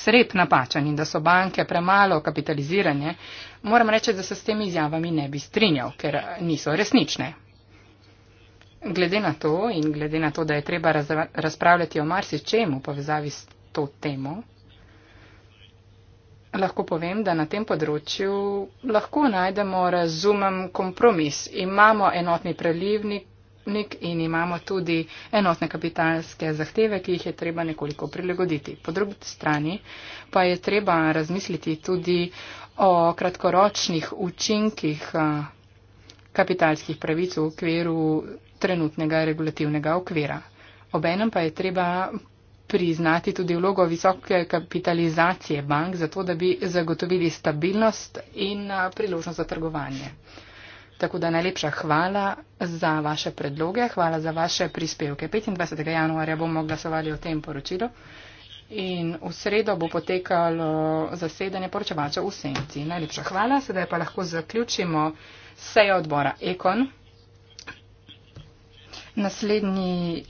srep napačen in da so banke premalo kapitalizirane, moram reči, da se s temi izjavami ne bi strinjal, ker niso resnične. Glede na to in glede na to, da je treba razpravljati o marsičem v povezavi s to temo, lahko povem, da na tem področju lahko najdemo razumem kompromis. Imamo enotni prelivnik in imamo tudi enotne kapitalske zahteve, ki jih je treba nekoliko prilagoditi. Po drugi strani pa je treba razmisliti tudi o kratkoročnih učinkih kapitalskih pravic v okviru trenutnega regulativnega okvira. Obenem pa je treba priznati tudi vlogo visoke kapitalizacije bank, zato da bi zagotovili stabilnost in priložnost za trgovanje. Tako da najlepša hvala za vaše predloge, hvala za vaše prispevke. 25. januarja bomo glasovali o tem poročilu in v sredo bo potekalo zasedanje poročevača v Senci. Najlepša hvala, sedaj pa lahko zaključimo sejo odbora Ekon. Naslednji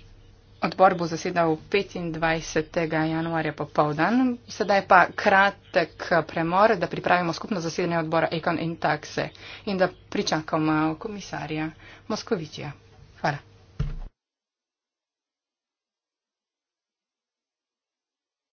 Odbor bo zasedal 25. januarja popovdan. Sedaj pa kratek premor, da pripravimo skupno zasedanje odbora Econ in Taxe in da pričakamo komisarja Moskovičija.